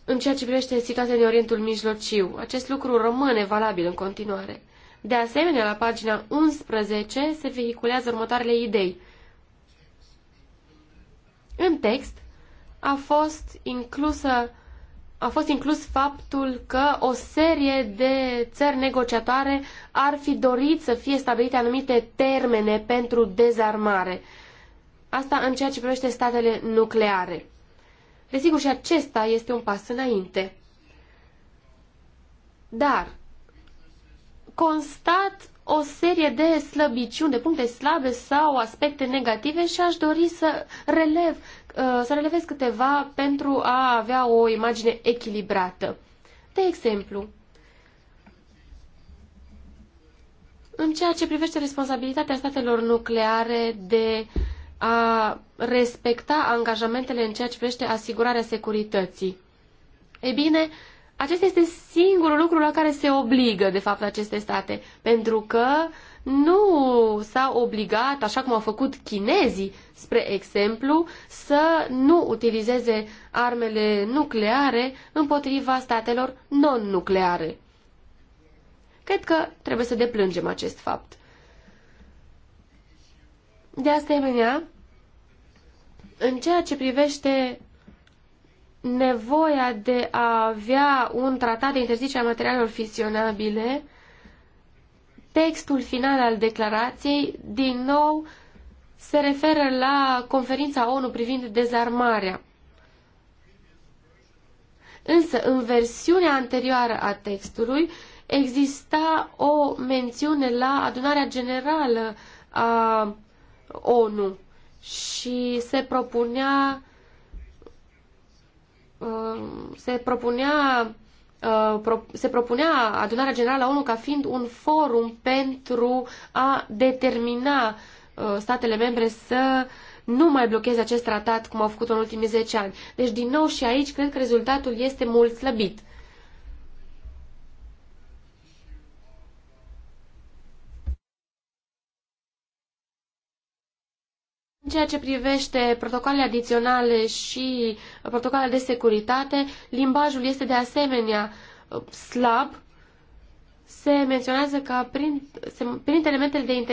în ceea ce privește situația din Orientul Mijlociu. Acest lucru rămâne valabil în continuare. De asemenea, la pagina 11 se vehiculează următoarele idei. În text a fost inclusă a fost inclus faptul că o serie de țări negociatoare ar fi dorit să fie stabilite anumite termene pentru dezarmare. Asta în ceea ce privește statele nucleare. Desigur, și acesta este un pas înainte. Dar constat o serie de slăbiciuni, de puncte slabe sau aspecte negative și aș dori să relev Uh, să relevez câteva pentru a avea o imagine echilibrată. De exemplu, în ceea ce privește responsabilitatea statelor nucleare de a respecta angajamentele în ceea ce privește asigurarea securității. Ei bine, acesta este singurul lucru la care se obligă, de fapt, aceste state, pentru că uh, nu s-a obligat, așa cum au făcut chinezii, spre exemplu, să nu utilizeze armele nucleare împotriva statelor non-nucleare. Cred că trebuie să deplângem acest fapt. De asemenea, în ceea ce privește nevoia de a avea un tratat de interzicere a materialelor fisionabile, textul final al declarației, din nou, se referă la conferința ONU privind dezarmarea. Însă, în versiunea anterioară a textului, exista o mențiune la adunarea generală a ONU și se propunea uh, se propunea Uh, se propunea adunarea generală a ONU ca fiind un forum pentru a determina uh, statele membre să nu mai blocheze acest tratat cum au făcut în ultimii 10 ani. Deci, din nou și aici, cred că rezultatul este mult slăbit. ceea ce privește protocoalele adiționale și protocoalele de securitate, limbajul este de asemenea uh, slab. Se menționează că prin, se, prin elementele de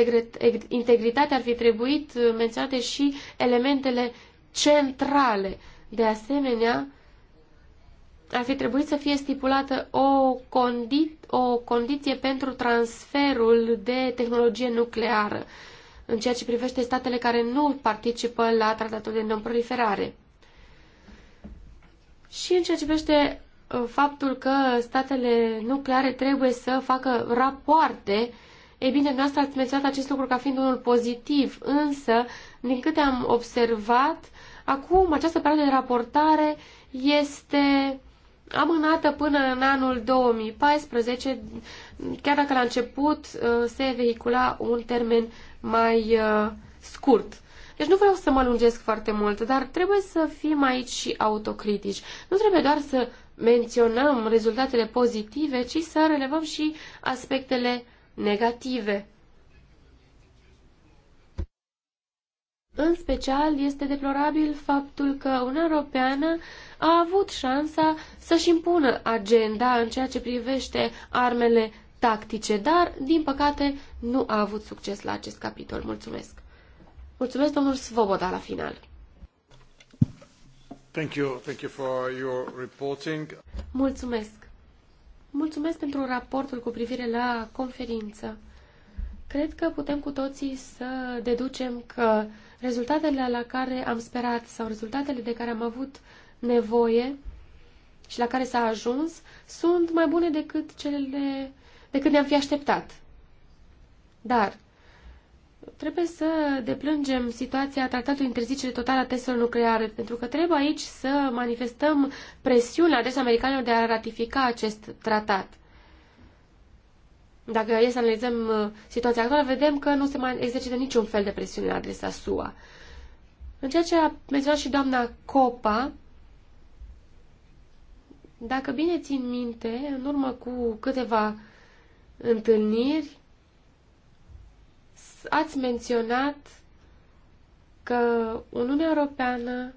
integritate ar fi trebuit uh, menționate și elementele centrale. De asemenea, ar fi trebuit să fie stipulată o, condi- o condiție pentru transferul de tehnologie nucleară în ceea ce privește statele care nu participă la tratatul de non-proliferare. Și în ceea ce privește uh, faptul că statele nucleare trebuie să facă rapoarte, ei bine, noastră ați menționat acest lucru ca fiind unul pozitiv, însă, din câte am observat, acum această perioadă de raportare este amânată până în anul 2014, chiar dacă la început uh, se vehicula un termen mai uh, scurt. Deci nu vreau să mă lungesc foarte mult, dar trebuie să fim aici și autocritici. Nu trebuie doar să menționăm rezultatele pozitive, ci să relevăm și aspectele negative. În special este deplorabil faptul că Uniunea Europeană a avut șansa să-și impună agenda în ceea ce privește armele tactice, dar, din păcate, nu a avut succes la acest capitol. Mulțumesc! Mulțumesc, domnul Svoboda, la final! Thank you. Thank you for your reporting. Mulțumesc! Mulțumesc pentru raportul cu privire la conferință. Cred că putem cu toții să deducem că rezultatele la care am sperat sau rezultatele de care am avut nevoie și la care s-a ajuns sunt mai bune decât cele decât ne-am fi așteptat. Dar trebuie să deplângem situația tratatului interzicere totală a testelor nucleare, pentru că trebuie aici să manifestăm presiunea adresa americanilor de a ratifica acest tratat. Dacă e să analizăm uh, situația actuală, vedem că nu se mai exercită niciun fel de presiune la adresa SUA. În ceea ce a menționat și doamna Copa, dacă bine țin minte, în urmă cu câteva întâlniri ați menționat că Uniunea Europeană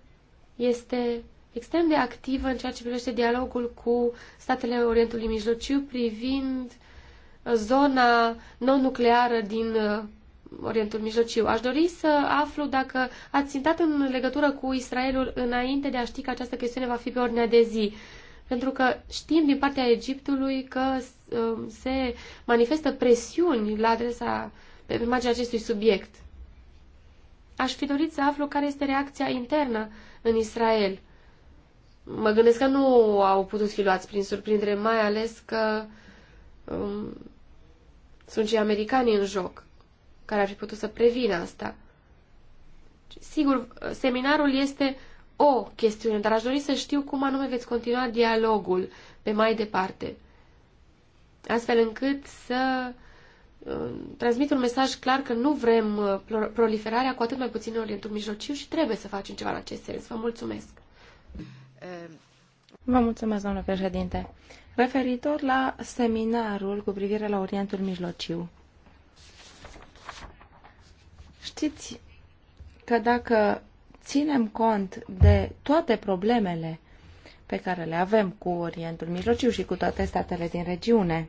este extrem de activă în ceea ce privește dialogul cu statele Orientului Mijlociu privind uh, zona non-nucleară din uh, Orientul Mijlociu. Aș dori să aflu dacă ați intrat în legătură cu Israelul înainte de a ști că această chestiune va fi pe ordinea de zi pentru că știm din partea Egiptului că um, se manifestă presiuni la adresa, pe marginea acestui subiect. Aș fi dorit să aflu care este reacția internă în Israel. Mă gândesc că nu au putut fi luați prin surprindere, mai ales că um, sunt și americani în joc, care ar fi putut să prevină asta. Sigur, seminarul este o chestiune, dar aș dori să știu cum anume veți continua dialogul pe mai departe, astfel încât să uh, transmit un mesaj clar că nu vrem uh, proliferarea, cu atât mai puțin în Orientul Mijlociu și trebuie să facem ceva în acest sens. Vă mulțumesc! Vă mulțumesc, domnule președinte. Referitor la seminarul cu privire la Orientul Mijlociu, știți că dacă ținem cont de toate problemele pe care le avem cu Orientul Mijlociu și cu toate statele din regiune.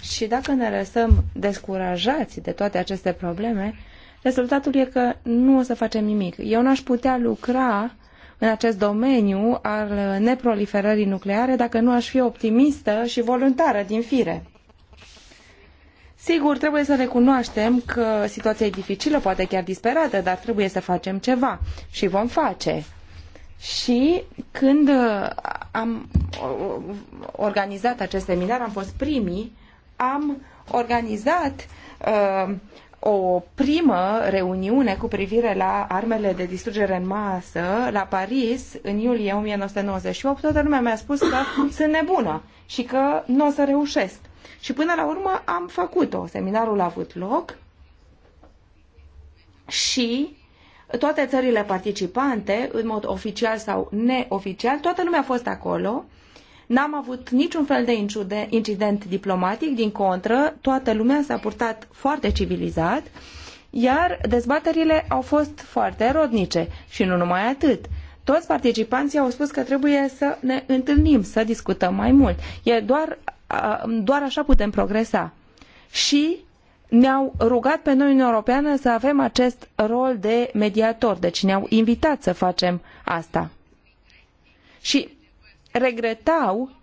Și dacă ne lăsăm descurajați de toate aceste probleme, rezultatul e că nu o să facem nimic. Eu n-aș putea lucra în acest domeniu al neproliferării nucleare dacă nu aș fi optimistă și voluntară din fire. Sigur, trebuie să recunoaștem că situația e dificilă, poate chiar disperată, dar trebuie să facem ceva și vom face. Și când uh, am organizat acest seminar, am fost primii, am organizat uh, o primă reuniune cu privire la armele de distrugere în masă la Paris în iulie 1998. Toată lumea mi-a spus că sunt nebună și că nu o să reușesc. Și până la urmă am făcut-o. Seminarul a avut loc și toate țările participante, în mod oficial sau neoficial, toată lumea a fost acolo. N-am avut niciun fel de incident diplomatic, din contră, toată lumea s-a purtat foarte civilizat, iar dezbaterile au fost foarte rodnice și nu numai atât. Toți participanții au spus că trebuie să ne întâlnim, să discutăm mai mult. E doar doar așa putem progresa. Și ne-au rugat pe noi în Europeană să avem acest rol de mediator, deci ne-au invitat să facem asta. Și regretau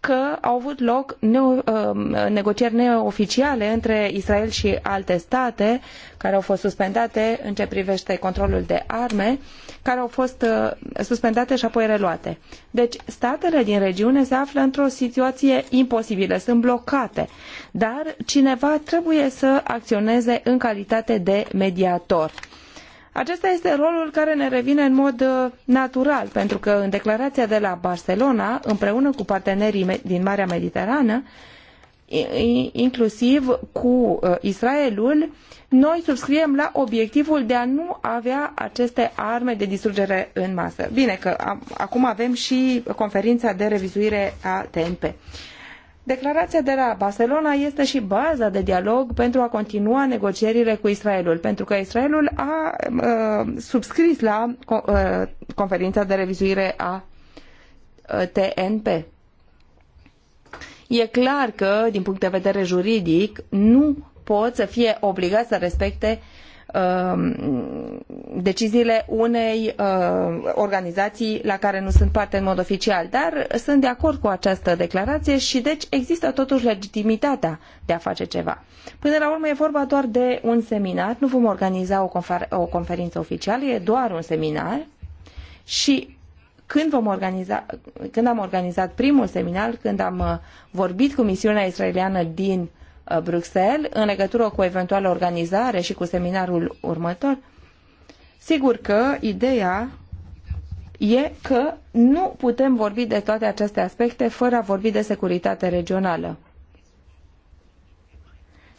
că au avut loc uh, negocieri neoficiale între Israel și alte state care au fost suspendate în ce privește controlul de arme, care au fost uh, suspendate și apoi reluate. Deci statele din regiune se află într-o situație imposibilă, sunt blocate, dar cineva trebuie să acționeze în calitate de mediator acesta este rolul care ne revine în mod uh, natural, pentru că în declarația de la Barcelona, împreună cu partenerii din Marea Mediterană, inclusiv cu uh, Israelul, noi subscriem la obiectivul de a nu avea aceste arme de distrugere în masă. Bine că acum avem și conferința de revizuire a TNP. Declarația de la Barcelona este și baza de dialog pentru a continua negocierile cu Israelul, pentru că Israelul a uh, subscris la uh, conferința de revizuire a uh, TNP. E clar că, din punct de vedere juridic, nu pot să fie obligat să respecte uh, Um, deciziile unei uh, organizații la care nu sunt parte în mod oficial. Dar sunt de acord cu această declarație și deci există totuși legitimitatea de a face ceva. Până la urmă e vorba doar de un seminar, nu vom organiza o, confer- o conferință oficială, e doar un seminar și când, vom organiza, când am organizat primul seminar, când am uh, vorbit cu misiunea israeliană din Uh, Bruxelles în legătură cu eventuală organizare și cu seminarul următor, sigur că ideea e că nu putem vorbi de toate aceste aspecte fără a vorbi de securitate regională.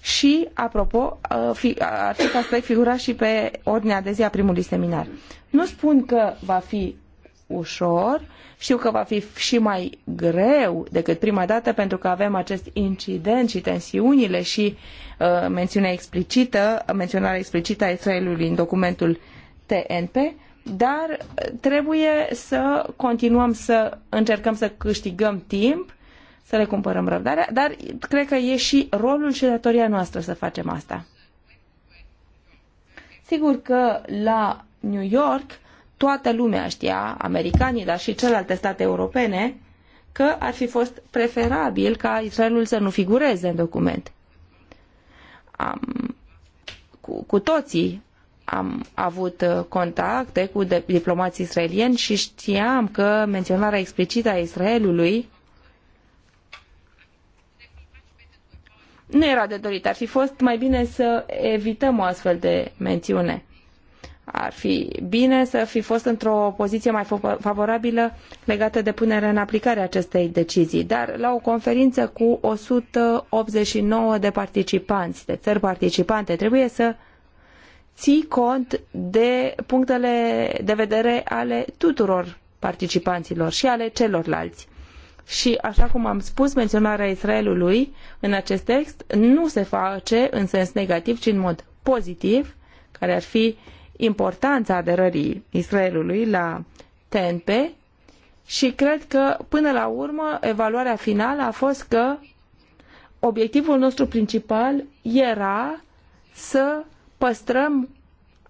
Și, apropo, uh, uh, acest aspect figura și pe ordinea de zi a primului seminar. Nu spun că va fi ușor. Știu că va fi și mai greu decât prima dată pentru că avem acest incident și tensiunile și uh, mențiunea explicită, menționarea explicită a Israelului în documentul TNP, dar trebuie să continuăm să încercăm să câștigăm timp, să le cumpărăm răbdarea, dar cred că e și rolul și datoria noastră să facem asta. Sigur că la New York toată lumea știa, americanii, dar și celelalte state europene, că ar fi fost preferabil ca Israelul să nu figureze în document. Am, cu, cu toții am avut uh, contacte cu de, diplomații israelieni și știam că menționarea explicită a Israelului nu era de dorit. Ar fi fost mai bine să evităm o astfel de mențiune. Ar fi bine să fi fost într-o poziție mai favorabilă legată de punerea în aplicare a acestei decizii, dar la o conferință cu 189 de participanți, de țări participante, trebuie să ții cont de punctele de vedere ale tuturor participanților și ale celorlalți. Și, așa cum am spus, menționarea Israelului în acest text nu se face în sens negativ, ci în mod pozitiv, care ar fi importanța aderării Israelului la TNP și cred că, până la urmă, evaluarea finală a fost că obiectivul nostru principal era să păstrăm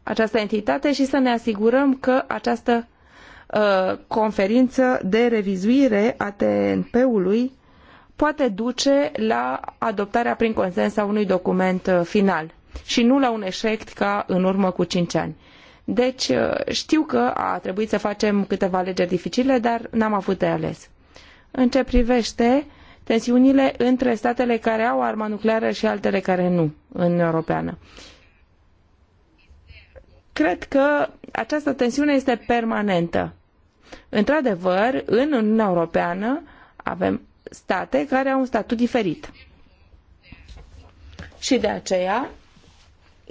această entitate și să ne asigurăm că această uh, conferință de revizuire a TNP-ului poate duce la adoptarea prin consens a unui document uh, final și nu la un eșec ca în urmă cu cinci ani. Deci uh, știu că a trebuit să facem câteva alegeri dificile, dar n-am avut de ales. În ce privește tensiunile între statele care au armă nucleară și altele care nu în Europeană. Cred că această tensiune este permanentă. Într-adevăr, în Uniunea Europeană avem state care au un statut diferit. Și de aceea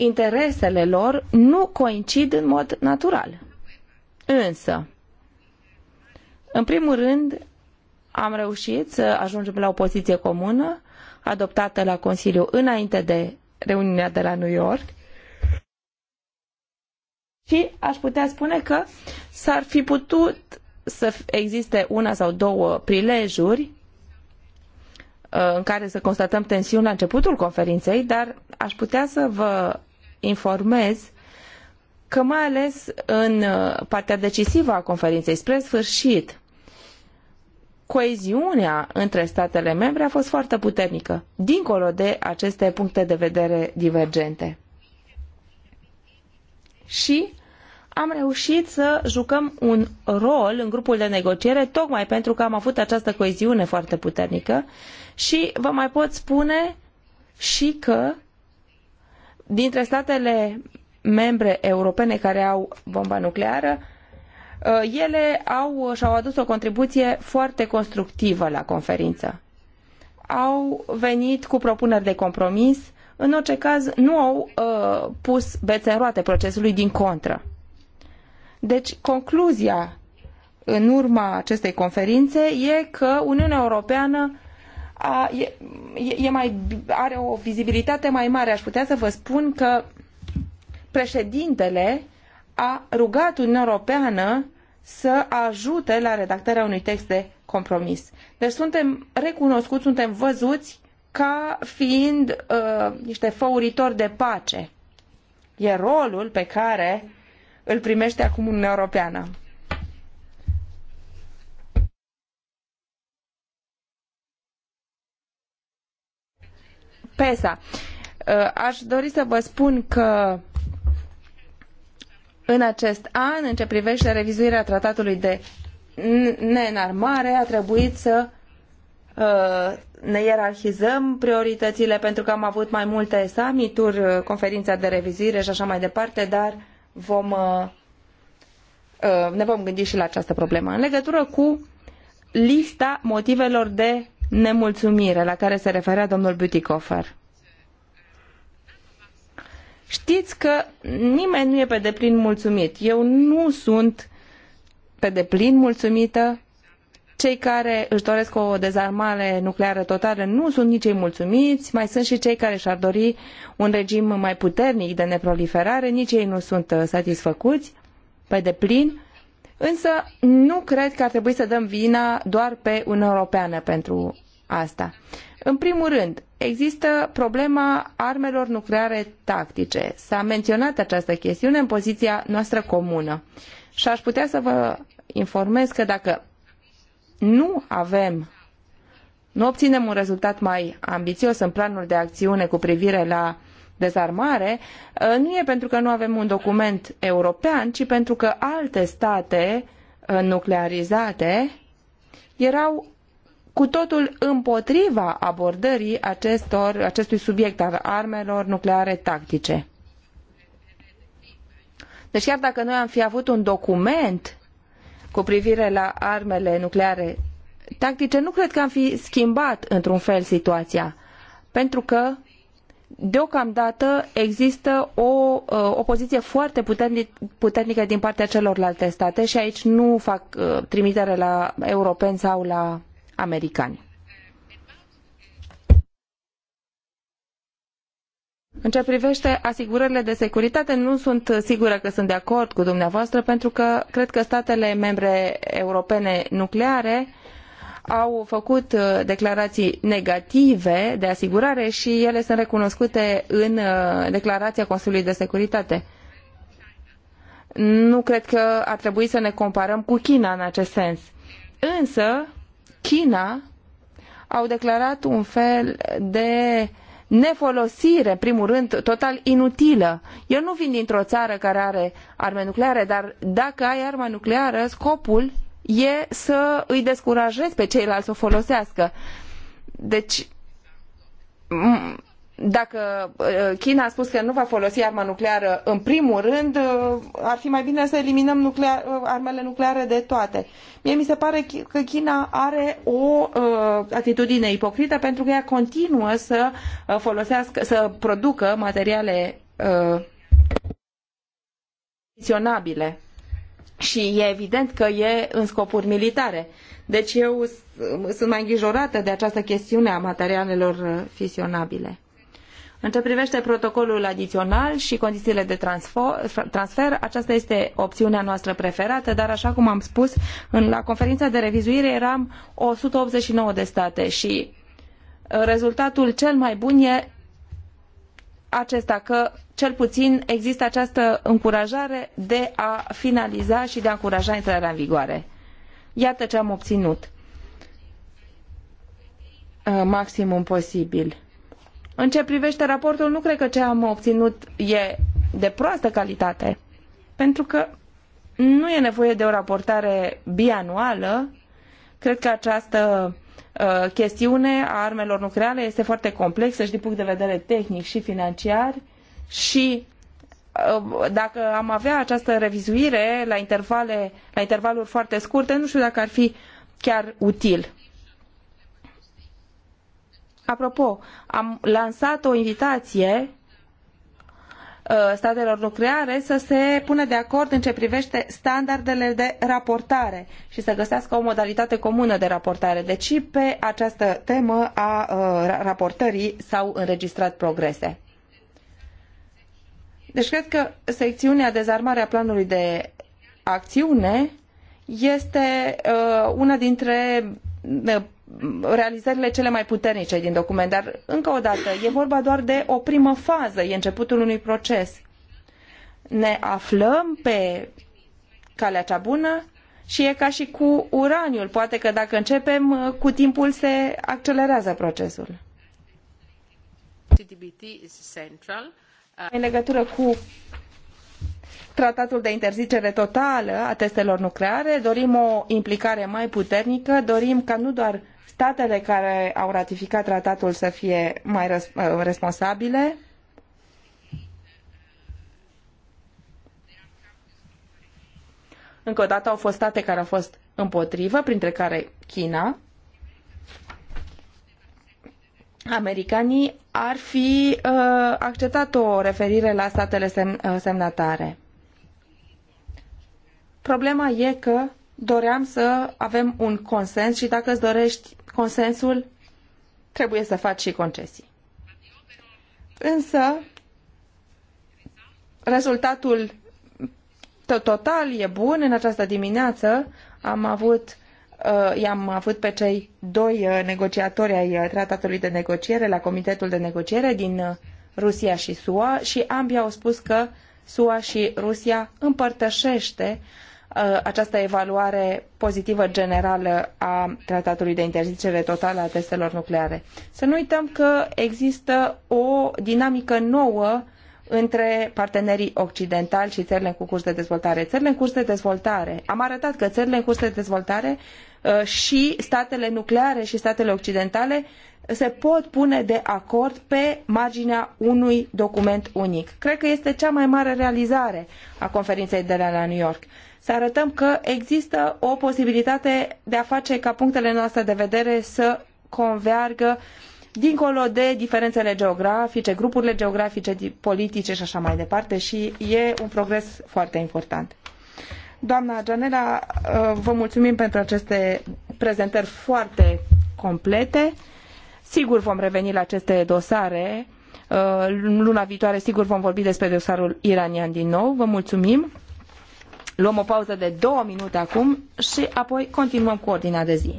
interesele lor nu coincid în mod natural. Însă, în primul rând, am reușit să ajungem la o poziție comună adoptată la Consiliu înainte de reuniunea de la New York și aș putea spune că s-ar fi putut să existe una sau două prilejuri uh, în care să constatăm tensiuni la începutul conferinței, dar aș putea să vă informez că mai ales în uh, partea decisivă a conferinței, spre sfârșit, coeziunea între statele membre a fost foarte puternică, dincolo de aceste puncte de vedere divergente. Și am reușit să jucăm un rol în grupul de negociere, tocmai pentru că am avut această coeziune foarte puternică și vă mai pot spune și că dintre statele membre europene care au bomba nucleară, uh, ele au, și-au adus o contribuție foarte constructivă la conferință. Au venit cu propuneri de compromis, în orice caz nu au uh, pus bețe în roate procesului din contră. Deci, concluzia în urma acestei conferințe e că Uniunea Europeană a, e, e mai, are o vizibilitate mai mare. Aș putea să vă spun că președintele a rugat Uniunea Europeană să ajute la redactarea unui text de compromis. Deci suntem recunoscuți, suntem văzuți ca fiind uh, niște făuritori de pace. E rolul pe care îl primește acum Uniunea Europeană. PESA. Uh, aș dori să vă spun că în acest an, în ce privește revizuirea tratatului de neînarmare, a trebuit să uh, ne ierarhizăm prioritățile pentru că am avut mai multe summituri, uh, conferința de revizuire și așa mai departe, dar vom, ne vom gândi și la această problemă. În legătură cu lista motivelor de nemulțumire la care se referea domnul Butikofer. Știți că nimeni nu e pe deplin mulțumit. Eu nu sunt pe deplin mulțumită. Cei care își doresc o dezarmare nucleară totală nu sunt nici ei mulțumiți, mai sunt și cei care și-ar dori un regim mai puternic de neproliferare, nici ei nu sunt uh, satisfăcuți pe deplin. Însă nu cred că ar trebui să dăm vina doar pe Uniunea Europeană pentru asta. În primul rând, există problema armelor nucleare tactice. S-a menționat această chestiune în poziția noastră comună. Și aș putea să vă informez că dacă nu avem nu obținem un rezultat mai ambițios în planul de acțiune cu privire la dezarmare uh, nu e pentru că nu avem un document european, ci pentru că alte state uh, nuclearizate erau cu totul împotriva abordării acestor, acestui subiect al armelor nucleare tactice. Deci chiar dacă noi am fi avut un document cu privire la armele nucleare tactice, nu cred că am fi schimbat într-un fel situația. Pentru că deocamdată există o uh, opoziție foarte puternică din partea celorlalte state și aici nu fac uh, trimitere la europeni sau la americani. În ce privește asigurările de securitate, nu sunt sigură că sunt de acord cu dumneavoastră, pentru că cred că statele membre europene nucleare au făcut uh, declarații negative de asigurare și ele sunt recunoscute în uh, declarația Consiliului de Securitate. Nu cred că ar trebui să ne comparăm cu China în acest sens. Însă, China au declarat un fel de nefolosire, în primul rând, total inutilă. Eu nu vin dintr-o țară care are arme nucleare, dar dacă ai arma nucleară, scopul e să îi descurajezi pe ceilalți să o folosească. Deci, dacă uh, China a spus că nu va folosi arma nucleară în primul rând, uh, ar fi mai bine să eliminăm nuclear, uh, armele nucleare de toate. Mie mi se pare că China are o atitudine ipocrită pentru că ea continuă să folosească, să producă materiale uh, și e evident că e în scopuri militare. Deci eu sunt mai îngrijorată de această chestiune a materialelor uh, fisionabile. În ce privește protocolul adițional și condițiile de transfer, aceasta este opțiunea noastră preferată, dar așa cum am spus, în, la conferința de revizuire eram 189 de state și uh, rezultatul cel mai bun e acesta că cel puțin există această încurajare de a finaliza și de a încuraja intrarea în vigoare. Iată ce am obținut uh, maximum posibil. În ce privește raportul, nu cred că ce am obținut e de proastă calitate, pentru că nu e nevoie de o raportare bianuală. Cred că această Uh, chestiune a armelor nucleare este foarte complexă și din punct de vedere tehnic și financiar și uh, dacă am avea această revizuire la, intervale, la intervaluri foarte scurte, nu știu dacă ar fi chiar util. Apropo, am lansat o invitație Uh, statelor nucleare să se pună de acord în ce privește standardele de raportare și să găsească o modalitate comună de raportare. Deci pe această temă a uh, raportării s-au înregistrat progrese. Deci cred că secțiunea dezarmarea planului de acțiune este uh, una dintre realizările cele mai puternice din document, dar încă o dată, e vorba doar de o primă fază, e începutul unui proces. Ne aflăm pe calea cea bună și e ca și cu uraniul. Poate că dacă începem, cu timpul se accelerează procesul. În legătură cu tratatul de interzicere totală a testelor nucleare, dorim o implicare mai puternică, dorim ca nu doar statele care au ratificat tratatul să fie mai uh, responsabile. Încă o dată au fost state care au fost împotrivă, printre care China. Americanii ar fi uh, acceptat o referire la statele sem- uh, semnatare. Problema e că doream să avem un consens și dacă îți dorești consensul, trebuie să faci și concesii. Însă, rezultatul total e bun. În această dimineață am avut uh, i-am avut pe cei doi uh, negociatori ai uh, tratatului de negociere la Comitetul de Negociere din Rusia și SUA și ambii au spus că SUA și Rusia împărtășește Uh, această evaluare pozitivă generală a tratatului de interzicere totală a testelor nucleare. Să nu uităm că există o dinamică nouă între partenerii occidentali și țările în curs de dezvoltare. Țările în curs de dezvoltare. Am arătat că țările în curs de dezvoltare uh, și statele nucleare și statele occidentale se pot pune de acord pe marginea unui document unic. Cred că este cea mai mare realizare a conferinței de la New York să arătăm că există o posibilitate de a face ca punctele noastre de vedere să convergă dincolo de diferențele geografice, grupurile geografice, politice și așa mai departe și e un progres foarte important. Doamna Gianela, uh, vă mulțumim pentru aceste prezentări foarte complete. Sigur vom reveni la aceste dosare. Uh, luna viitoare, sigur, vom vorbi despre dosarul iranian din nou. Vă mulțumim. Luăm o pauză de două minute acum și apoi continuăm cu ordinea de zi.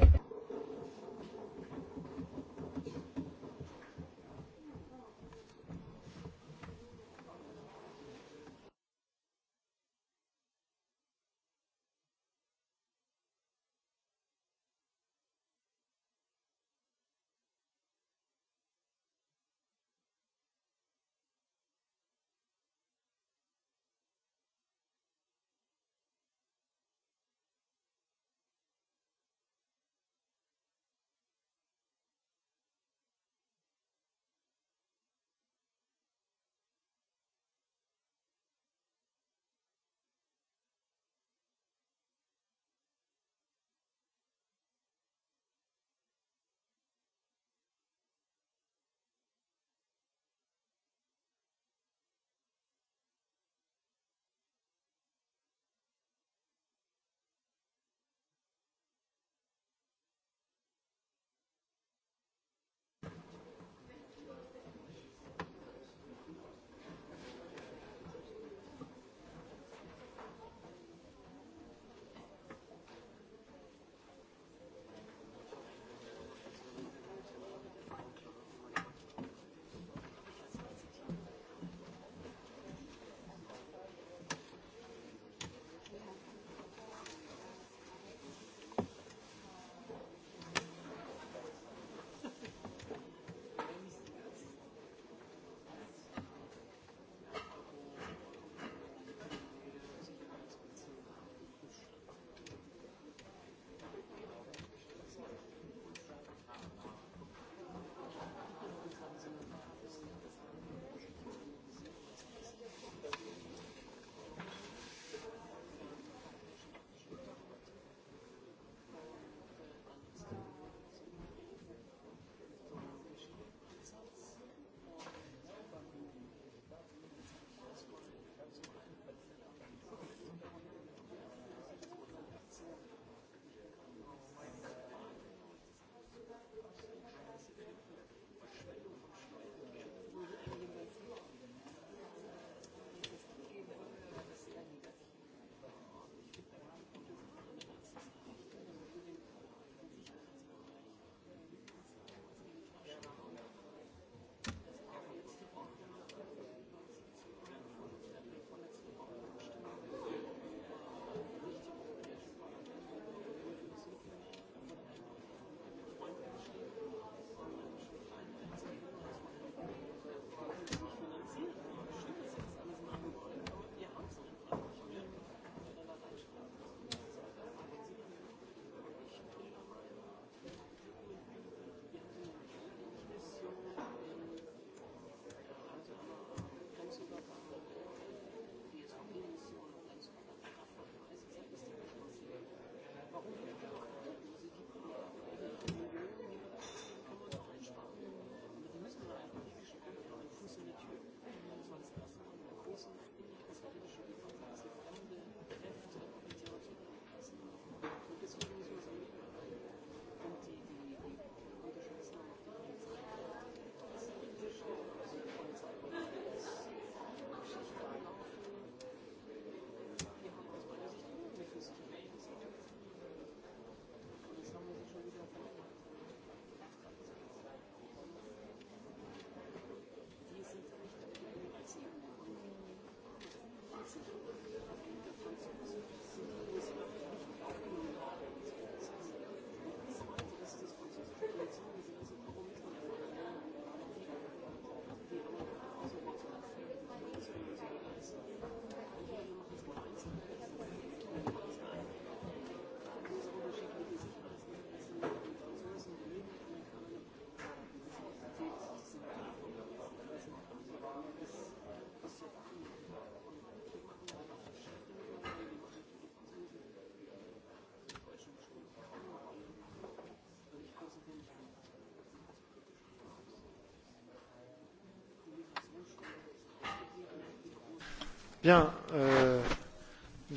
Euh,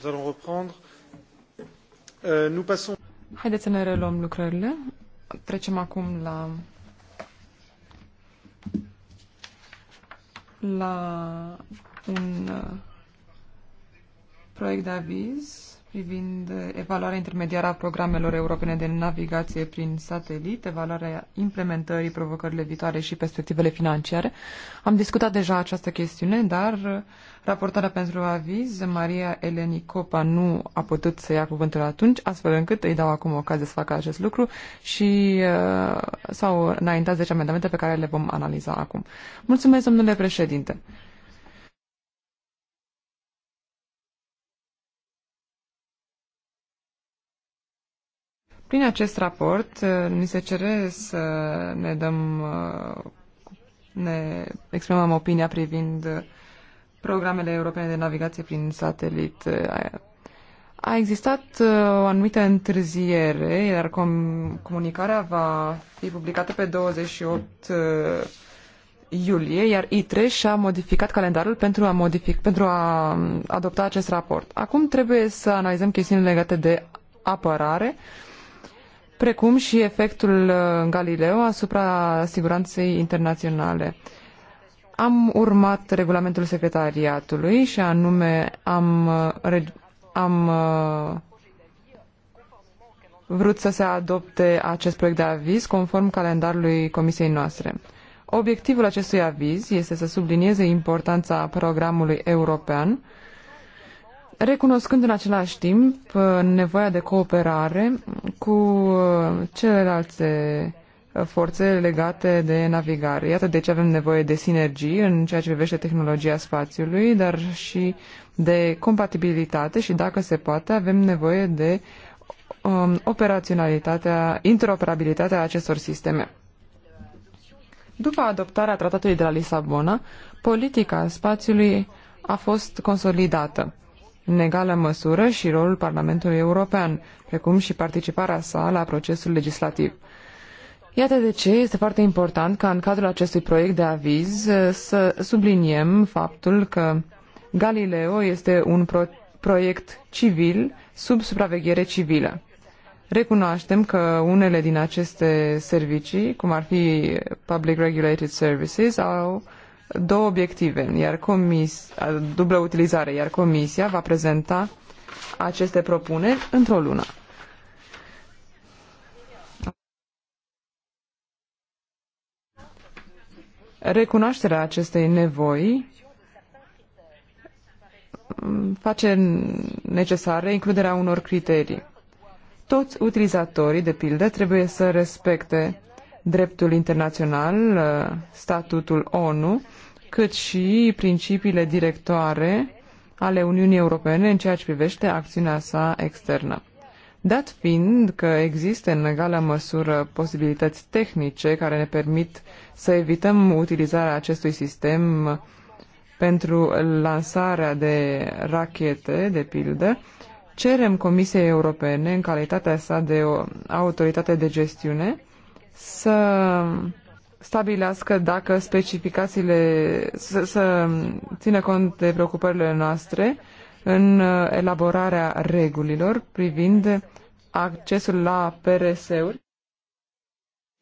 euh, Haideți să ne reluăm lucrările. Trecem acum la la un uh, proiect de aviz privind evaluarea intermediară a programelor europene de navigație prin satelit, evaluarea implementării, provocările viitoare și perspectivele financiare. Am discutat deja această chestiune, dar raportarea pentru aviz, Maria Eleni Copa nu a putut să ia cuvântul atunci, astfel încât îi dau acum ocazia să facă acest lucru și uh, s-au înaintat 10 amendamente pe care le vom analiza acum. Mulțumesc, domnule președinte! Prin acest raport uh, ni se cere să ne dăm, uh, ne exprimăm opinia privind programele europene de navigație prin satelit. A existat uh, o anumită întârziere, iar com- comunicarea va fi publicată pe 28 iulie, iar ITRE și-a modificat calendarul pentru a, modific, pentru a um, adopta acest raport. Acum trebuie să analizăm chestiunile legate de apărare. Uh, precum și efectul uh, Galileo asupra siguranței internaționale. Am urmat regulamentul secretariatului și anume am, uh, am uh, vrut să se adopte acest proiect de aviz conform calendarului comisiei noastre. Obiectivul acestui aviz este să sublinieze importanța programului european recunoscând în același timp uh, nevoia de cooperare cu uh, celelalte uh, forțe legate de navigare. Iată de ce avem nevoie de sinergii în ceea ce privește tehnologia spațiului, dar și de compatibilitate și, dacă se poate, avem nevoie de um, operaționalitatea, interoperabilitatea acestor sisteme. După adoptarea tratatului de la Lisabona, politica spațiului a fost consolidată în egală măsură și rolul Parlamentului European, precum și participarea sa la procesul legislativ. Iată de ce este foarte important ca în cadrul acestui proiect de aviz uh, să subliniem faptul că Galileo este un pro- proiect civil sub supraveghere civilă. Recunoaștem că unele din aceste servicii, cum ar fi Public Regulated Services, au două obiective, iar comis, dublă utilizare, iar comisia va prezenta aceste propuneri într-o lună. Recunoașterea acestei nevoi mm, face necesară includerea unor criterii. Toți utilizatorii, de pildă, trebuie să respecte dreptul internațional, uh, statutul ONU, cât și principiile directoare ale Uniunii Europene în ceea ce privește acțiunea sa externă. Dat fiind că există în egală măsură posibilități tehnice care ne permit să evităm utilizarea acestui sistem pentru lansarea de rachete, de pildă, cerem Comisiei Europene, în calitatea sa de autoritate de gestiune, să stabilească dacă specificațiile, să, să țină cont de preocupările noastre în uh, elaborarea regulilor privind accesul la PRS-uri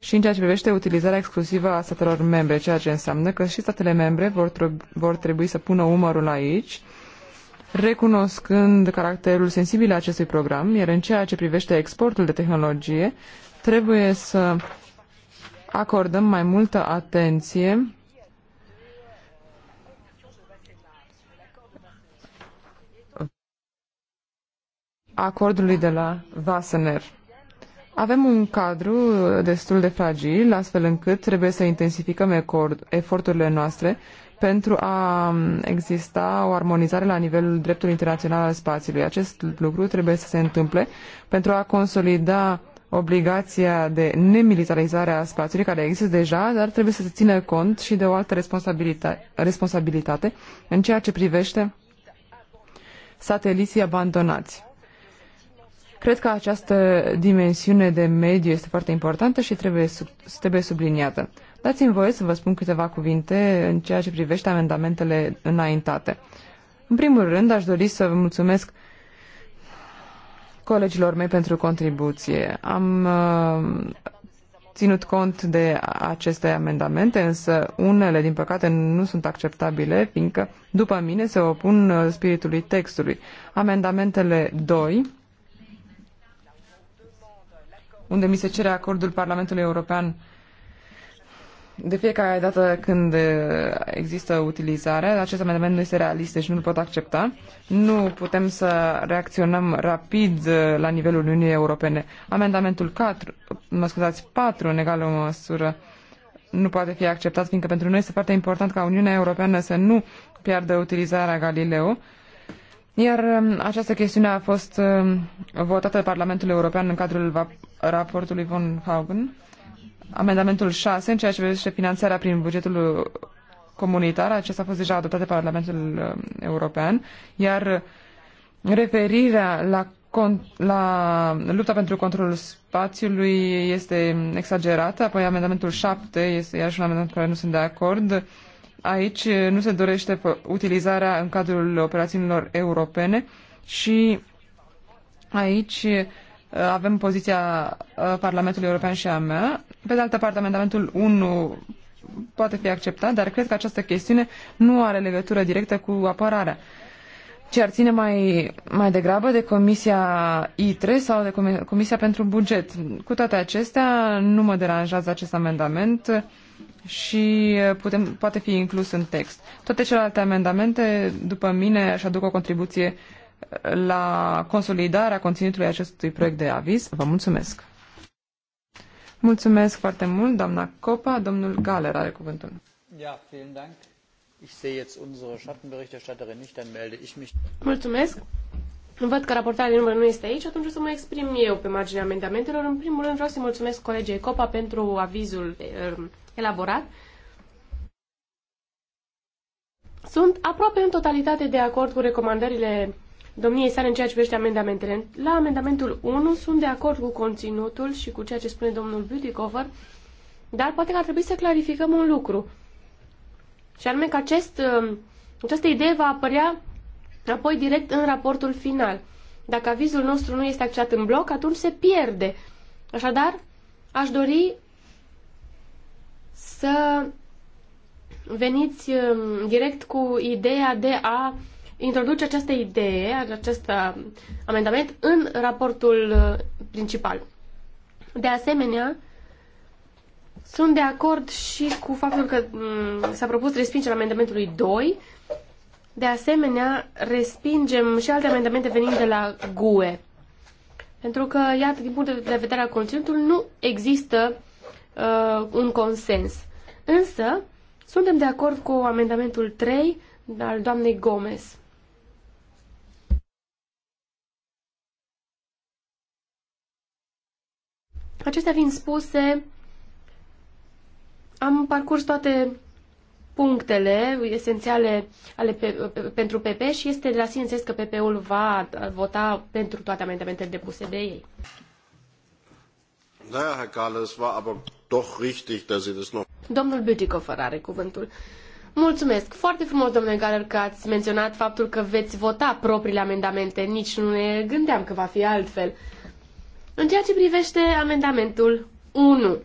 și în ceea ce privește utilizarea exclusivă a statelor membre, ceea ce înseamnă că și statele membre vor, trebu- vor trebui să pună umărul aici, recunoscând caracterul sensibil al acestui program, iar în ceea ce privește exportul de tehnologie, trebuie să acordăm mai multă atenție acordului de la Wassener. Avem un cadru destul de fragil, astfel încât trebuie să intensificăm eforturile noastre pentru a exista o armonizare la nivelul dreptului internațional al spațiului. Acest lucru trebuie să se întâmple pentru a consolida obligația de nemilitarizare a spațiului care există deja, dar trebuie să se țină cont și de o altă responsabilitate, responsabilitate în ceea ce privește sateliții abandonați. Cred că această dimensiune de mediu este foarte importantă și trebuie, sub, trebuie subliniată. Dați-mi voie să vă spun câteva cuvinte în ceea ce privește amendamentele înaintate. În primul rând, aș dori să vă mulțumesc colegilor mei pentru contribuție. Am uh, ținut cont de aceste amendamente, însă unele, din păcate, nu sunt acceptabile, fiindcă, după mine, se opun uh, spiritului textului. Amendamentele 2, unde mi se cere acordul Parlamentului European de fiecare dată când uh, există utilizare, acest amendament nu este realist, deci nu pot accepta. Nu putem să reacționăm rapid uh, la nivelul Uniunii Europene. Amendamentul 4, mă scuzați, 4 în egală măsură nu poate fi acceptat, fiindcă pentru noi este foarte important ca Uniunea Europeană să nu piardă utilizarea Galileo. Iar um, această chestiune a fost um, votată de Parlamentul European în cadrul raportului von Haugen Amendamentul 6, în ceea ce privește finanțarea prin bugetul comunitar, acesta a fost deja adoptat de Parlamentul uh, European, iar referirea la, la lupta pentru controlul spațiului este exagerată, apoi amendamentul 7 este iarăși un amendament cu care nu sunt de acord. Aici nu se dorește utilizarea în cadrul operațiunilor europene și aici Uh, avem poziția uh, Parlamentului European și a mea. Pe de altă parte, amendamentul 1 poate fi acceptat, dar cred că această chestiune nu are legătură directă cu apărarea ce ar ține mai, mai degrabă de Comisia ITRE sau de Comisia pentru Buget. Cu toate acestea, nu mă deranjează acest amendament și putem, poate fi inclus în text. Toate celelalte amendamente, după mine, aș aduc o contribuție la consolidarea conținutului acestui proiect de aviz. Vă mulțumesc! Mulțumesc foarte mult, doamna Copa. Domnul Galer are cuvântul. Ja, vielen Dank. Ich sehe jetzt unsere Schattenberichterstatterin nicht, dann melde ich mich. Mulțumesc. Văd că raportarea din număr nu este aici, atunci o să mă exprim eu pe marginea amendamentelor. În primul rând vreau să mulțumesc colegei Copa pentru avizul um, elaborat. Sunt aproape în totalitate de acord cu recomandările domniei sale în ceea ce privește amendamentele. La amendamentul 1 sunt de acord cu conținutul și cu ceea ce spune domnul Beautycover, dar poate că ar trebui să clarificăm un lucru. Și anume că acest, um, această idee va apărea apoi direct în raportul final. Dacă avizul nostru nu este acceptat în bloc, atunci se pierde. Așadar, aș dori să veniți um, direct cu ideea de a introduce această idee, acest uh, amendament, în raportul uh, principal. De asemenea, sunt de acord și cu faptul că mm, s-a propus respingerea amendamentului 2. De asemenea, respingem și alte amendamente venind de la GUE. Pentru că, iată, din punct de vedere al conținutului, nu există uh, un consens. Însă, suntem de acord cu amendamentul 3 al doamnei Gomez. Acestea fiind spuse, am parcurs toate punctele esențiale ale pe, pentru PP și este de la sine înțeles că PP-ul va vota pentru toate amendamentele depuse de ei. Herr Kahle, es war aber doch richtig, dass Sie das noch... Domnul Bütikofer are cuvântul. Mulțumesc. Foarte frumos, domnule Galer, că ați menționat faptul că veți vota propriile amendamente. Nici nu ne gândeam că va fi altfel. În ceea ce privește amendamentul 1,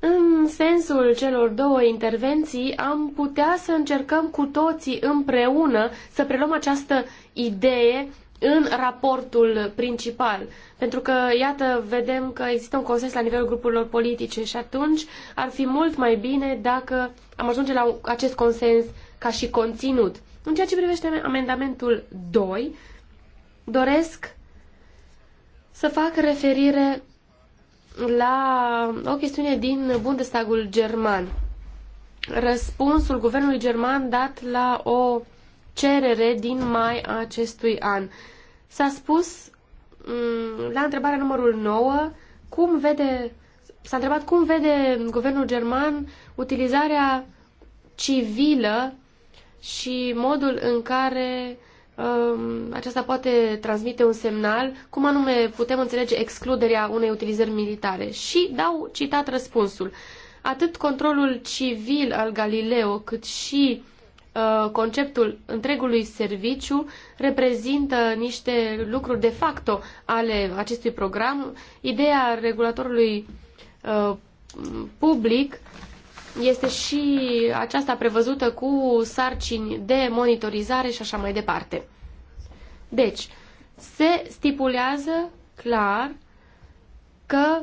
În sensul celor două intervenții, am putea să încercăm cu toții împreună să preluăm această idee în raportul principal. Pentru că, iată, vedem că există un consens la nivelul grupurilor politice și atunci ar fi mult mai bine dacă am ajunge la acest consens ca și conținut. În ceea ce privește amendamentul 2, doresc să fac referire la o chestiune din Bundestagul german. Răspunsul guvernului german dat la o cerere din mai acestui an. S-a spus mm, la întrebarea numărul 9 cum vede s-a întrebat cum vede guvernul german utilizarea civilă și modul în care um, aceasta poate transmite un semnal, cum anume putem înțelege excluderea unei utilizări militare. Și dau citat răspunsul. Atât controlul civil al Galileo, cât și uh, conceptul întregului serviciu reprezintă niște lucruri de facto ale acestui program. Ideea regulatorului uh, public este și aceasta prevăzută cu sarcini de monitorizare și așa mai departe. Deci, se stipulează clar că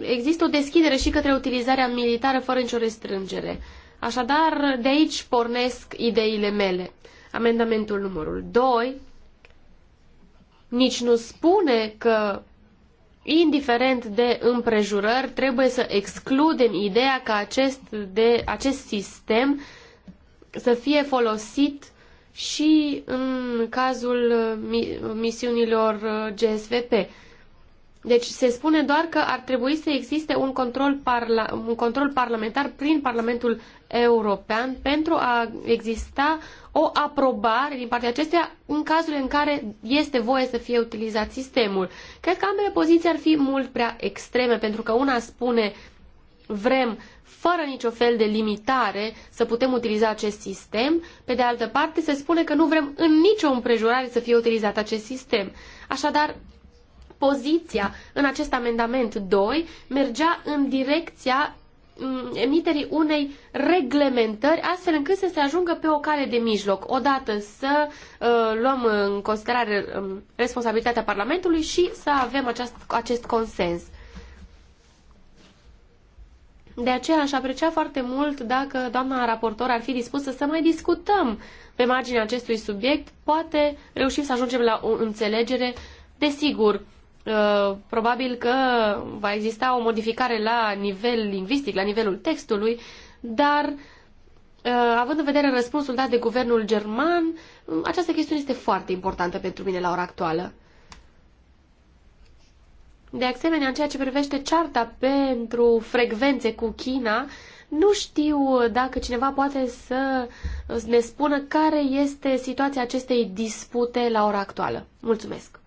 există o deschidere și către utilizarea militară fără nicio restrângere. Așadar, de aici pornesc ideile mele. Amendamentul numărul 2 nici nu spune că indiferent de împrejurări, trebuie să excludem ideea că acest, de, acest sistem să fie folosit și în cazul uh, misiunilor uh, GSVP. Deci se spune doar că ar trebui să existe un control, parla- un control parlamentar prin Parlamentul european pentru a exista o aprobare din partea acesteia în cazul în care este voie să fie utilizat sistemul. Cred că ambele poziții ar fi mult prea extreme, pentru că una spune vrem, fără nicio fel de limitare, să putem utiliza acest sistem, pe de altă parte se spune că nu vrem în nicio împrejurare să fie utilizat acest sistem. Așadar, poziția în acest amendament 2 mergea în direcția emiterii unei reglementări, astfel încât să se ajungă pe o cale de mijloc. Odată să uh, luăm în considerare um, responsabilitatea Parlamentului și să avem aceast, acest consens. De aceea aș aprecia foarte mult dacă doamna raportor ar fi dispusă să mai discutăm pe marginea acestui subiect. Poate reușim să ajungem la o înțelegere. Desigur, Uh, probabil că va exista o modificare la nivel lingvistic, la nivelul textului, dar uh, având în vedere răspunsul dat de guvernul german, această chestiune este foarte importantă pentru mine la ora actuală. De asemenea, în ceea ce privește cearta pentru frecvențe cu China, nu știu dacă cineva poate să ne spună care este situația acestei dispute la ora actuală. Mulțumesc!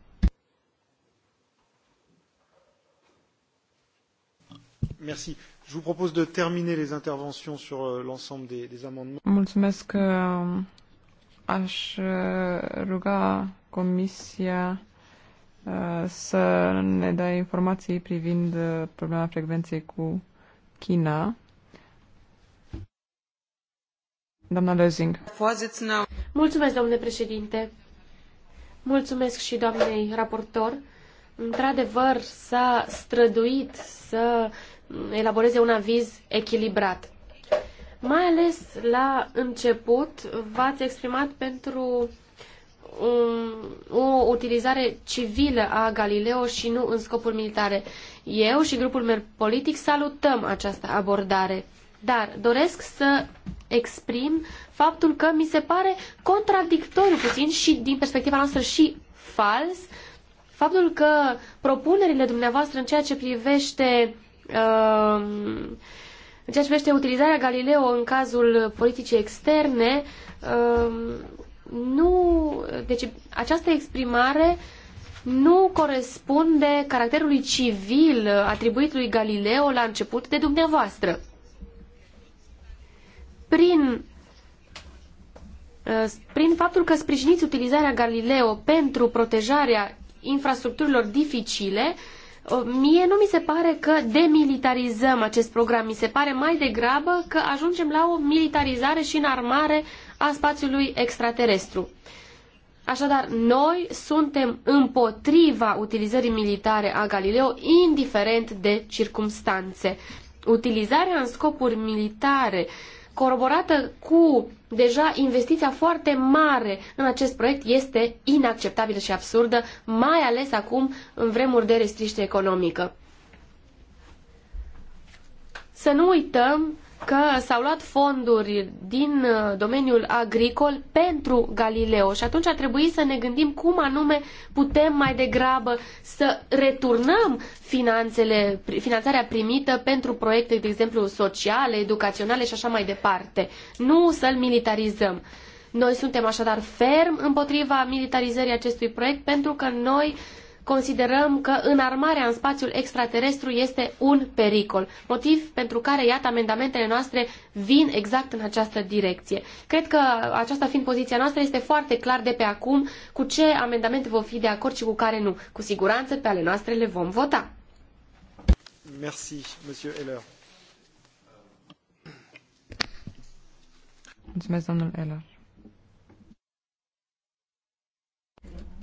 Merci. Je vous propose de terminer les interventions sur euh, l'ensemble des, des amendements. Mulțumesc. Um, aș uh, ruga Comisia uh, să ne dea informații privind uh, problema frecvenței cu China. Doamna Lezing. Mulțumesc, domnule președinte. Mulțumesc și doamnei raportor. Într-adevăr, s-a străduit să elaboreze un aviz echilibrat. Mai ales la început v-ați exprimat pentru um, o utilizare civilă a Galileo și nu în scopul militare. Eu și grupul meu politic salutăm această abordare, dar doresc să exprim faptul că mi se pare contradictoriu puțin și din perspectiva noastră și fals faptul că propunerile dumneavoastră în ceea ce privește Ehm, în ceea ce privește utilizarea Galileo în cazul politicii externe, ehm, nu, deci această exprimare nu corespunde caracterului civil atribuit lui Galileo la început de dumneavoastră. Prin, eh, prin faptul că sprijiniți utilizarea Galileo pentru protejarea infrastructurilor dificile, uh, Mie nu mi se pare că demilitarizăm acest program, mi se pare mai degrabă că ajungem la o militarizare și înarmare a spațiului extraterestru. Așadar, noi suntem împotriva utilizării militare a Galileo, indiferent de circumstanțe. Utilizarea în scopuri militare, coroborată cu deja investiția foarte mare în acest proiect este inacceptabilă și absurdă, mai ales acum în vremuri de restriște economică. Să nu uităm că s-au luat fonduri din uh, domeniul agricol pentru Galileo și atunci a trebuit să ne gândim cum anume putem mai degrabă să returnăm finanțele, finanțarea primită pentru proiecte, de exemplu, sociale, educaționale și așa mai departe. Nu să-l militarizăm. Noi suntem așadar ferm împotriva militarizării acestui proiect pentru că noi considerăm că înarmarea în spațiul extraterestru este un pericol, motiv pentru care, iată, amendamentele noastre vin exact în această direcție. Cred că aceasta fiind poziția noastră, este foarte clar de pe acum cu ce amendamente vom fi de acord și cu care nu. Cu siguranță pe ale noastre le vom vota. Merci, monsieur Heller. Mulțumesc, domnul Eller.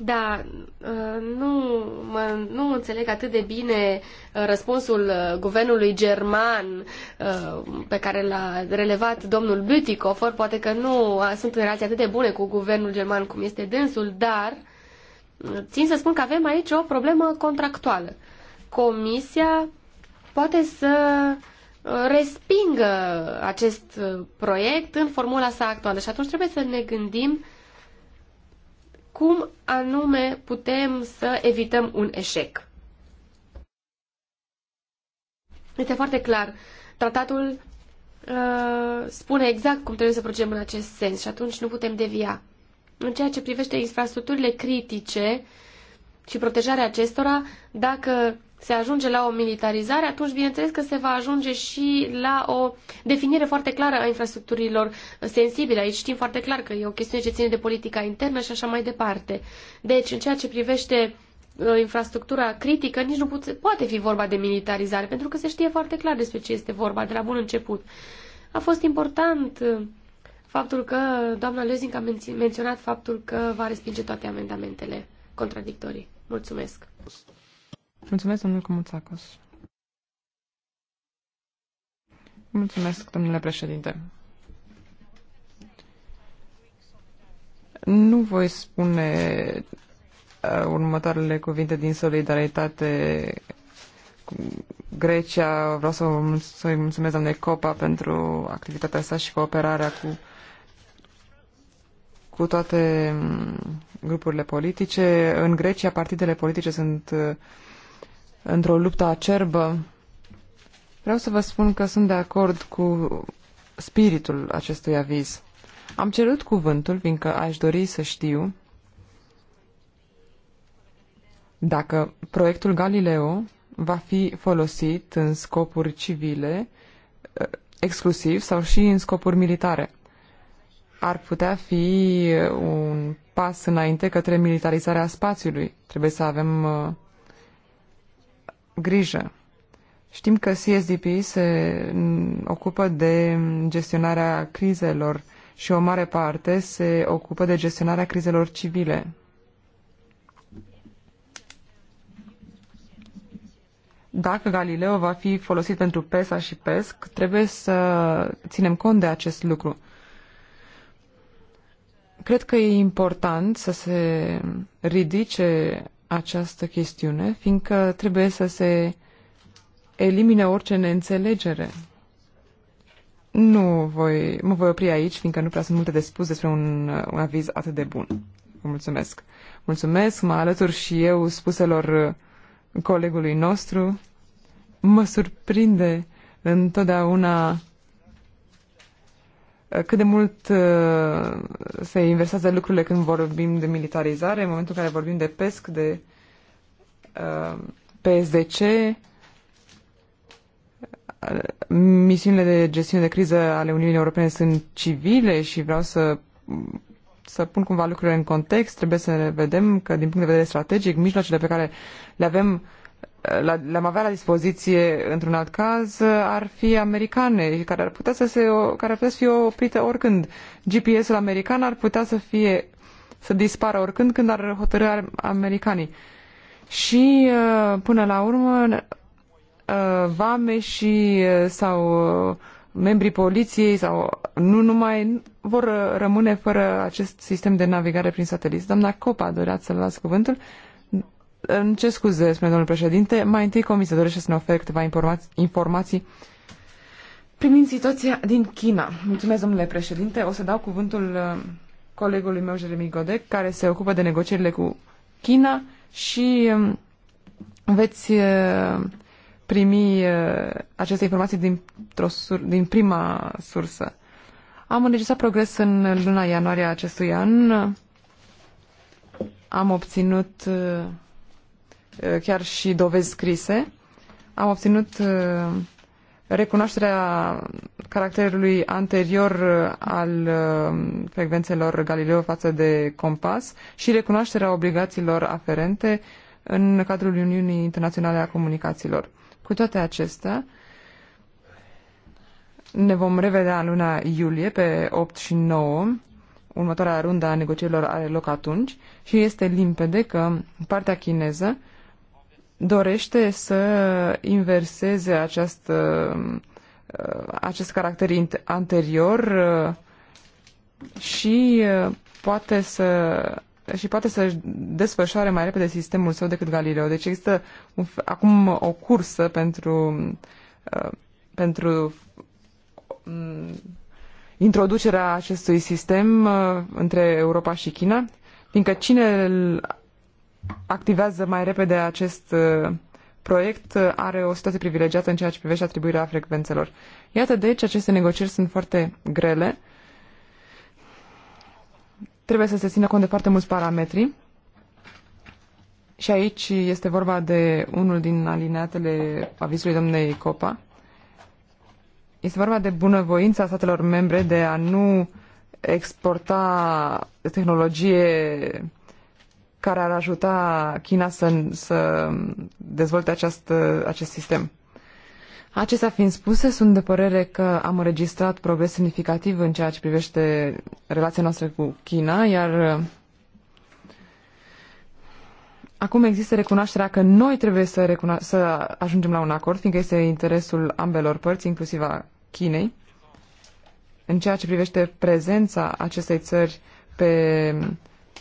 Da, uh, nu, mă, nu înțeleg atât de bine uh, răspunsul uh, guvernului german pe care l-a relevat domnul Bütikofer. Poate că nu sunt relații atât de bune cu guvernul german cum este dânsul, dar țin să spun că avem aici o problemă contractuală. Comisia poate să respingă acest proiect în formula sa actuală și atunci trebuie să ne gândim cum anume putem să evităm un eșec. Este foarte clar. Tratatul uh, spune exact cum trebuie să procedăm în acest sens și atunci nu putem devia. În ceea ce privește infrastructurile critice și protejarea acestora, dacă se ajunge la o militarizare, atunci bineînțeles că se va ajunge și la o definire foarte clară a infrastructurilor sensibile. Aici știm foarte clar că e o chestiune ce ține de politica internă și așa mai departe. Deci, în ceea ce privește uh, infrastructura critică, nici nu poate fi vorba de militarizare, pentru că se știe foarte clar despre ce este vorba de la bun început. A fost important uh, faptul că doamna Lezing a menționat faptul că va respinge toate amendamentele contradictorii. Mulțumesc! Mulțumesc, domnul Comuțacos. Mulțumesc, domnule președinte. Nu voi spune uh, următoarele cuvinte din solidaritate cu Grecia. Vreau să îi mulțumesc, doamne Copa, pentru activitatea sa și cooperarea cu, cu toate mm, grupurile politice. În Grecia, partidele politice sunt uh, într-o luptă acerbă. Vreau să vă spun că sunt de acord cu spiritul acestui aviz. Am cerut cuvântul, fiindcă aș dori să știu dacă proiectul Galileo va fi folosit în scopuri civile eh, exclusiv sau și în scopuri militare. Ar putea fi un pas înainte către militarizarea spațiului. Trebuie să avem eh, grijă. Știm că CSDP se ocupă de gestionarea crizelor și o mare parte se ocupă de gestionarea crizelor civile. Dacă Galileo va fi folosit pentru PESA și PESC, trebuie să ținem cont de acest lucru. Cred că e important să se ridice această chestiune, fiindcă trebuie să se elimine orice neînțelegere. Nu voi, mă voi opri aici, fiindcă nu prea sunt multe de spus despre un, un aviz atât de bun. Vă mulțumesc. Mulțumesc, mă alătur și eu spuselor colegului nostru. Mă surprinde întotdeauna cât de mult uh, se inversează lucrurile când vorbim de militarizare, în momentul în care vorbim de PESC, de uh, PSDC, misiunile de gestiune de criză ale Uniunii Europene sunt civile și vreau să, să pun cumva lucrurile în context. Trebuie să vedem că, din punct de vedere strategic, mijloacele pe care le avem uh, le-am avea la dispoziție într-un alt caz ar fi americane, care ar putea să, se, care ar putea să fie oprită oricând. GPS-ul american ar putea să fie să dispară oricând când ar hotărâ americanii. Și uh, până la urmă uh, vame și uh, sau membrii poliției sau nu numai vor rămâne fără acest sistem de navigare prin satelit. Doamna Copa, doreați să luați cuvântul. Uh, îmi ce scuze, spune domnul președinte. Mai întâi comisia dorește să ne ofere câteva informații, informații privind situația din China. Mulțumesc, domnule președinte. O să dau cuvântul uh, colegului meu, Jeremy Godec, care se ocupă de negocierile cu China și um, veți uh, primi uh, aceste informații din, din prima sursă. Am înregistrat progres în luna ianuarie acestui an. Am obținut Eh, chiar și dovezi scrise, am obținut eh, recunoașterea caracterului anterior eh, al frecvențelor Galileo față de compas și recunoașterea obligațiilor aferente în cadrul Uniunii Internaționale a Comunicațiilor. Cu toate acestea, ne vom revedea în luna iulie, pe 8 și 9, următoarea rundă a negocierilor are loc atunci și este limpede că partea chineză dorește să inverseze acest uh, acest caracter anterior uh, și uh, poate să și poate să-și desfășoare mai repede sistemul său decât Galileo. Deci există un, acum o cursă pentru, uh, pentru um, introducerea acestui sistem uh, între Europa și China, fiindcă cine activează mai repede acest uh, proiect uh, are o situație privilegiată în ceea ce privește atribuirea frecvențelor. Iată, deci, aceste negocieri sunt foarte grele. Trebuie să se țină cont de foarte mulți parametri. Și aici este vorba de unul din alineatele avizului domnei Copa. Este vorba de bunăvoința statelor membre de a nu exporta tehnologie care ar ajuta China să, să dezvolte acest, acest sistem. Acestea fiind spuse, sunt de părere că am înregistrat progres semnificativ în ceea ce privește relația noastră cu China, iar uh, acum există recunoașterea că noi trebuie să, să ajungem la un acord, fiindcă este interesul ambelor părți, inclusiv a Chinei, în ceea ce privește prezența acestei țări pe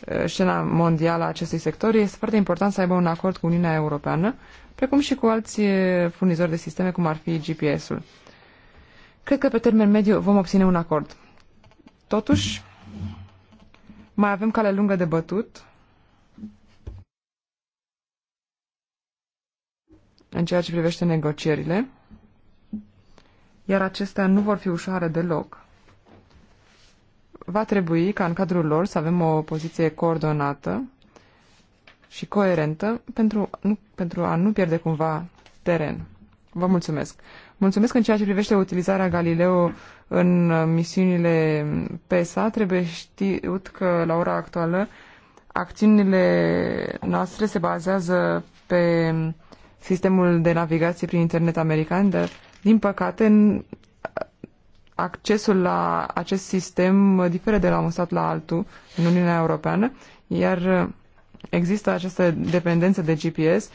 Uh, scena mondială a acestui sector, este foarte important să aibă un acord cu Uniunea Europeană, precum și cu alți uh, furnizori de sisteme, cum ar fi GPS-ul. Cred că pe termen mediu vom obține un acord. Totuși, mai avem cale lungă de bătut în ceea ce privește negocierile, iar acestea nu vor fi ușoare deloc va trebui ca în cadrul lor să avem o poziție coordonată și coerentă pentru, nu, pentru a nu pierde cumva teren. Vă mulțumesc. Mulțumesc în ceea ce privește utilizarea Galileo în uh, misiunile PESA. Trebuie știut că la ora actuală acțiunile noastre se bazează pe um, sistemul de navigație prin internet american, dar din păcate accesul la acest sistem diferă de la un stat la altul în Uniunea Europeană, iar există această dependență de GPS,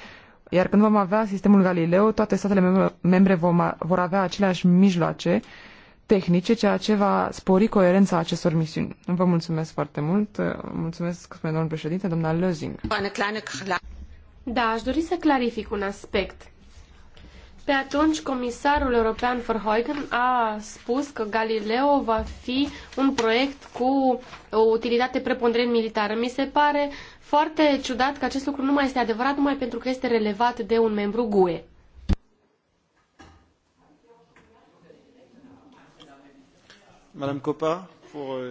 iar când vom avea sistemul Galileo, toate statele membre vom, vor avea aceleași mijloace tehnice, ceea ce va spori coerența acestor misiuni. Vă mulțumesc foarte mult. Mulțumesc, spune domnul președinte, doamna Lözing. Da, aș dori să clarific un aspect. Pe atunci, comisarul european Verheugen a spus că Galileo va fi un proiect cu o utilitate preponderent militară. Mi se pare foarte ciudat că acest lucru nu mai este adevărat numai pentru că este relevat de un membru GUE. Madame Copa, for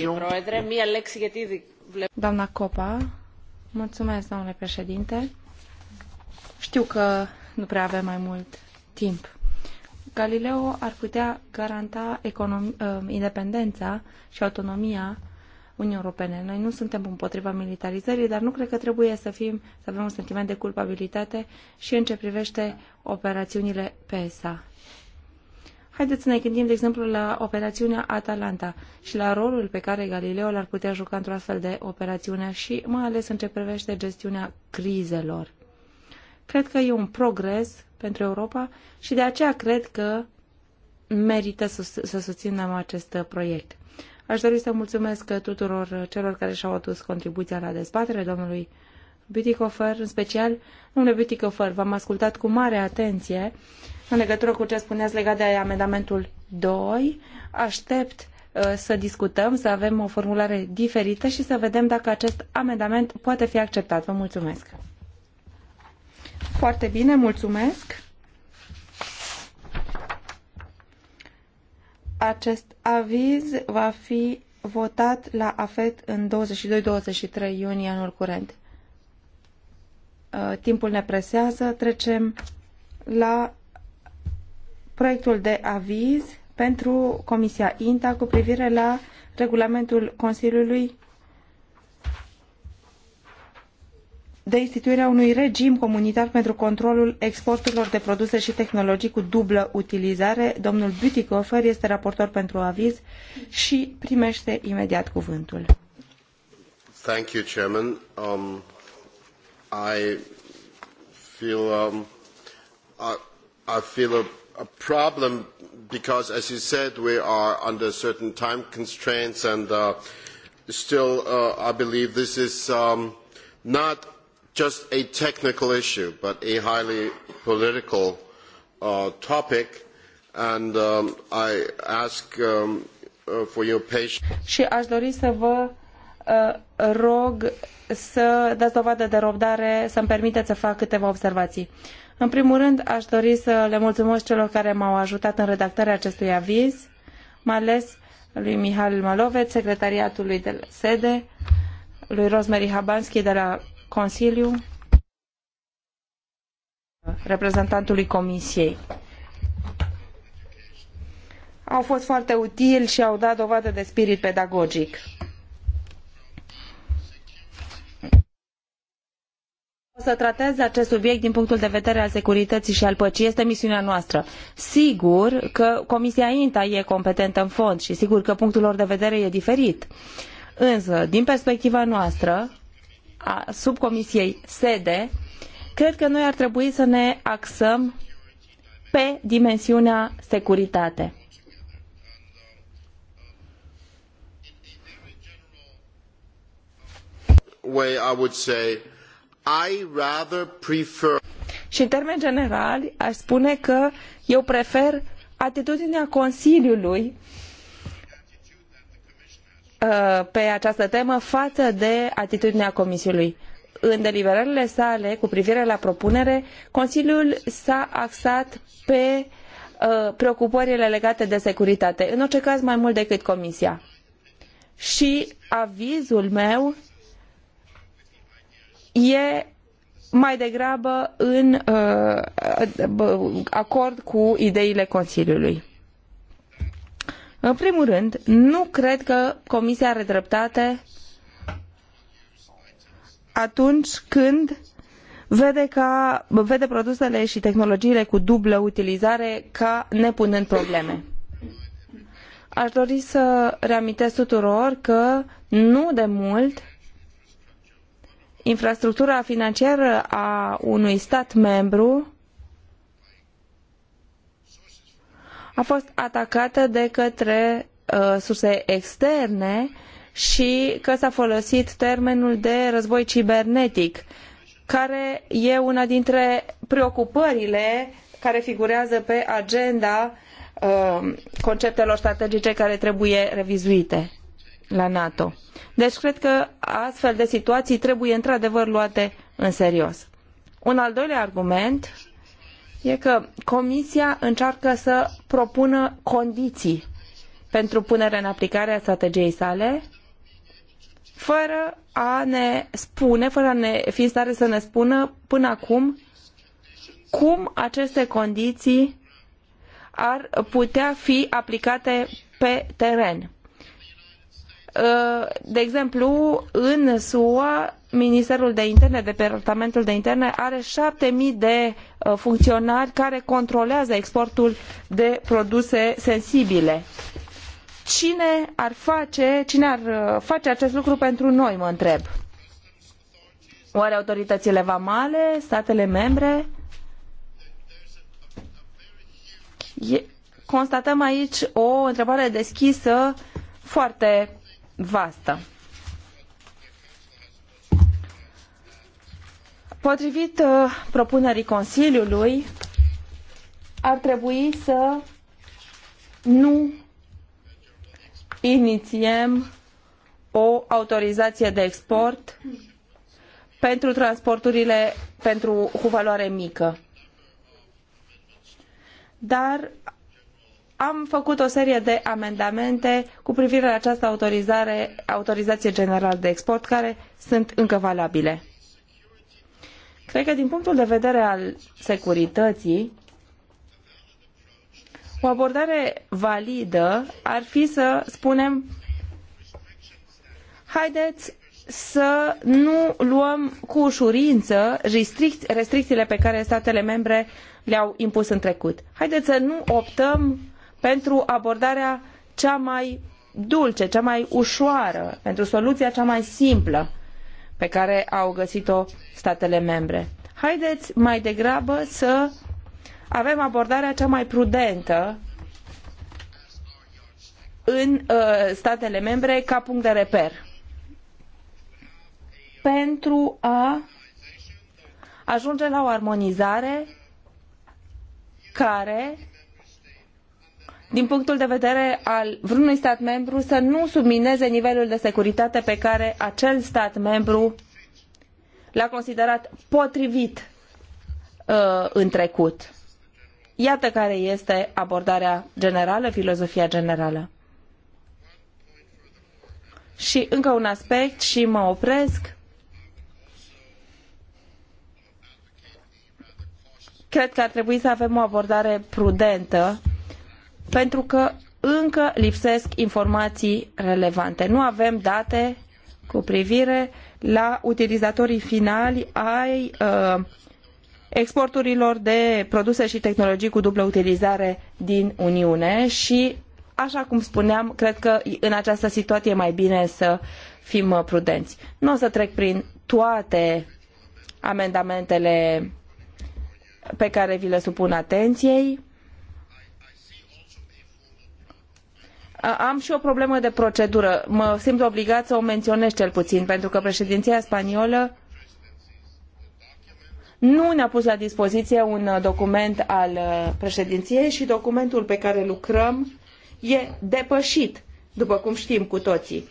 euh, Doamna Copa, mulțumesc, domnule președinte. Știu că nu prea avem mai mult timp. Galileo ar putea garanta ă, independența și autonomia Uniunii Europene. Noi nu suntem împotriva militarizării, dar nu cred că trebuie să, fim, să avem un sentiment de culpabilitate și în ce privește operațiunile PSA. Haideți să ne gândim, de exemplu, la operațiunea Atalanta și la rolul pe care Galileo l-ar putea juca într-o astfel de operațiune și mai ales în ce privește gestiunea crizelor. Cred că e un progres pentru Europa și de aceea cred că merită să susținem acest proiect. Aș dori să mulțumesc tuturor celor care și-au adus contribuția la dezbatere, domnului Bütikofer, în special, domnule Bütikofer, v-am ascultat cu mare atenție în legătură cu ce spuneați legat de amendamentul 2. Aștept uh, să discutăm, să avem o formulare diferită și să vedem dacă acest amendament poate fi acceptat. Vă mulțumesc! Foarte bine, mulțumesc. Acest aviz va fi votat la AFET în 22-23 iunie anul curent. Uh, timpul ne presează. Trecem la proiectul de aviz pentru Comisia INTA cu privire la regulamentul Consiliului de instituirea unui regim comunitar pentru controlul exporturilor de produse și tehnologii cu dublă utilizare. Domnul Butikofer este raportor pentru aviz și primește imediat cuvântul. Thank you, Chairman. Um, I feel um, I, I feel a, a problem because, as you said, we are under certain time constraints, and uh, still, uh, I believe this is um, not just a technical issue but a highly political uh, topic and um, I ask um, uh, for your patience. Și aș dori să vă uh, rog să dați dovadă de răbdare, să-mi permiteți să fac câteva observații. În primul rând, aș dori să le mulțumesc celor care m-au ajutat în redactarea acestui aviz, mai ales lui Mihail Malovet, secretariatului de la sede, lui Rosemary Habanski de la Consiliu, reprezentantului Comisiei. Au fost foarte utili și au dat dovadă de spirit pedagogic. O să tratez acest subiect din punctul de vedere al securității și al păcii. Este misiunea noastră. Sigur că Comisia INTA e competentă în fond și sigur că punctul lor de vedere e diferit. Însă, din perspectiva noastră, a subcomisiei sede, cred că noi ar trebui să ne axăm pe dimensiunea securitate. way I would say I rather prefer și în termeni generali, aș spune că eu prefer atitudinea Consiliului Uh, pe această temă față de atitudinea Comisiei. În deliberările sale cu privire la propunere, Consiliul s-a axat pe uh, preocupările legate de securitate, în orice caz mai mult decât Comisia. Și avizul meu e mai degrabă în uh, acord cu ideile Consiliului. În primul rând, nu cred că Comisia are dreptate atunci când vede, ca, vede produsele și tehnologiile cu dublă utilizare ca nepunând probleme. Aș dori să reamintesc tuturor că nu de mult infrastructura financiară a unui stat membru a fost atacată de către uh, surse externe și că s-a folosit termenul de război cibernetic, care e una dintre preocupările care figurează pe agenda uh, conceptelor strategice care trebuie revizuite la NATO. Deci cred că astfel de situații trebuie într-adevăr luate în serios. Un al doilea argument e că Comisia încearcă să propună condiții pentru punerea în aplicare a strategiei sale, fără a ne spune, fără a ne fi în stare să ne spună până acum cum aceste condiții ar putea fi aplicate pe teren. Uh, de exemplu, în SUA Ministerul de Interne, Departamentul de Interne, are 7000 de uh, funcționari care controlează exportul de produse sensibile. Cine ar face, cine ar uh, face acest lucru pentru noi, mă întreb? Oare autoritățile vamale, statele membre? E, constatăm aici o întrebare deschisă foarte vastă. Potrivit uh, propunerii Consiliului, ar trebui să nu inițiem o autorizație de export pentru transporturile pentru cu valoare mică. Dar am făcut o serie de amendamente cu privire la această autorizare, autorizație generală de export, care sunt încă valabile. Cred că din punctul de vedere al securității, o abordare validă ar fi să spunem haideți să nu luăm cu ușurință restricțiile pe care statele membre le-au impus în trecut. Haideți să nu optăm pentru abordarea cea mai dulce, cea mai ușoară, pentru soluția cea mai simplă pe care au găsit-o statele membre. Haideți mai degrabă să avem abordarea cea mai prudentă în uh, statele membre ca punct de reper pentru a ajunge la o armonizare care din punctul de vedere al vreunui stat membru să nu submineze nivelul de securitate pe care acel stat membru l-a considerat potrivit uh, în trecut. Iată care este abordarea generală, filozofia generală. Și încă un aspect și mă opresc. Cred că ar trebui să avem o abordare prudentă pentru că încă lipsesc informații relevante. Nu avem date cu privire la utilizatorii finali ai uh, exporturilor de produse și tehnologii cu dublă utilizare din Uniune și, așa cum spuneam, cred că în această situație e mai bine să fim uh, prudenți. Nu o să trec prin toate amendamentele pe care vi le supun atenției Am și o problemă de procedură. Mă simt obligat să o menționez cel puțin, pentru că preedinia spaniolă nu ne-a pus la dispoziție un document al uh, preediniei și documentul pe care lucrăm e depășit, după cum știm cu toții.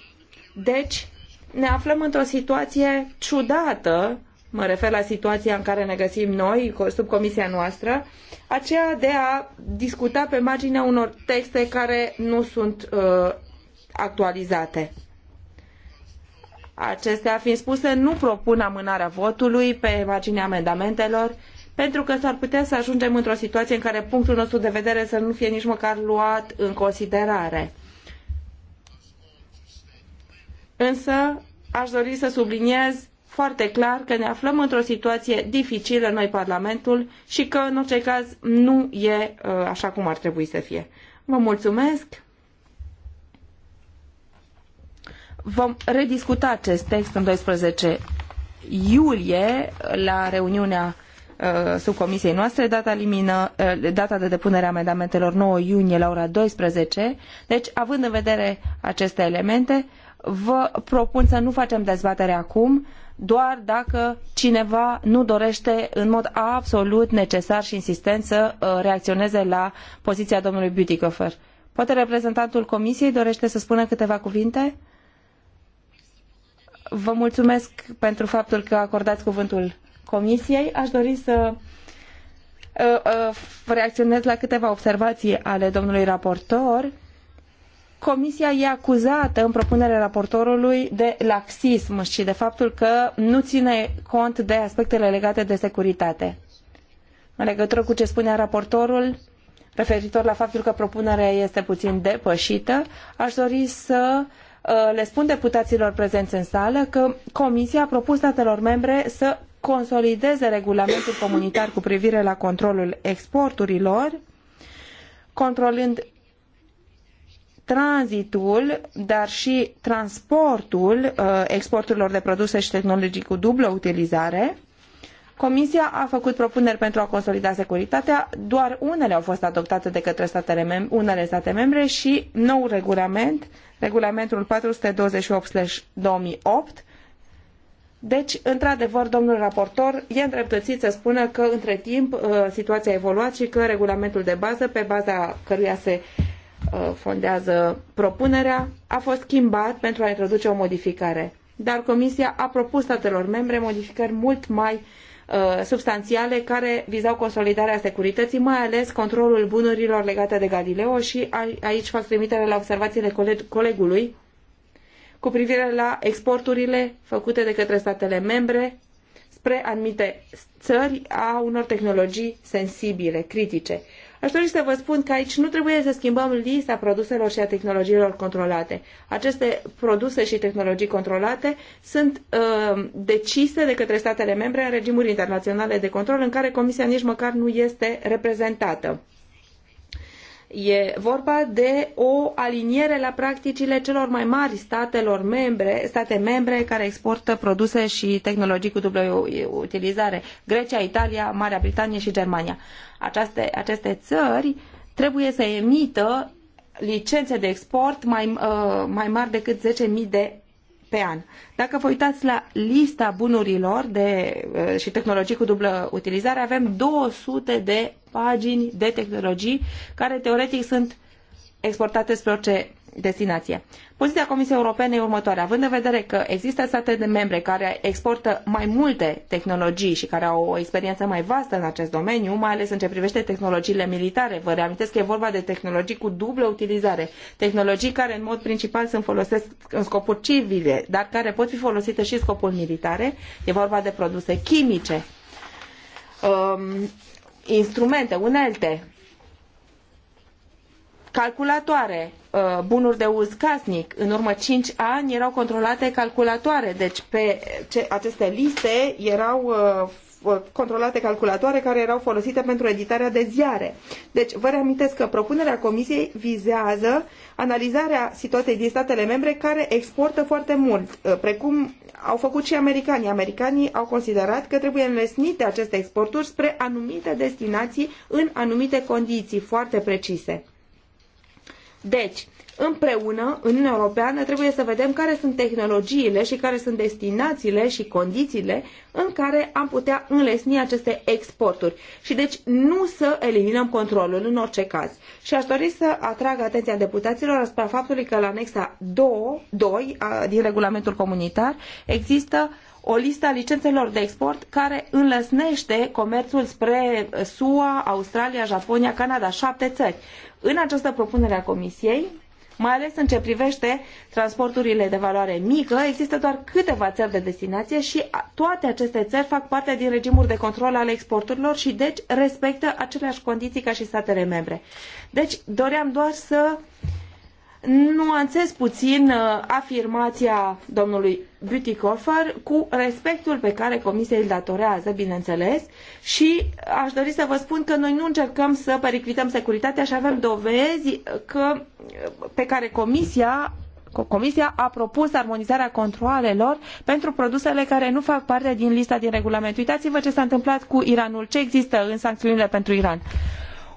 Deci, ne aflăm într-o situație ciudată mă refer la situația în care ne găsim noi, sub comisia noastră, aceea de a discuta pe marginea unor texte care nu sunt uh, actualizate. Acestea fiind spuse, nu propun amânarea votului pe marginea amendamentelor, pentru că s-ar putea să ajungem într-o situație în care punctul nostru de vedere să nu fie nici măcar luat în considerare. Însă, aș dori să subliniez foarte clar că ne aflăm într-o situație dificilă noi Parlamentul și că în orice caz nu e uh, așa cum ar trebui să fie. Vă mulțumesc! Vom rediscuta acest text în 12 iulie la reuniunea uh, subcomisiei noastre, data, limină, uh, data de depunere a amendamentelor 9 iunie la ora 12. Deci, având în vedere aceste elemente, vă propun să nu facem dezbatere acum, doar dacă cineva nu dorește în mod absolut necesar și insistent să uh, reacționeze la poziția domnului Bütikofer. Poate reprezentantul Comisiei dorește să spună câteva cuvinte? Vă mulțumesc pentru faptul că acordați cuvântul Comisiei. Aș dori să uh, uh, reacționez la câteva observații ale domnului raportor Comisia e acuzată în propunerea raportorului de laxism și de faptul că nu ține cont de aspectele legate de securitate. În legătură cu ce spunea raportorul, referitor la faptul că propunerea este puțin depășită, aș dori să uh, le spun deputaților prezenți în sală că Comisia a propus statelor membre să consolideze regulamentul comunitar cu privire la controlul exporturilor, controlând tranzitul, dar și transportul uh, exporturilor de produse și tehnologii cu dublă utilizare. Comisia a făcut propuneri pentru a consolida securitatea, doar unele au fost adoptate de către statele mem- unele state membre și nou regulament, regulamentul 428-2008. Deci, într-adevăr, domnul raportor e îndreptățit să spună că între timp uh, situația a evoluat și că regulamentul de bază, pe baza căruia se uh, Uh, fondează propunerea a fost schimbat pentru a introduce o modificare. Dar Comisia a propus statelor membre modificări mult mai uh, substanțiale care vizau consolidarea securității, mai ales controlul bunurilor legate de Galileo și aici fac trimitere la observațiile coleg colegului cu privire la exporturile făcute de către statele membre spre anumite țări a unor tehnologii sensibile, critice. Aș dori să vă spun că aici nu trebuie să schimbăm lista produselor și a tehnologiilor controlate. Aceste produse și tehnologii controlate sunt uh, decise de către statele membre în regimuri internaționale de control în care Comisia nici măcar nu este reprezentată. E vorba de o aliniere la practicile celor mai mari statelor membre, state membre care exportă produse și tehnologii cu dublă utilizare. Grecia, Italia, Marea Britanie și Germania. Aceste, aceste țări trebuie să emită licențe de export mai, uh, mai mari decât 10.000 de pe an. Dacă vă uitați la lista bunurilor de, uh, și tehnologii cu dublă utilizare, avem 200 de pagini de tehnologii care teoretic sunt exportate spre orice destinație. Poziția Comisiei Europene e următoarea. Având în vedere că există state de membre care exportă mai multe tehnologii și care au o experiență mai vastă în acest domeniu, mai ales în ce privește tehnologiile militare, vă reamintesc că e vorba de tehnologii cu dublă utilizare, tehnologii care în mod principal sunt folosesc în scopuri civile, dar care pot fi folosite și în scopuri militare, e vorba de produse chimice, um, instrumente, unelte, calculatoare, uh, bunuri de uz casnic. În urmă cinci ani erau controlate calculatoare, deci pe aceste liste erau uh, controlate calculatoare care erau folosite pentru editarea de ziare. Deci vă reamintesc că propunerea Comisiei vizează analizarea situației din statele membre care exportă foarte mult, uh, precum au făcut și americanii. Americanii au considerat că trebuie înlesnite aceste exporturi spre anumite destinații în anumite condiții foarte precise. Deci, împreună, în Uniunea Europeană, trebuie să vedem care sunt tehnologiile și care sunt destinațiile și condițiile în care am putea înlesni aceste exporturi. Și deci nu să eliminăm controlul în orice caz. Și aș dori să atrag atenția deputaților asupra faptului că la anexa 2, 2 din regulamentul comunitar există o listă a licențelor de export care înlăsnește comerțul spre SUA, Australia, Japonia, Canada, șapte țări. În această propunere a Comisiei, mai ales în ce privește transporturile de valoare mică, există doar câteva țări de destinație și toate aceste țări fac parte din regimuri de control al exporturilor și deci respectă aceleași condiții ca și statele membre. Deci doream doar să uh, nuanțez puțin uh, afirmația domnului Butikofer cu respectul pe care Comisia îl datorează, bineînțeles, și aș dori să vă spun că noi nu încercăm să periclităm securitatea și avem dovezi că, pe care Comisia Comisia a propus armonizarea controalelor pentru produsele care nu fac parte din lista din regulament. Uitați-vă ce s-a întâmplat cu Iranul, ce există în sancțiunile pentru Iran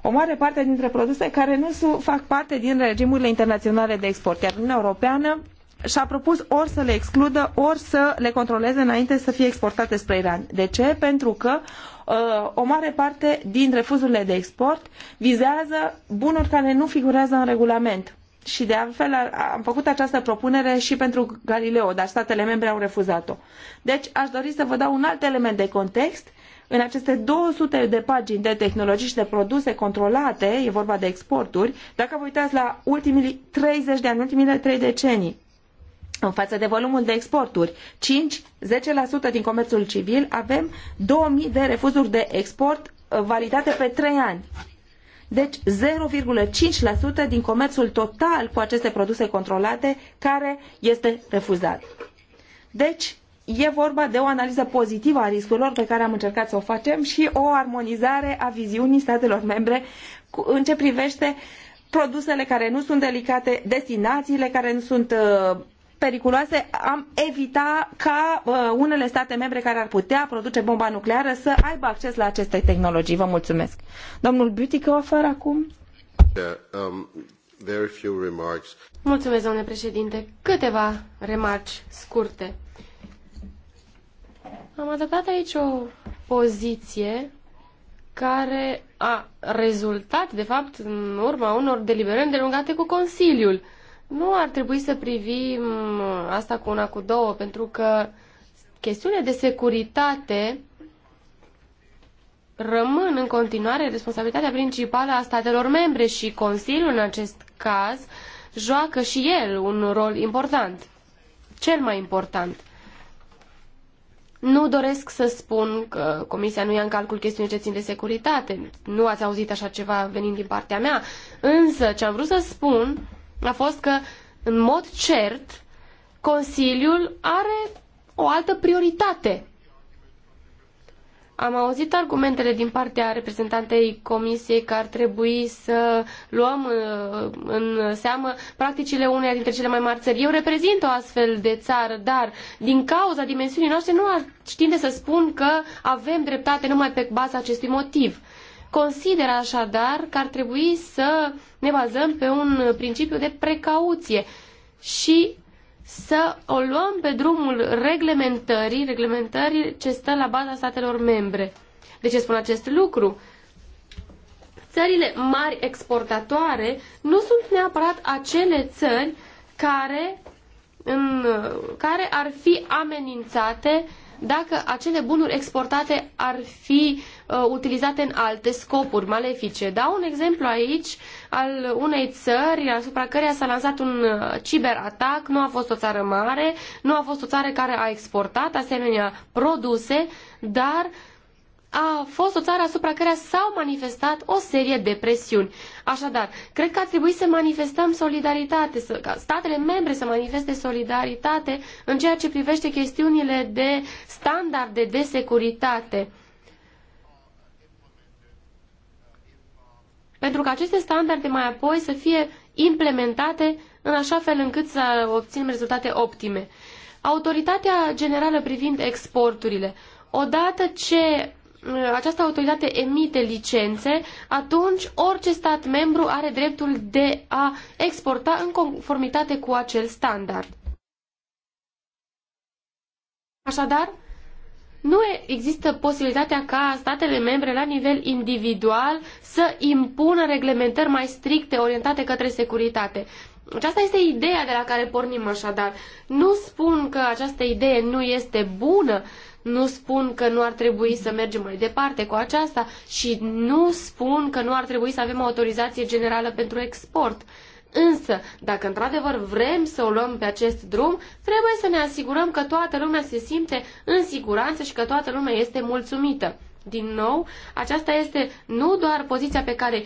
o mare parte dintre produse care nu fac parte din regimurile internaționale de export, iar Uniunea Europeană și-a propus ori să le excludă, ori să le controleze înainte să fie exportate spre Iran. De ce? Pentru că uh, o mare parte din refuzurile de export vizează bunuri care nu figurează în regulament. Și de altfel am făcut această propunere și pentru Galileo, dar statele membre au refuzat-o. Deci aș dori să vă dau un alt element de context în aceste 200 de pagini de tehnologii și de produse controlate, e vorba de exporturi, dacă vă uitați la ultimii 30 de ani, ultimile 3 decenii, în față de volumul de exporturi, 5-10% din comerțul civil, avem 2000 de refuzuri de export uh, validate pe 3 ani. Deci 0,5% din comerțul total cu aceste produse controlate care este refuzat. Deci, e vorba de o analiză pozitivă a riscurilor pe care am încercat să o facem și o armonizare a viziunii statelor membre în ce privește produsele care nu sunt delicate, destinațiile care nu sunt uh, periculoase, am evita ca uh, unele state membre care ar putea produce bomba nucleară să aibă acces la aceste tehnologii. Vă mulțumesc. Domnul Beauty, oferă acum? Yeah, um... Very few remarks. Mulțumesc, domnule președinte. Câteva remarci scurte. Am adăugat aici o poziție care a rezultat, de fapt, în urma unor deliberări delungate cu Consiliul. Nu ar trebui să privim asta cu una cu două, pentru că chestiunea de securitate rămân în continuare responsabilitatea principală a statelor membre și Consiliul, în acest caz, joacă și el un rol important, cel mai important. Nu doresc să spun că Comisia nu ia în calcul chestiuni ce țin de securitate. Nu ați auzit așa ceva venind din partea mea. Însă, ce am vrut să spun a fost că, în mod cert, Consiliul are o altă prioritate am auzit argumentele din partea reprezentantei comisiei că ar trebui să luăm uh, în seamă practicile uneia dintre cele mai mari țări. Eu reprezint o astfel de țară, dar din cauza dimensiunii noastre nu aș tinde să spun că avem dreptate numai pe baza acestui motiv. Consider așadar că ar trebui să ne bazăm pe un principiu de precauție și să o luăm pe drumul reglementării, reglementării ce stă la baza statelor membre. De ce spun acest lucru? Țările mari exportatoare nu sunt neapărat acele țări care, în, care ar fi amenințate dacă acele bunuri exportate ar fi uh, utilizate în alte scopuri malefice. Dau un exemplu aici al unei țări asupra căreia s-a lansat un uh, ciberatac, nu a fost o țară mare, nu a fost o țară care a exportat asemenea produse, dar uh, a fost o țară asupra care s-au manifestat o serie de presiuni. Așadar, cred că ar trebui să manifestăm solidaritate, să, ca statele membre să manifeste solidaritate în ceea ce privește chestiunile de standarde de securitate. Pentru că aceste standarde mai apoi să fie implementate în așa fel încât să obținem rezultate optime. Autoritatea Generală privind exporturile odată ce Uh, această autoritate emite licențe, atunci orice stat membru are dreptul de a exporta în conformitate cu acel standard. Așadar, nu există posibilitatea ca statele membre la nivel individual să impună reglementări mai stricte orientate către securitate. Aceasta este ideea de la care pornim așadar. Nu spun că această idee nu este bună, nu spun că nu ar trebui să mergem mai departe cu aceasta și nu spun că nu ar trebui să avem autorizație generală pentru export. Însă, dacă într-adevăr vrem să o luăm pe acest drum, trebuie să ne asigurăm că toată lumea se simte în siguranță și că toată lumea este mulțumită. Din nou, aceasta este nu doar poziția pe care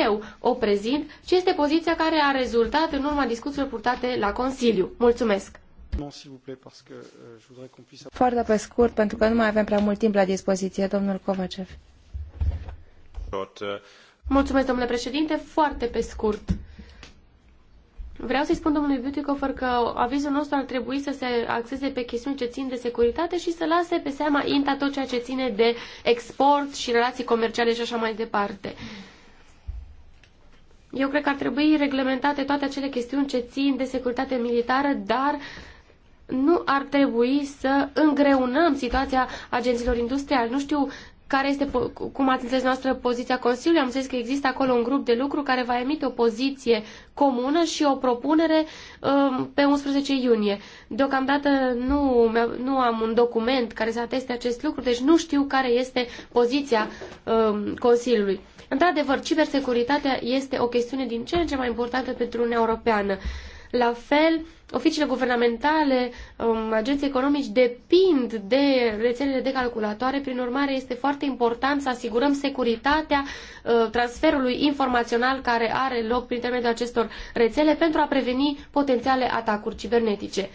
eu o prezint, ci este poziția care a rezultat în urma discuțiilor purtate la Consiliu. Mulțumesc! Euh, foarte pe scurt, pentru că nu mai avem prea mult timp la dispoziție, domnul Kovacev. Uh, Mulțumesc, domnule președinte, foarte pe scurt. Vreau să-i spun domnului Butikofer că avizul nostru ar trebui să se axeze pe chestiuni ce țin de securitate și să lase pe seama INTA tot ceea ce ține de export și relații comerciale și așa mai departe. Eu cred că ar trebui reglementate toate acele chestiuni ce țin de securitate militară, dar nu ar trebui să îngreunăm situația agenților industriali. Nu știu care este, cum ați înțeles noastră, poziția Consiliului. Am înțeles că există acolo un grup de lucru care va emite o poziție comună și o propunere um, pe 11 iunie. Deocamdată nu, nu am un document care să ateste acest lucru, deci nu știu care este poziția um, Consiliului. Într-adevăr, cibersecuritatea este o chestiune din ce în ce mai importantă pentru Uniunea Europeană. Uh, la fel, oficiile guvernamentale, um, agenții economici depind de rețelele de calculatoare, prin urmare este foarte important să asigurăm securitatea uh, transferului informațional care are loc prin intermediul acestor rețele pentru a preveni potențiale atacuri cibernetice.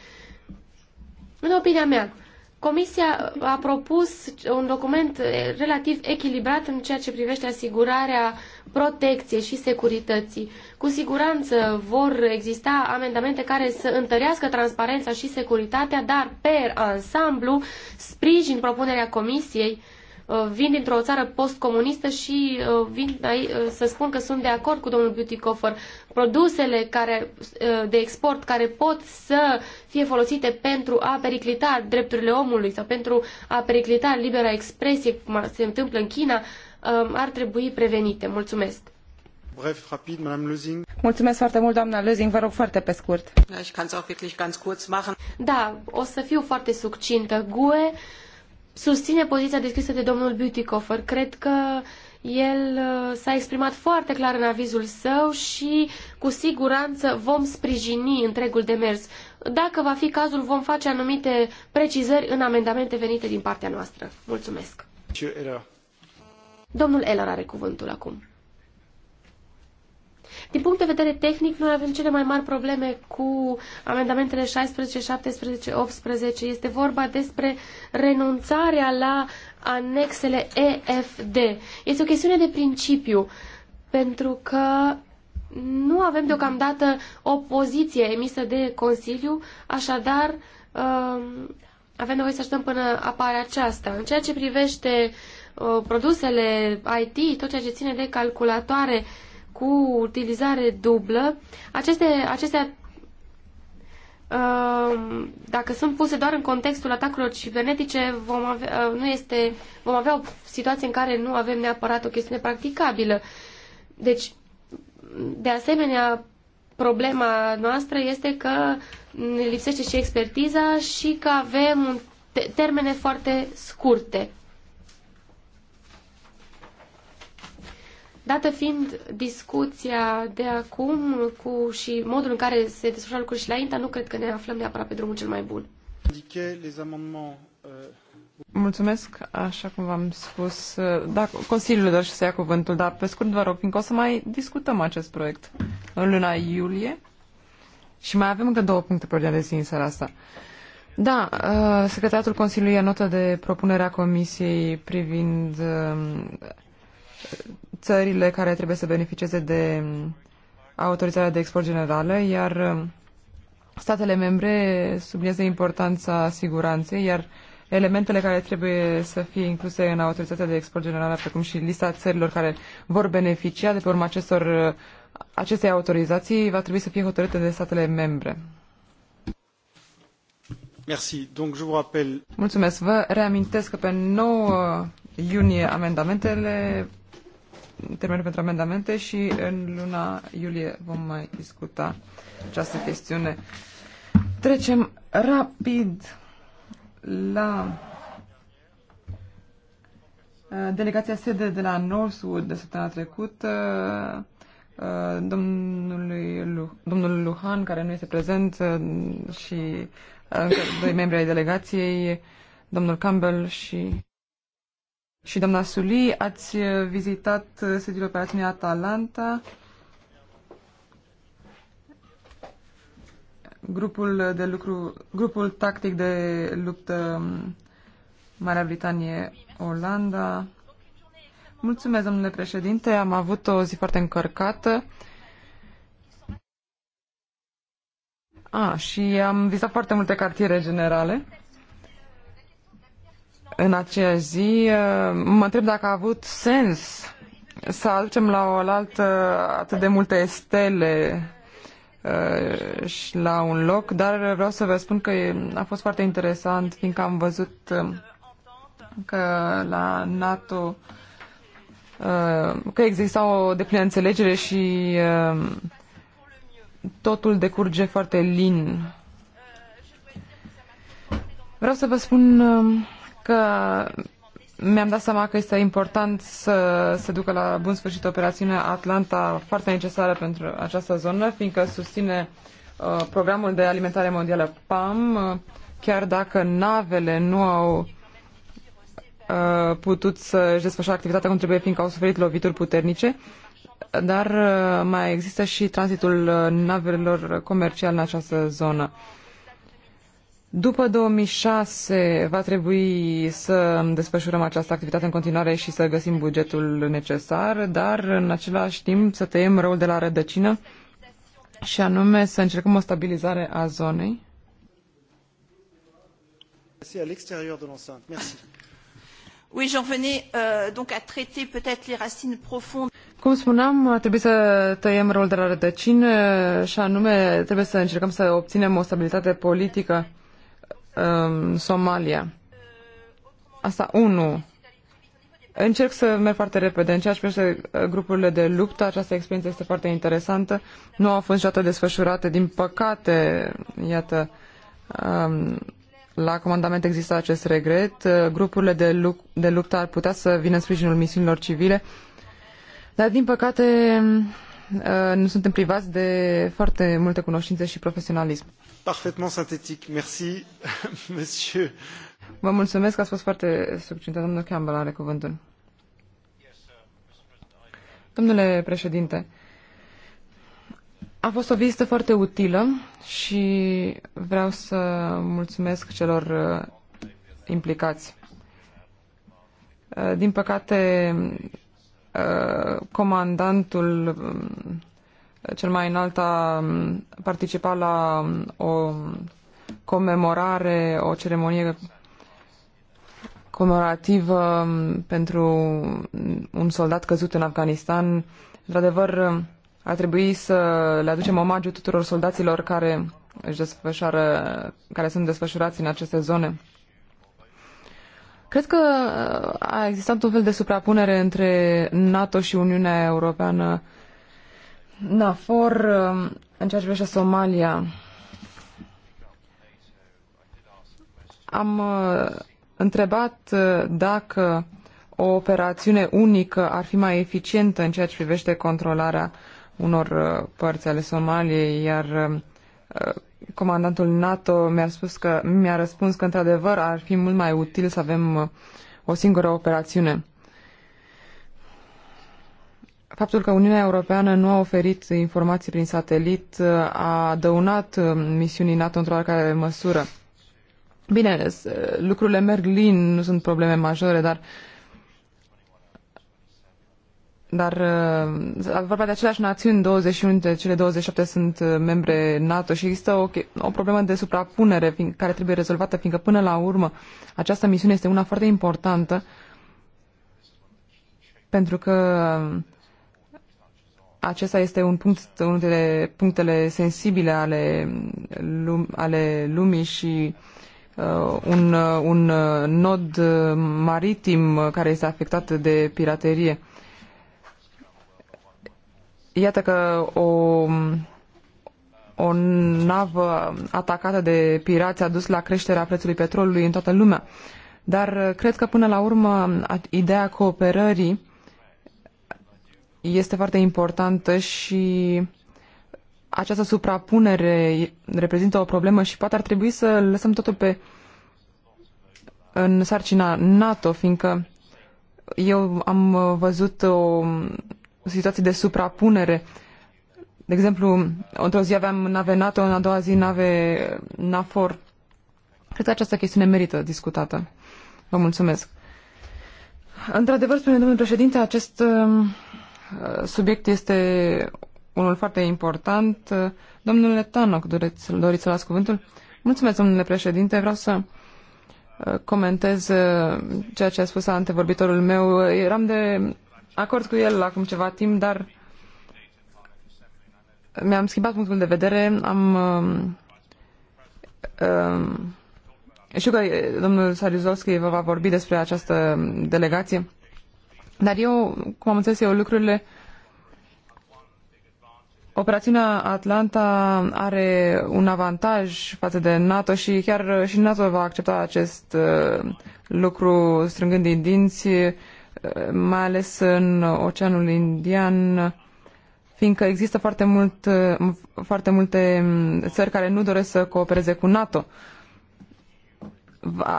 În opinia mea, Comisia a propus un document relativ echilibrat în ceea ce privește asigurarea protecției și securității. Cu siguranță vor exista amendamente care să întărească transparența și securitatea, dar per ansamblu sprijin propunerea Comisiei Uh, vin dintr-o țară postcomunistă și uh, vin uh, să spun că sunt de acord cu domnul Beautycoffer. Produsele care, de export care pot să fie folosite pentru a periclita drepturile omului sau pentru a periclita libera expresie, cum se întâmplă în China, um, ar trebui prevenite. Mulțumesc! Bref, rapid, Mulțumesc foarte mult, doamna Lösing. Vă rog foarte pe scurt. Da, o să fiu foarte succintă. GUE susține poziția descrisă de domnul Beautycoffer. Cred că el uh, s-a exprimat foarte clar în avizul său și cu siguranță vom sprijini întregul demers. Dacă va fi cazul, vom face anumite precizări în amendamente venite din partea noastră. Mulțumesc. Domnul Eller are cuvântul acum. Din punct de vedere tehnic, noi avem cele mai mari probleme cu amendamentele 16, 17, 18. Este vorba despre renunțarea la anexele EFD. Este o chestiune de principiu, pentru că nu avem deocamdată o poziție emisă de Consiliu, așadar um, avem nevoie să așteptăm până apare aceasta. În ceea ce privește uh, produsele IT, tot ceea ce ține de calculatoare, cu utilizare dublă, aceste, acestea uh, dacă sunt puse doar în contextul atacurilor cibernetice, vom avea, uh, nu este, vom avea o situație în care nu avem neapărat o chestiune practicabilă. Deci, de asemenea, problema noastră este că ne lipsește și expertiza și că avem termene foarte scurte Dată fiind discuția de acum cu și modul în care se desfășoară lucrurile și la INTA, nu cred că ne aflăm neapărat pe drumul cel mai bun. Euh, Mulțumesc, așa cum v-am spus. Euh, da, Consiliul și să ia cuvântul, dar pe scurt vă rog, fiindcă o să mai discutăm acest proiect în luna iulie și mai avem încă două puncte pe ordinea de zi în seara asta. Da, uh, secretarul Consiliului a notă de propunerea Comisiei privind um, țările care trebuie să beneficieze de mm, autorizarea de export generală, iar mm, statele membre subliniază importanța siguranței, iar elementele care trebuie să fie incluse în autorizarea de export generală, precum și lista țărilor care vor beneficia de pe urma acestor, mm, acestei autorizații, va trebui să fie hotărâte de statele membre. Merci. Donc, je vous rappelle... Mulțumesc. Vă reamintesc că pe 9 iunie amendamentele termenul pentru amendamente și în luna iulie vom mai discuta această chestiune. Trecem rapid la uh, delegația sede de la Northwood de săptămâna trecută. Uh, domnului, domnul Luhan, care nu este prezent, uh, și încă doi membri ai delegației, domnul Campbell și și doamna Suli, ați vizitat sediul operațiunii Atalanta, grupul de lucru, grupul tactic de luptă Marea Britanie, Olanda. Mulțumesc, domnule președinte, am avut o zi foarte încărcată. A, și am vizitat foarte multe cartiere generale în acea zi, uh, mă întreb dacă a avut sens să aducem la oaltă atât de multe stele uh, și la un loc, dar vreau să vă spun că a fost foarte interesant, fiindcă am văzut uh, că la NATO că exista o deplină înțelegere și totul decurge foarte lin. Vreau să vă spun că mi-am dat seama că este important să se ducă la bun sfârșit operațiunea Atlanta, foarte necesară pentru această zonă, fiindcă susține uh, programul de alimentare mondială PAM, uh, chiar dacă navele nu au uh, putut să-și desfășoare activitatea cum trebuie, fiindcă au suferit lovituri puternice, dar mai există și tranzitul navelor comerciale în această zonă. După 2006 va trebui să desfășurăm această activitate în continuare și să găsim bugetul necesar, dar în același timp să tăiem răul de la rădăcină și anume să încercăm o stabilizare a zonei. Oui, j'en venais euh, donc à traiter peut-être les racines profondes. Cum spuneam, ar trebui să tăiem rolul de la rădăcină și anume trebuie să încercăm să obținem o stabilitate politică um, Somalia. Asta, unu. Încerc să merg foarte repede. În ceea ce privește uh, grupurile de luptă, această experiență este foarte interesantă. Nu au fost niciodată desfășurate, din păcate, iată, um, la comandament există acest regret. Uh, grupurile de, lup de luptă ar putea să vină în sprijinul misiunilor civile, dar din păcate uh, nu suntem privați de foarte multe cunoștințe și profesionalism parfaitement synthétique. Merci, monsieur. Vă mulțumesc, a fost foarte succintă. Domnul Campbell are cuvântul. Domnule președinte, a fost o vizită foarte utilă și vreau să mulțumesc celor uh, implicați. Uh, din păcate, uh, comandantul um, cel mai înalt a participat la o comemorare, o ceremonie comemorativă pentru un soldat căzut în Afganistan. Într-adevăr, a trebuit să le aducem omagiu tuturor soldaților care își desfășoară, care sunt desfășurați în aceste zone. Cred că a existat un fel de suprapunere între NATO și Uniunea Europeană NAFOR, um, în ceea ce privește Somalia, am uh, întrebat uh, dacă o operațiune unică ar fi mai eficientă în ceea ce privește controlarea unor uh, părți ale Somaliei, iar um, comandantul NATO mi-a spus că mi-a răspuns că într-adevăr ar fi mult mai util să avem o singură operațiune. Faptul că Uniunea Europeană nu a oferit informații prin satelit a dăunat uh, misiunii NATO într-o oricare măsură. Bine, uh, lucrurile merg lin, nu sunt probleme majore, dar dar uh, vorba de aceleași națiuni, 21 dintre cele 27 sunt membre NATO și există o, o problemă de suprapunere care trebuie rezolvată, fiindcă până la urmă această misiune este una foarte importantă pentru că acesta este un punct, unul dintre punctele sensibile ale, lum, ale lumii și uh, un, uh, un uh, nod uh, maritim care este afectat de piraterie. Iată că o, o navă atacată de pirați a dus la creșterea prețului petrolului în toată lumea. Dar cred că până la urmă ideea cooperării este foarte importantă și această suprapunere reprezintă o problemă și poate ar trebui să lăsăm totul pe în sarcina NATO, fiindcă eu am văzut o situație de suprapunere. De exemplu, într-o zi aveam nave NATO, în a doua zi nave NAFOR. Cred că această chestiune merită discutată. Vă mulțumesc. Într-adevăr, spune domnul președinte, acest Subiectul este unul foarte important. Domnule Tanoc, doriți, doriți să las cuvântul? Mulțumesc, domnule președinte. Vreau să uh, comentez uh, ceea ce a spus antevorbitorul meu. Eram de acord cu el acum ceva timp, dar mi-am schimbat punctul de vedere. Am um, uh, știu că domnul Sarizovski vă va vorbi despre această delegație dar eu, cum am înțeles eu lucrurile, operațiunea Atlanta are un avantaj față de NATO și chiar uh, și NATO va accepta acest uh, lucru strângând din dinți, uh, mai ales în Oceanul Indian, fiindcă există foarte, mult, foarte multe um, țări care nu doresc să coopereze cu NATO.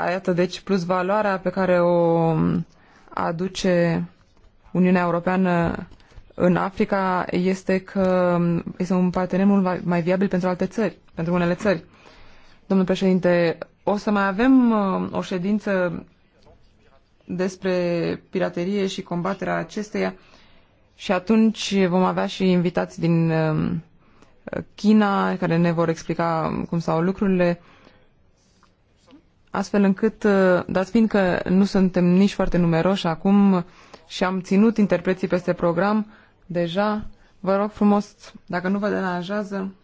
Iată, deci, plus valoarea pe care o um, aduce Uniunea Europeană în Africa este că este un partener mult mai viabil pentru alte țări, pentru unele țări. Domnul președinte, o să mai avem uh, o ședință despre piraterie și combaterea acesteia și atunci vom avea și invitați din uh, China care ne vor explica cum stau lucrurile astfel încât, uh, dat fiind că nu suntem nici foarte numeroși acum și am ținut interpreții peste program, deja, vă rog frumos, dacă nu vă deranjează,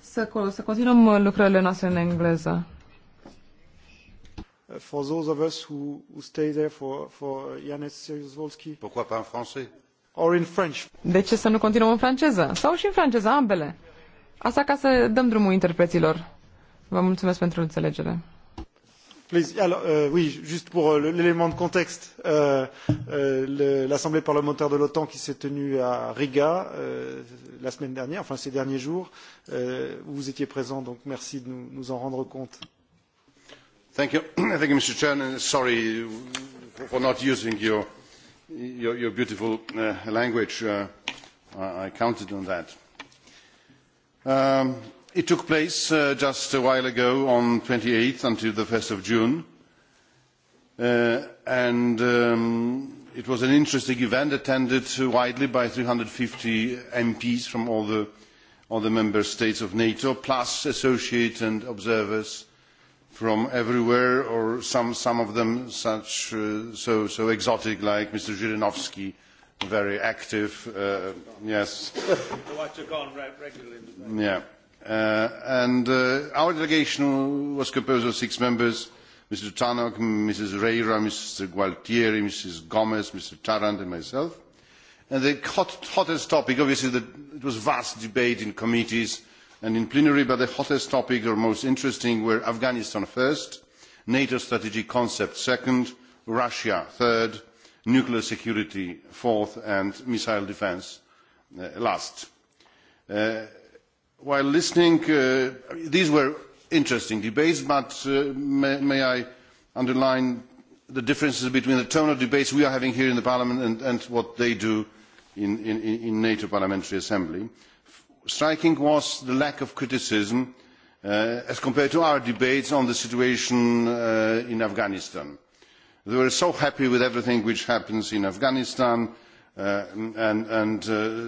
să, să continuăm lucrările noastre în engleză. Uh, for those of us who, who stay there for, for Yanis Seriosvolski. Pourquoi pas en français? Or in French. De ce să nu continuăm în franceză? Sau și în franceză, ambele. Asta ca să dăm drumul interpreților. Vă mulțumesc pentru înțelegere. Please, alors, euh, oui, juste pour euh, l'élément de contexte, euh, euh, l'Assemblée parlementaire de l'OTAN qui s'est tenue à Riga euh, la semaine dernière, enfin ces derniers jours, euh, vous étiez présent, donc merci de nous, nous en rendre compte. Thank you. Thank you, Mr. Chairman. Sorry for not using your, your, your beautiful uh, language. Uh, I counted on that. Um, It took place uh, just a while ago on 28 eight until the 1st of June. Uh, and um, it was an interesting event attended widely by 350 MPs from all the, all the member states of NATO, plus associates and observers from everywhere, or some, some of them such uh, so, so exotic like Mr. Zhirinovsky, very active. Uh, yes. Who I took on regularly. Yeah. Uh, and uh, our delegation was composed of six members, Mr. Tannock, Mrs. Reira, Mr. Gualtieri, Mrs. gomes Mr. Tarand and myself. And the hottest topic, obviously the, it was vast debate in committees and in plenary, but the hottest topic or most interesting were Afghanistan first, NATO strategic concept second, Russia third, nuclear security fourth, and missile defence uh, last while listening, uh, these were interesting debates, but uh, may, I underline the differences between the tone of debates we are having here in the Parliament and, what they do in, NATO Parliamentary Assembly. Striking was the lack of criticism uh, as compared to our debates on the situation in Afghanistan. They were so happy with everything which happens in Afghanistan and,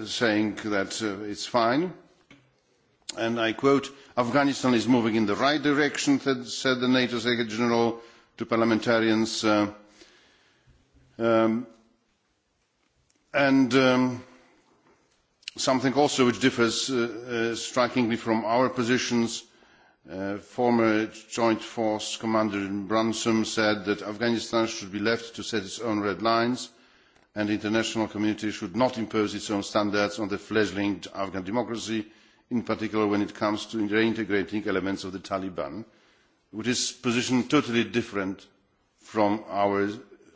saying that it it's fine and i quote afghanistan is moving in the right direction said the nato secretary general to parliamentarians uh, um, and um, something also which differs uh, uh, strikingly from our positions former joint force commander brunsum said that afghanistan should be left to set its own red lines and the international community should not impose its own standards on the fledgling afghan democracy in particular when it comes to reintegrating elements of the Taliban, which is a position totally different from our,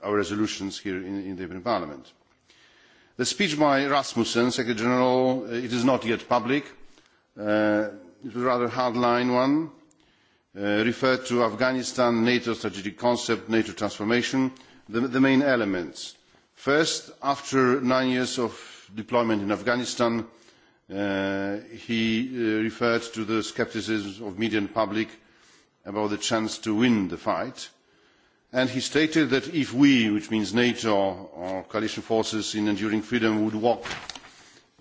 our resolutions here in, in the European Parliament. The speech by Rasmussen, Secretary General, uh, it is not yet public. Uh, it was a rather hardline one, uh, referred to Afghanistan, NATO strategic concept, NATO transformation, the, the main elements. First, after nine years of deployment in Afghanistan, Uh, he uh, referred to the scepticism of media and public about the chance to win the fight. And he stated that if we, which means NATO or coalition forces in enduring freedom, would walk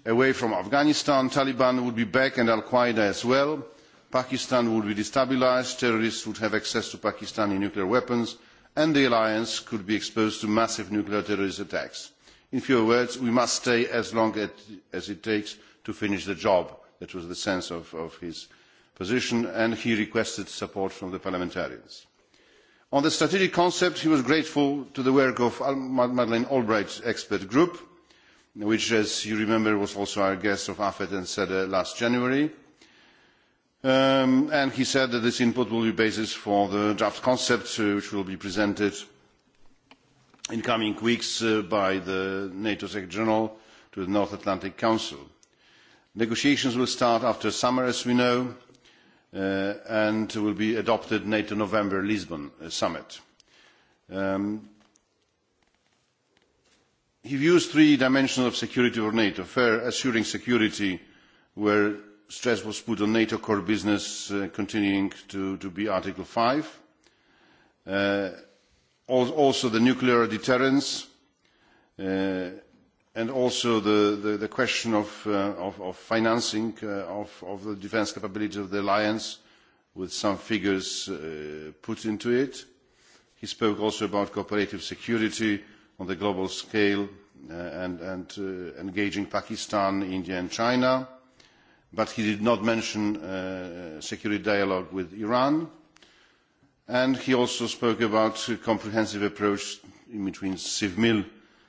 away from Afghanistan, Taliban would be back and Al-Qaeda as well. Pakistan would be destabilised, terrorists would have access to Pakistani nuclear weapons, and the alliance could be exposed to massive nuclear terrorist attacks. In fewer words, we must stay as long as it takes to finish the job. That was the sense of, of his position, and he requested support from the parliamentarians. On the strategic concept, he was grateful to the work of Madeleine Albright's expert group, which, as you remember, was also our guest of AFET and SEDE last January. Um, and he said that this input will be basis for the draft concept, uh, which will be presented in coming weeks uh, by the NATO Secretary General to the North Atlantic Council. Negotiations will start after summer, as we know, uh, and will be adopted NATO November Lisbon uh, summit. Um, he views three dimensions of security for NATO. Fair, assuring security, where stress was put on NATO core business, uh, continuing to, be Article 5. also the nuclear deterrence, and also the, question of, uh, financing uh, of, the defence capabilities of the alliance with some figures uh, put into it. He spoke also about cooperative security on the global scale and, engaging Pakistan, India and China, but he did not mention security dialogue with Iran. And he also spoke about a comprehensive approach in between civmil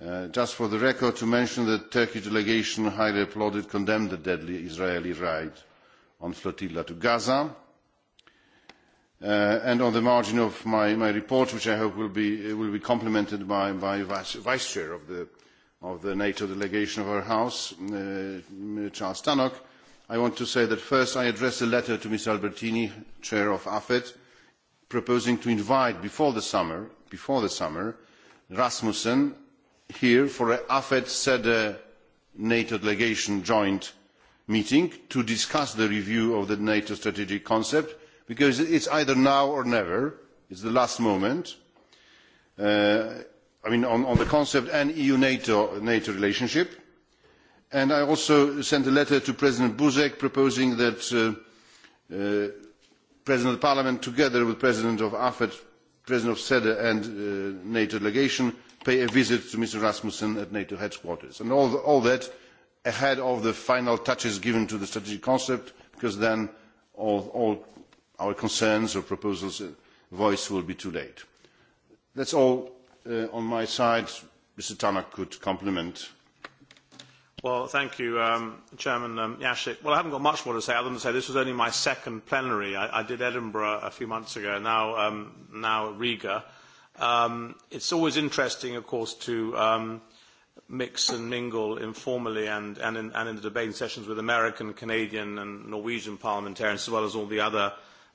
Uh, just for the record, to mention that the Turkish delegation highly applauded, condemned the deadly Israeli raid on the flotilla to Gaza. Uh, and on the margin of my, report, which I hope will be, uh, complemented by, the vice, chair of the, NATO delegation of our House, Charles Tannock, I want to say that first I addressed a letter to Ms. Albertini, chair of AFET, proposing to invite before the summer, before the summer Rasmussen here for an afet SEDE NATO delegation joint meeting to discuss the review of the NATO strategic concept because it's either now or never. It's the last moment. Uh, I mean, on, the concept and EU-NATO relationship. And I also sent a letter to President Buzek proposing that uh, uh, President of Parliament, together with President of AFET, President of SEDE and NATO delegation, pay a visit to Mr Rasmussen at NATO headquarters. And all, that ahead of the final touches given to the strategic concept, because then all, our concerns or proposals uh, voiced will be too late. That's all uh, on my side. Mr Tannock could compliment. Well, thank you, um, Chairman um, Yashik. Well, I haven't got much more to say other than to say this was only my second plenary. I, I did Edinburgh a few months ago, now, um, now Riga Um, it's always interesting, of course, to um, mix and mingle informally and, and, in, and in the debating sessions with American, Canadian and Norwegian parliamentarians as well as all the other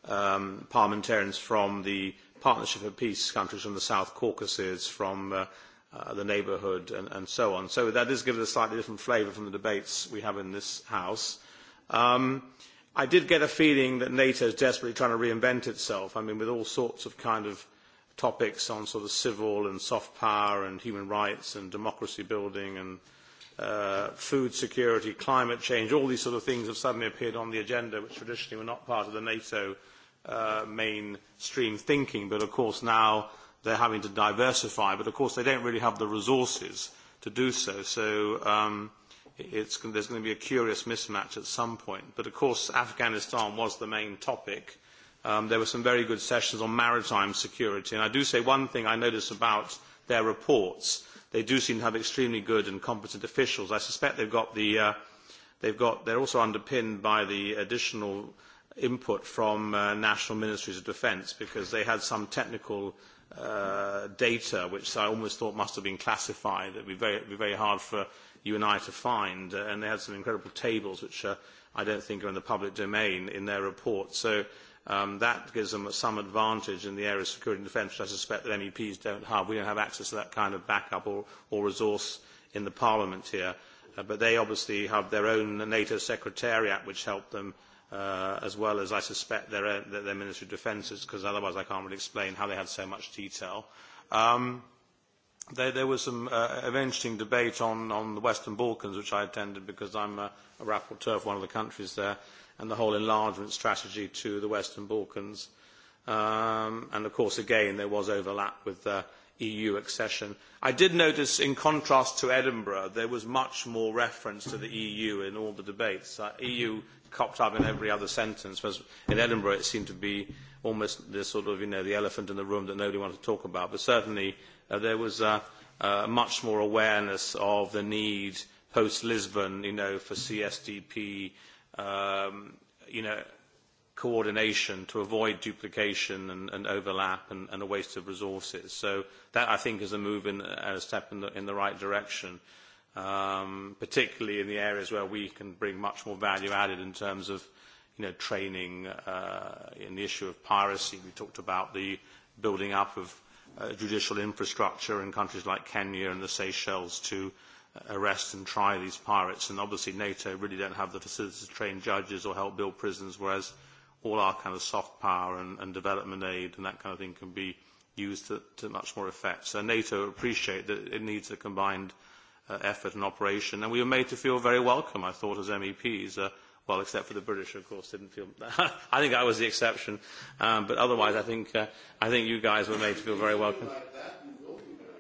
um, parliamentarians from the Partnership for Peace countries, from the South Caucasus, from uh, uh, the neighbourhood and, and so on. So that does give it a slightly different flavour from the debates we have in this House. Um, I did get a feeling that NATO is desperately trying to reinvent itself. I mean, with all sorts of kind of topics on sort of civil and soft power and human rights and democracy building and uh, food security, climate change, all these sort of things have suddenly appeared on the agenda, which traditionally were not part of the NATO uh, mainstream thinking. But of course now they're having to diversify. But of course they don't really have the resources to do so. So um, it's, there's going to be a curious mismatch at some point. But of course Afghanistan was the main topic Um, there were some very good sessions on maritime security. And I do say one thing I notice about their reports. They do seem to have extremely good and competent officials. I suspect they've got the, uh, they've got, they're also underpinned by the additional input from uh, national ministries of defence because they had some technical uh, data which I almost thought must have been classified. It would be very, be very hard for you and I to find. Uh, and they had some incredible tables which uh, I don't think are in the public domain in their report. So Um, that gives them some advantage in the area of security and defence, which I suspect that MEPs don't have. We don't have access to that kind of backup or, or resource in the Parliament here. Uh, but they obviously have their own NATO Secretariat, which helped them, uh, as well as, I suspect, their, own, their Ministry of Defence, because otherwise I can't really explain how they had so much detail. Um, there, there was some uh, an interesting debate on, on the Western Balkans, which I attended because I'm a, a rapporteur for one of the countries there and the whole enlargement strategy to the Western Balkans. Um, and of course, again, there was overlap with EU accession. I did notice, in contrast to Edinburgh, there was much more reference to the EU in all the debates. the uh, EU copped up in every other sentence, whereas in Edinburgh it seemed to be almost the sort of, you know, the elephant in the room that nobody wanted to talk about. But certainly uh, there was uh, uh, much more awareness of the need post-Lisbon, you know, for CSDP, um, you know, coordination to avoid duplication and, and overlap and, and, a waste of resources. So that, I think, is a move and a step in the, in the right direction, um, particularly in the areas where we can bring much more value added in terms of you know, training uh, in the issue of piracy. We talked about the building up of uh, judicial infrastructure in countries like Kenya and the Seychelles to arrest and try these pirates. And obviously NATO really don't have the facilities to train judges or help build prisons, whereas all our kind of soft power and, and development aid and that kind of thing can be used to, to much more effect. So NATO appreciate that it needs a combined uh, effort and operation. And we were made to feel very welcome, I thought, as MEPs. Uh, well, except for the British, of course, didn't feel. I think I was the exception, um, but otherwise, I think uh, I think you guys were made to feel very welcome.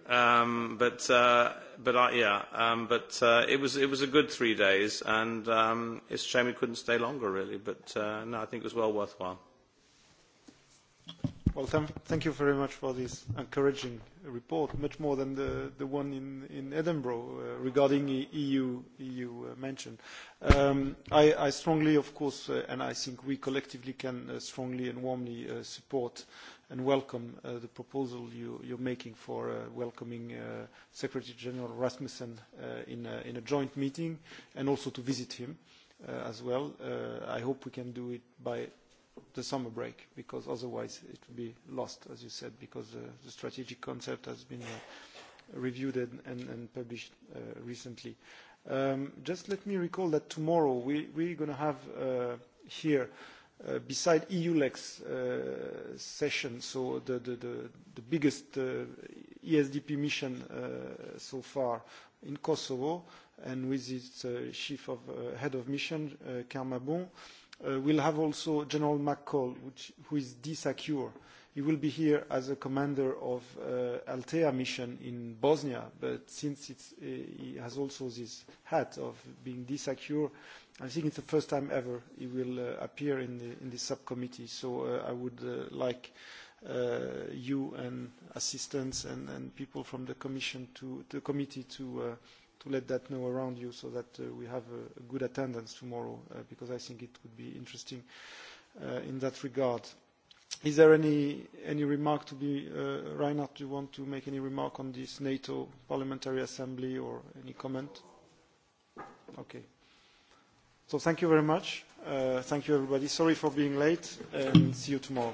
Um, but uh, but uh, yeah, um, but uh, it was it was a good three days, and um, it's a shame we couldn't stay longer, really. But uh, no, I think it was well worthwhile. Well, th thank you very much for this encouraging report, much more than the, the one in, in Edinburgh uh, regarding e EU, EU uh, mention. Um, I, I strongly, of course, uh, and I think we collectively can uh, strongly and warmly uh, support and welcome uh, the proposal you, you're making for uh, welcoming uh, Secretary General Rasmussen uh, in, a, in a joint meeting and also to visit him uh, as well. Uh, I hope we can do it by the summer break because otherwise it will be lost, as you said, because uh, the strategic concept has been uh, reviewed and, and, and published uh, recently. Um, just let me recall that tomorrow we, we're going to have uh, here uh, Uh, beside EULEX uh, session, so the, the, the, the biggest uh, ESDP mission uh, so far in Kosovo, and with its uh, chief of uh, head of mission, uh, Kermabon, uh, we'll have also General McCall, which, who is DSACURE. He will be here as a commander of uh, Altea mission in Bosnia, but since it's, uh, he has also this hat of being DSACURE, uh, I think it's the first time ever it will uh, appear in the in subcommittee. So uh, I would uh, like uh, you and assistants and, and people from the commission to the committee to. Uh, to let that know around you so that uh, we have a, a good attendance tomorrow uh, because I think it would be interesting uh, in that regard. Is there any any remark to be, uh, Reinhard, do you want to make any remark on this NATO Parliamentary Assembly or any comment? Okay. So thank you very much. Uh, thank you, everybody. Sorry for being late, and see you tomorrow.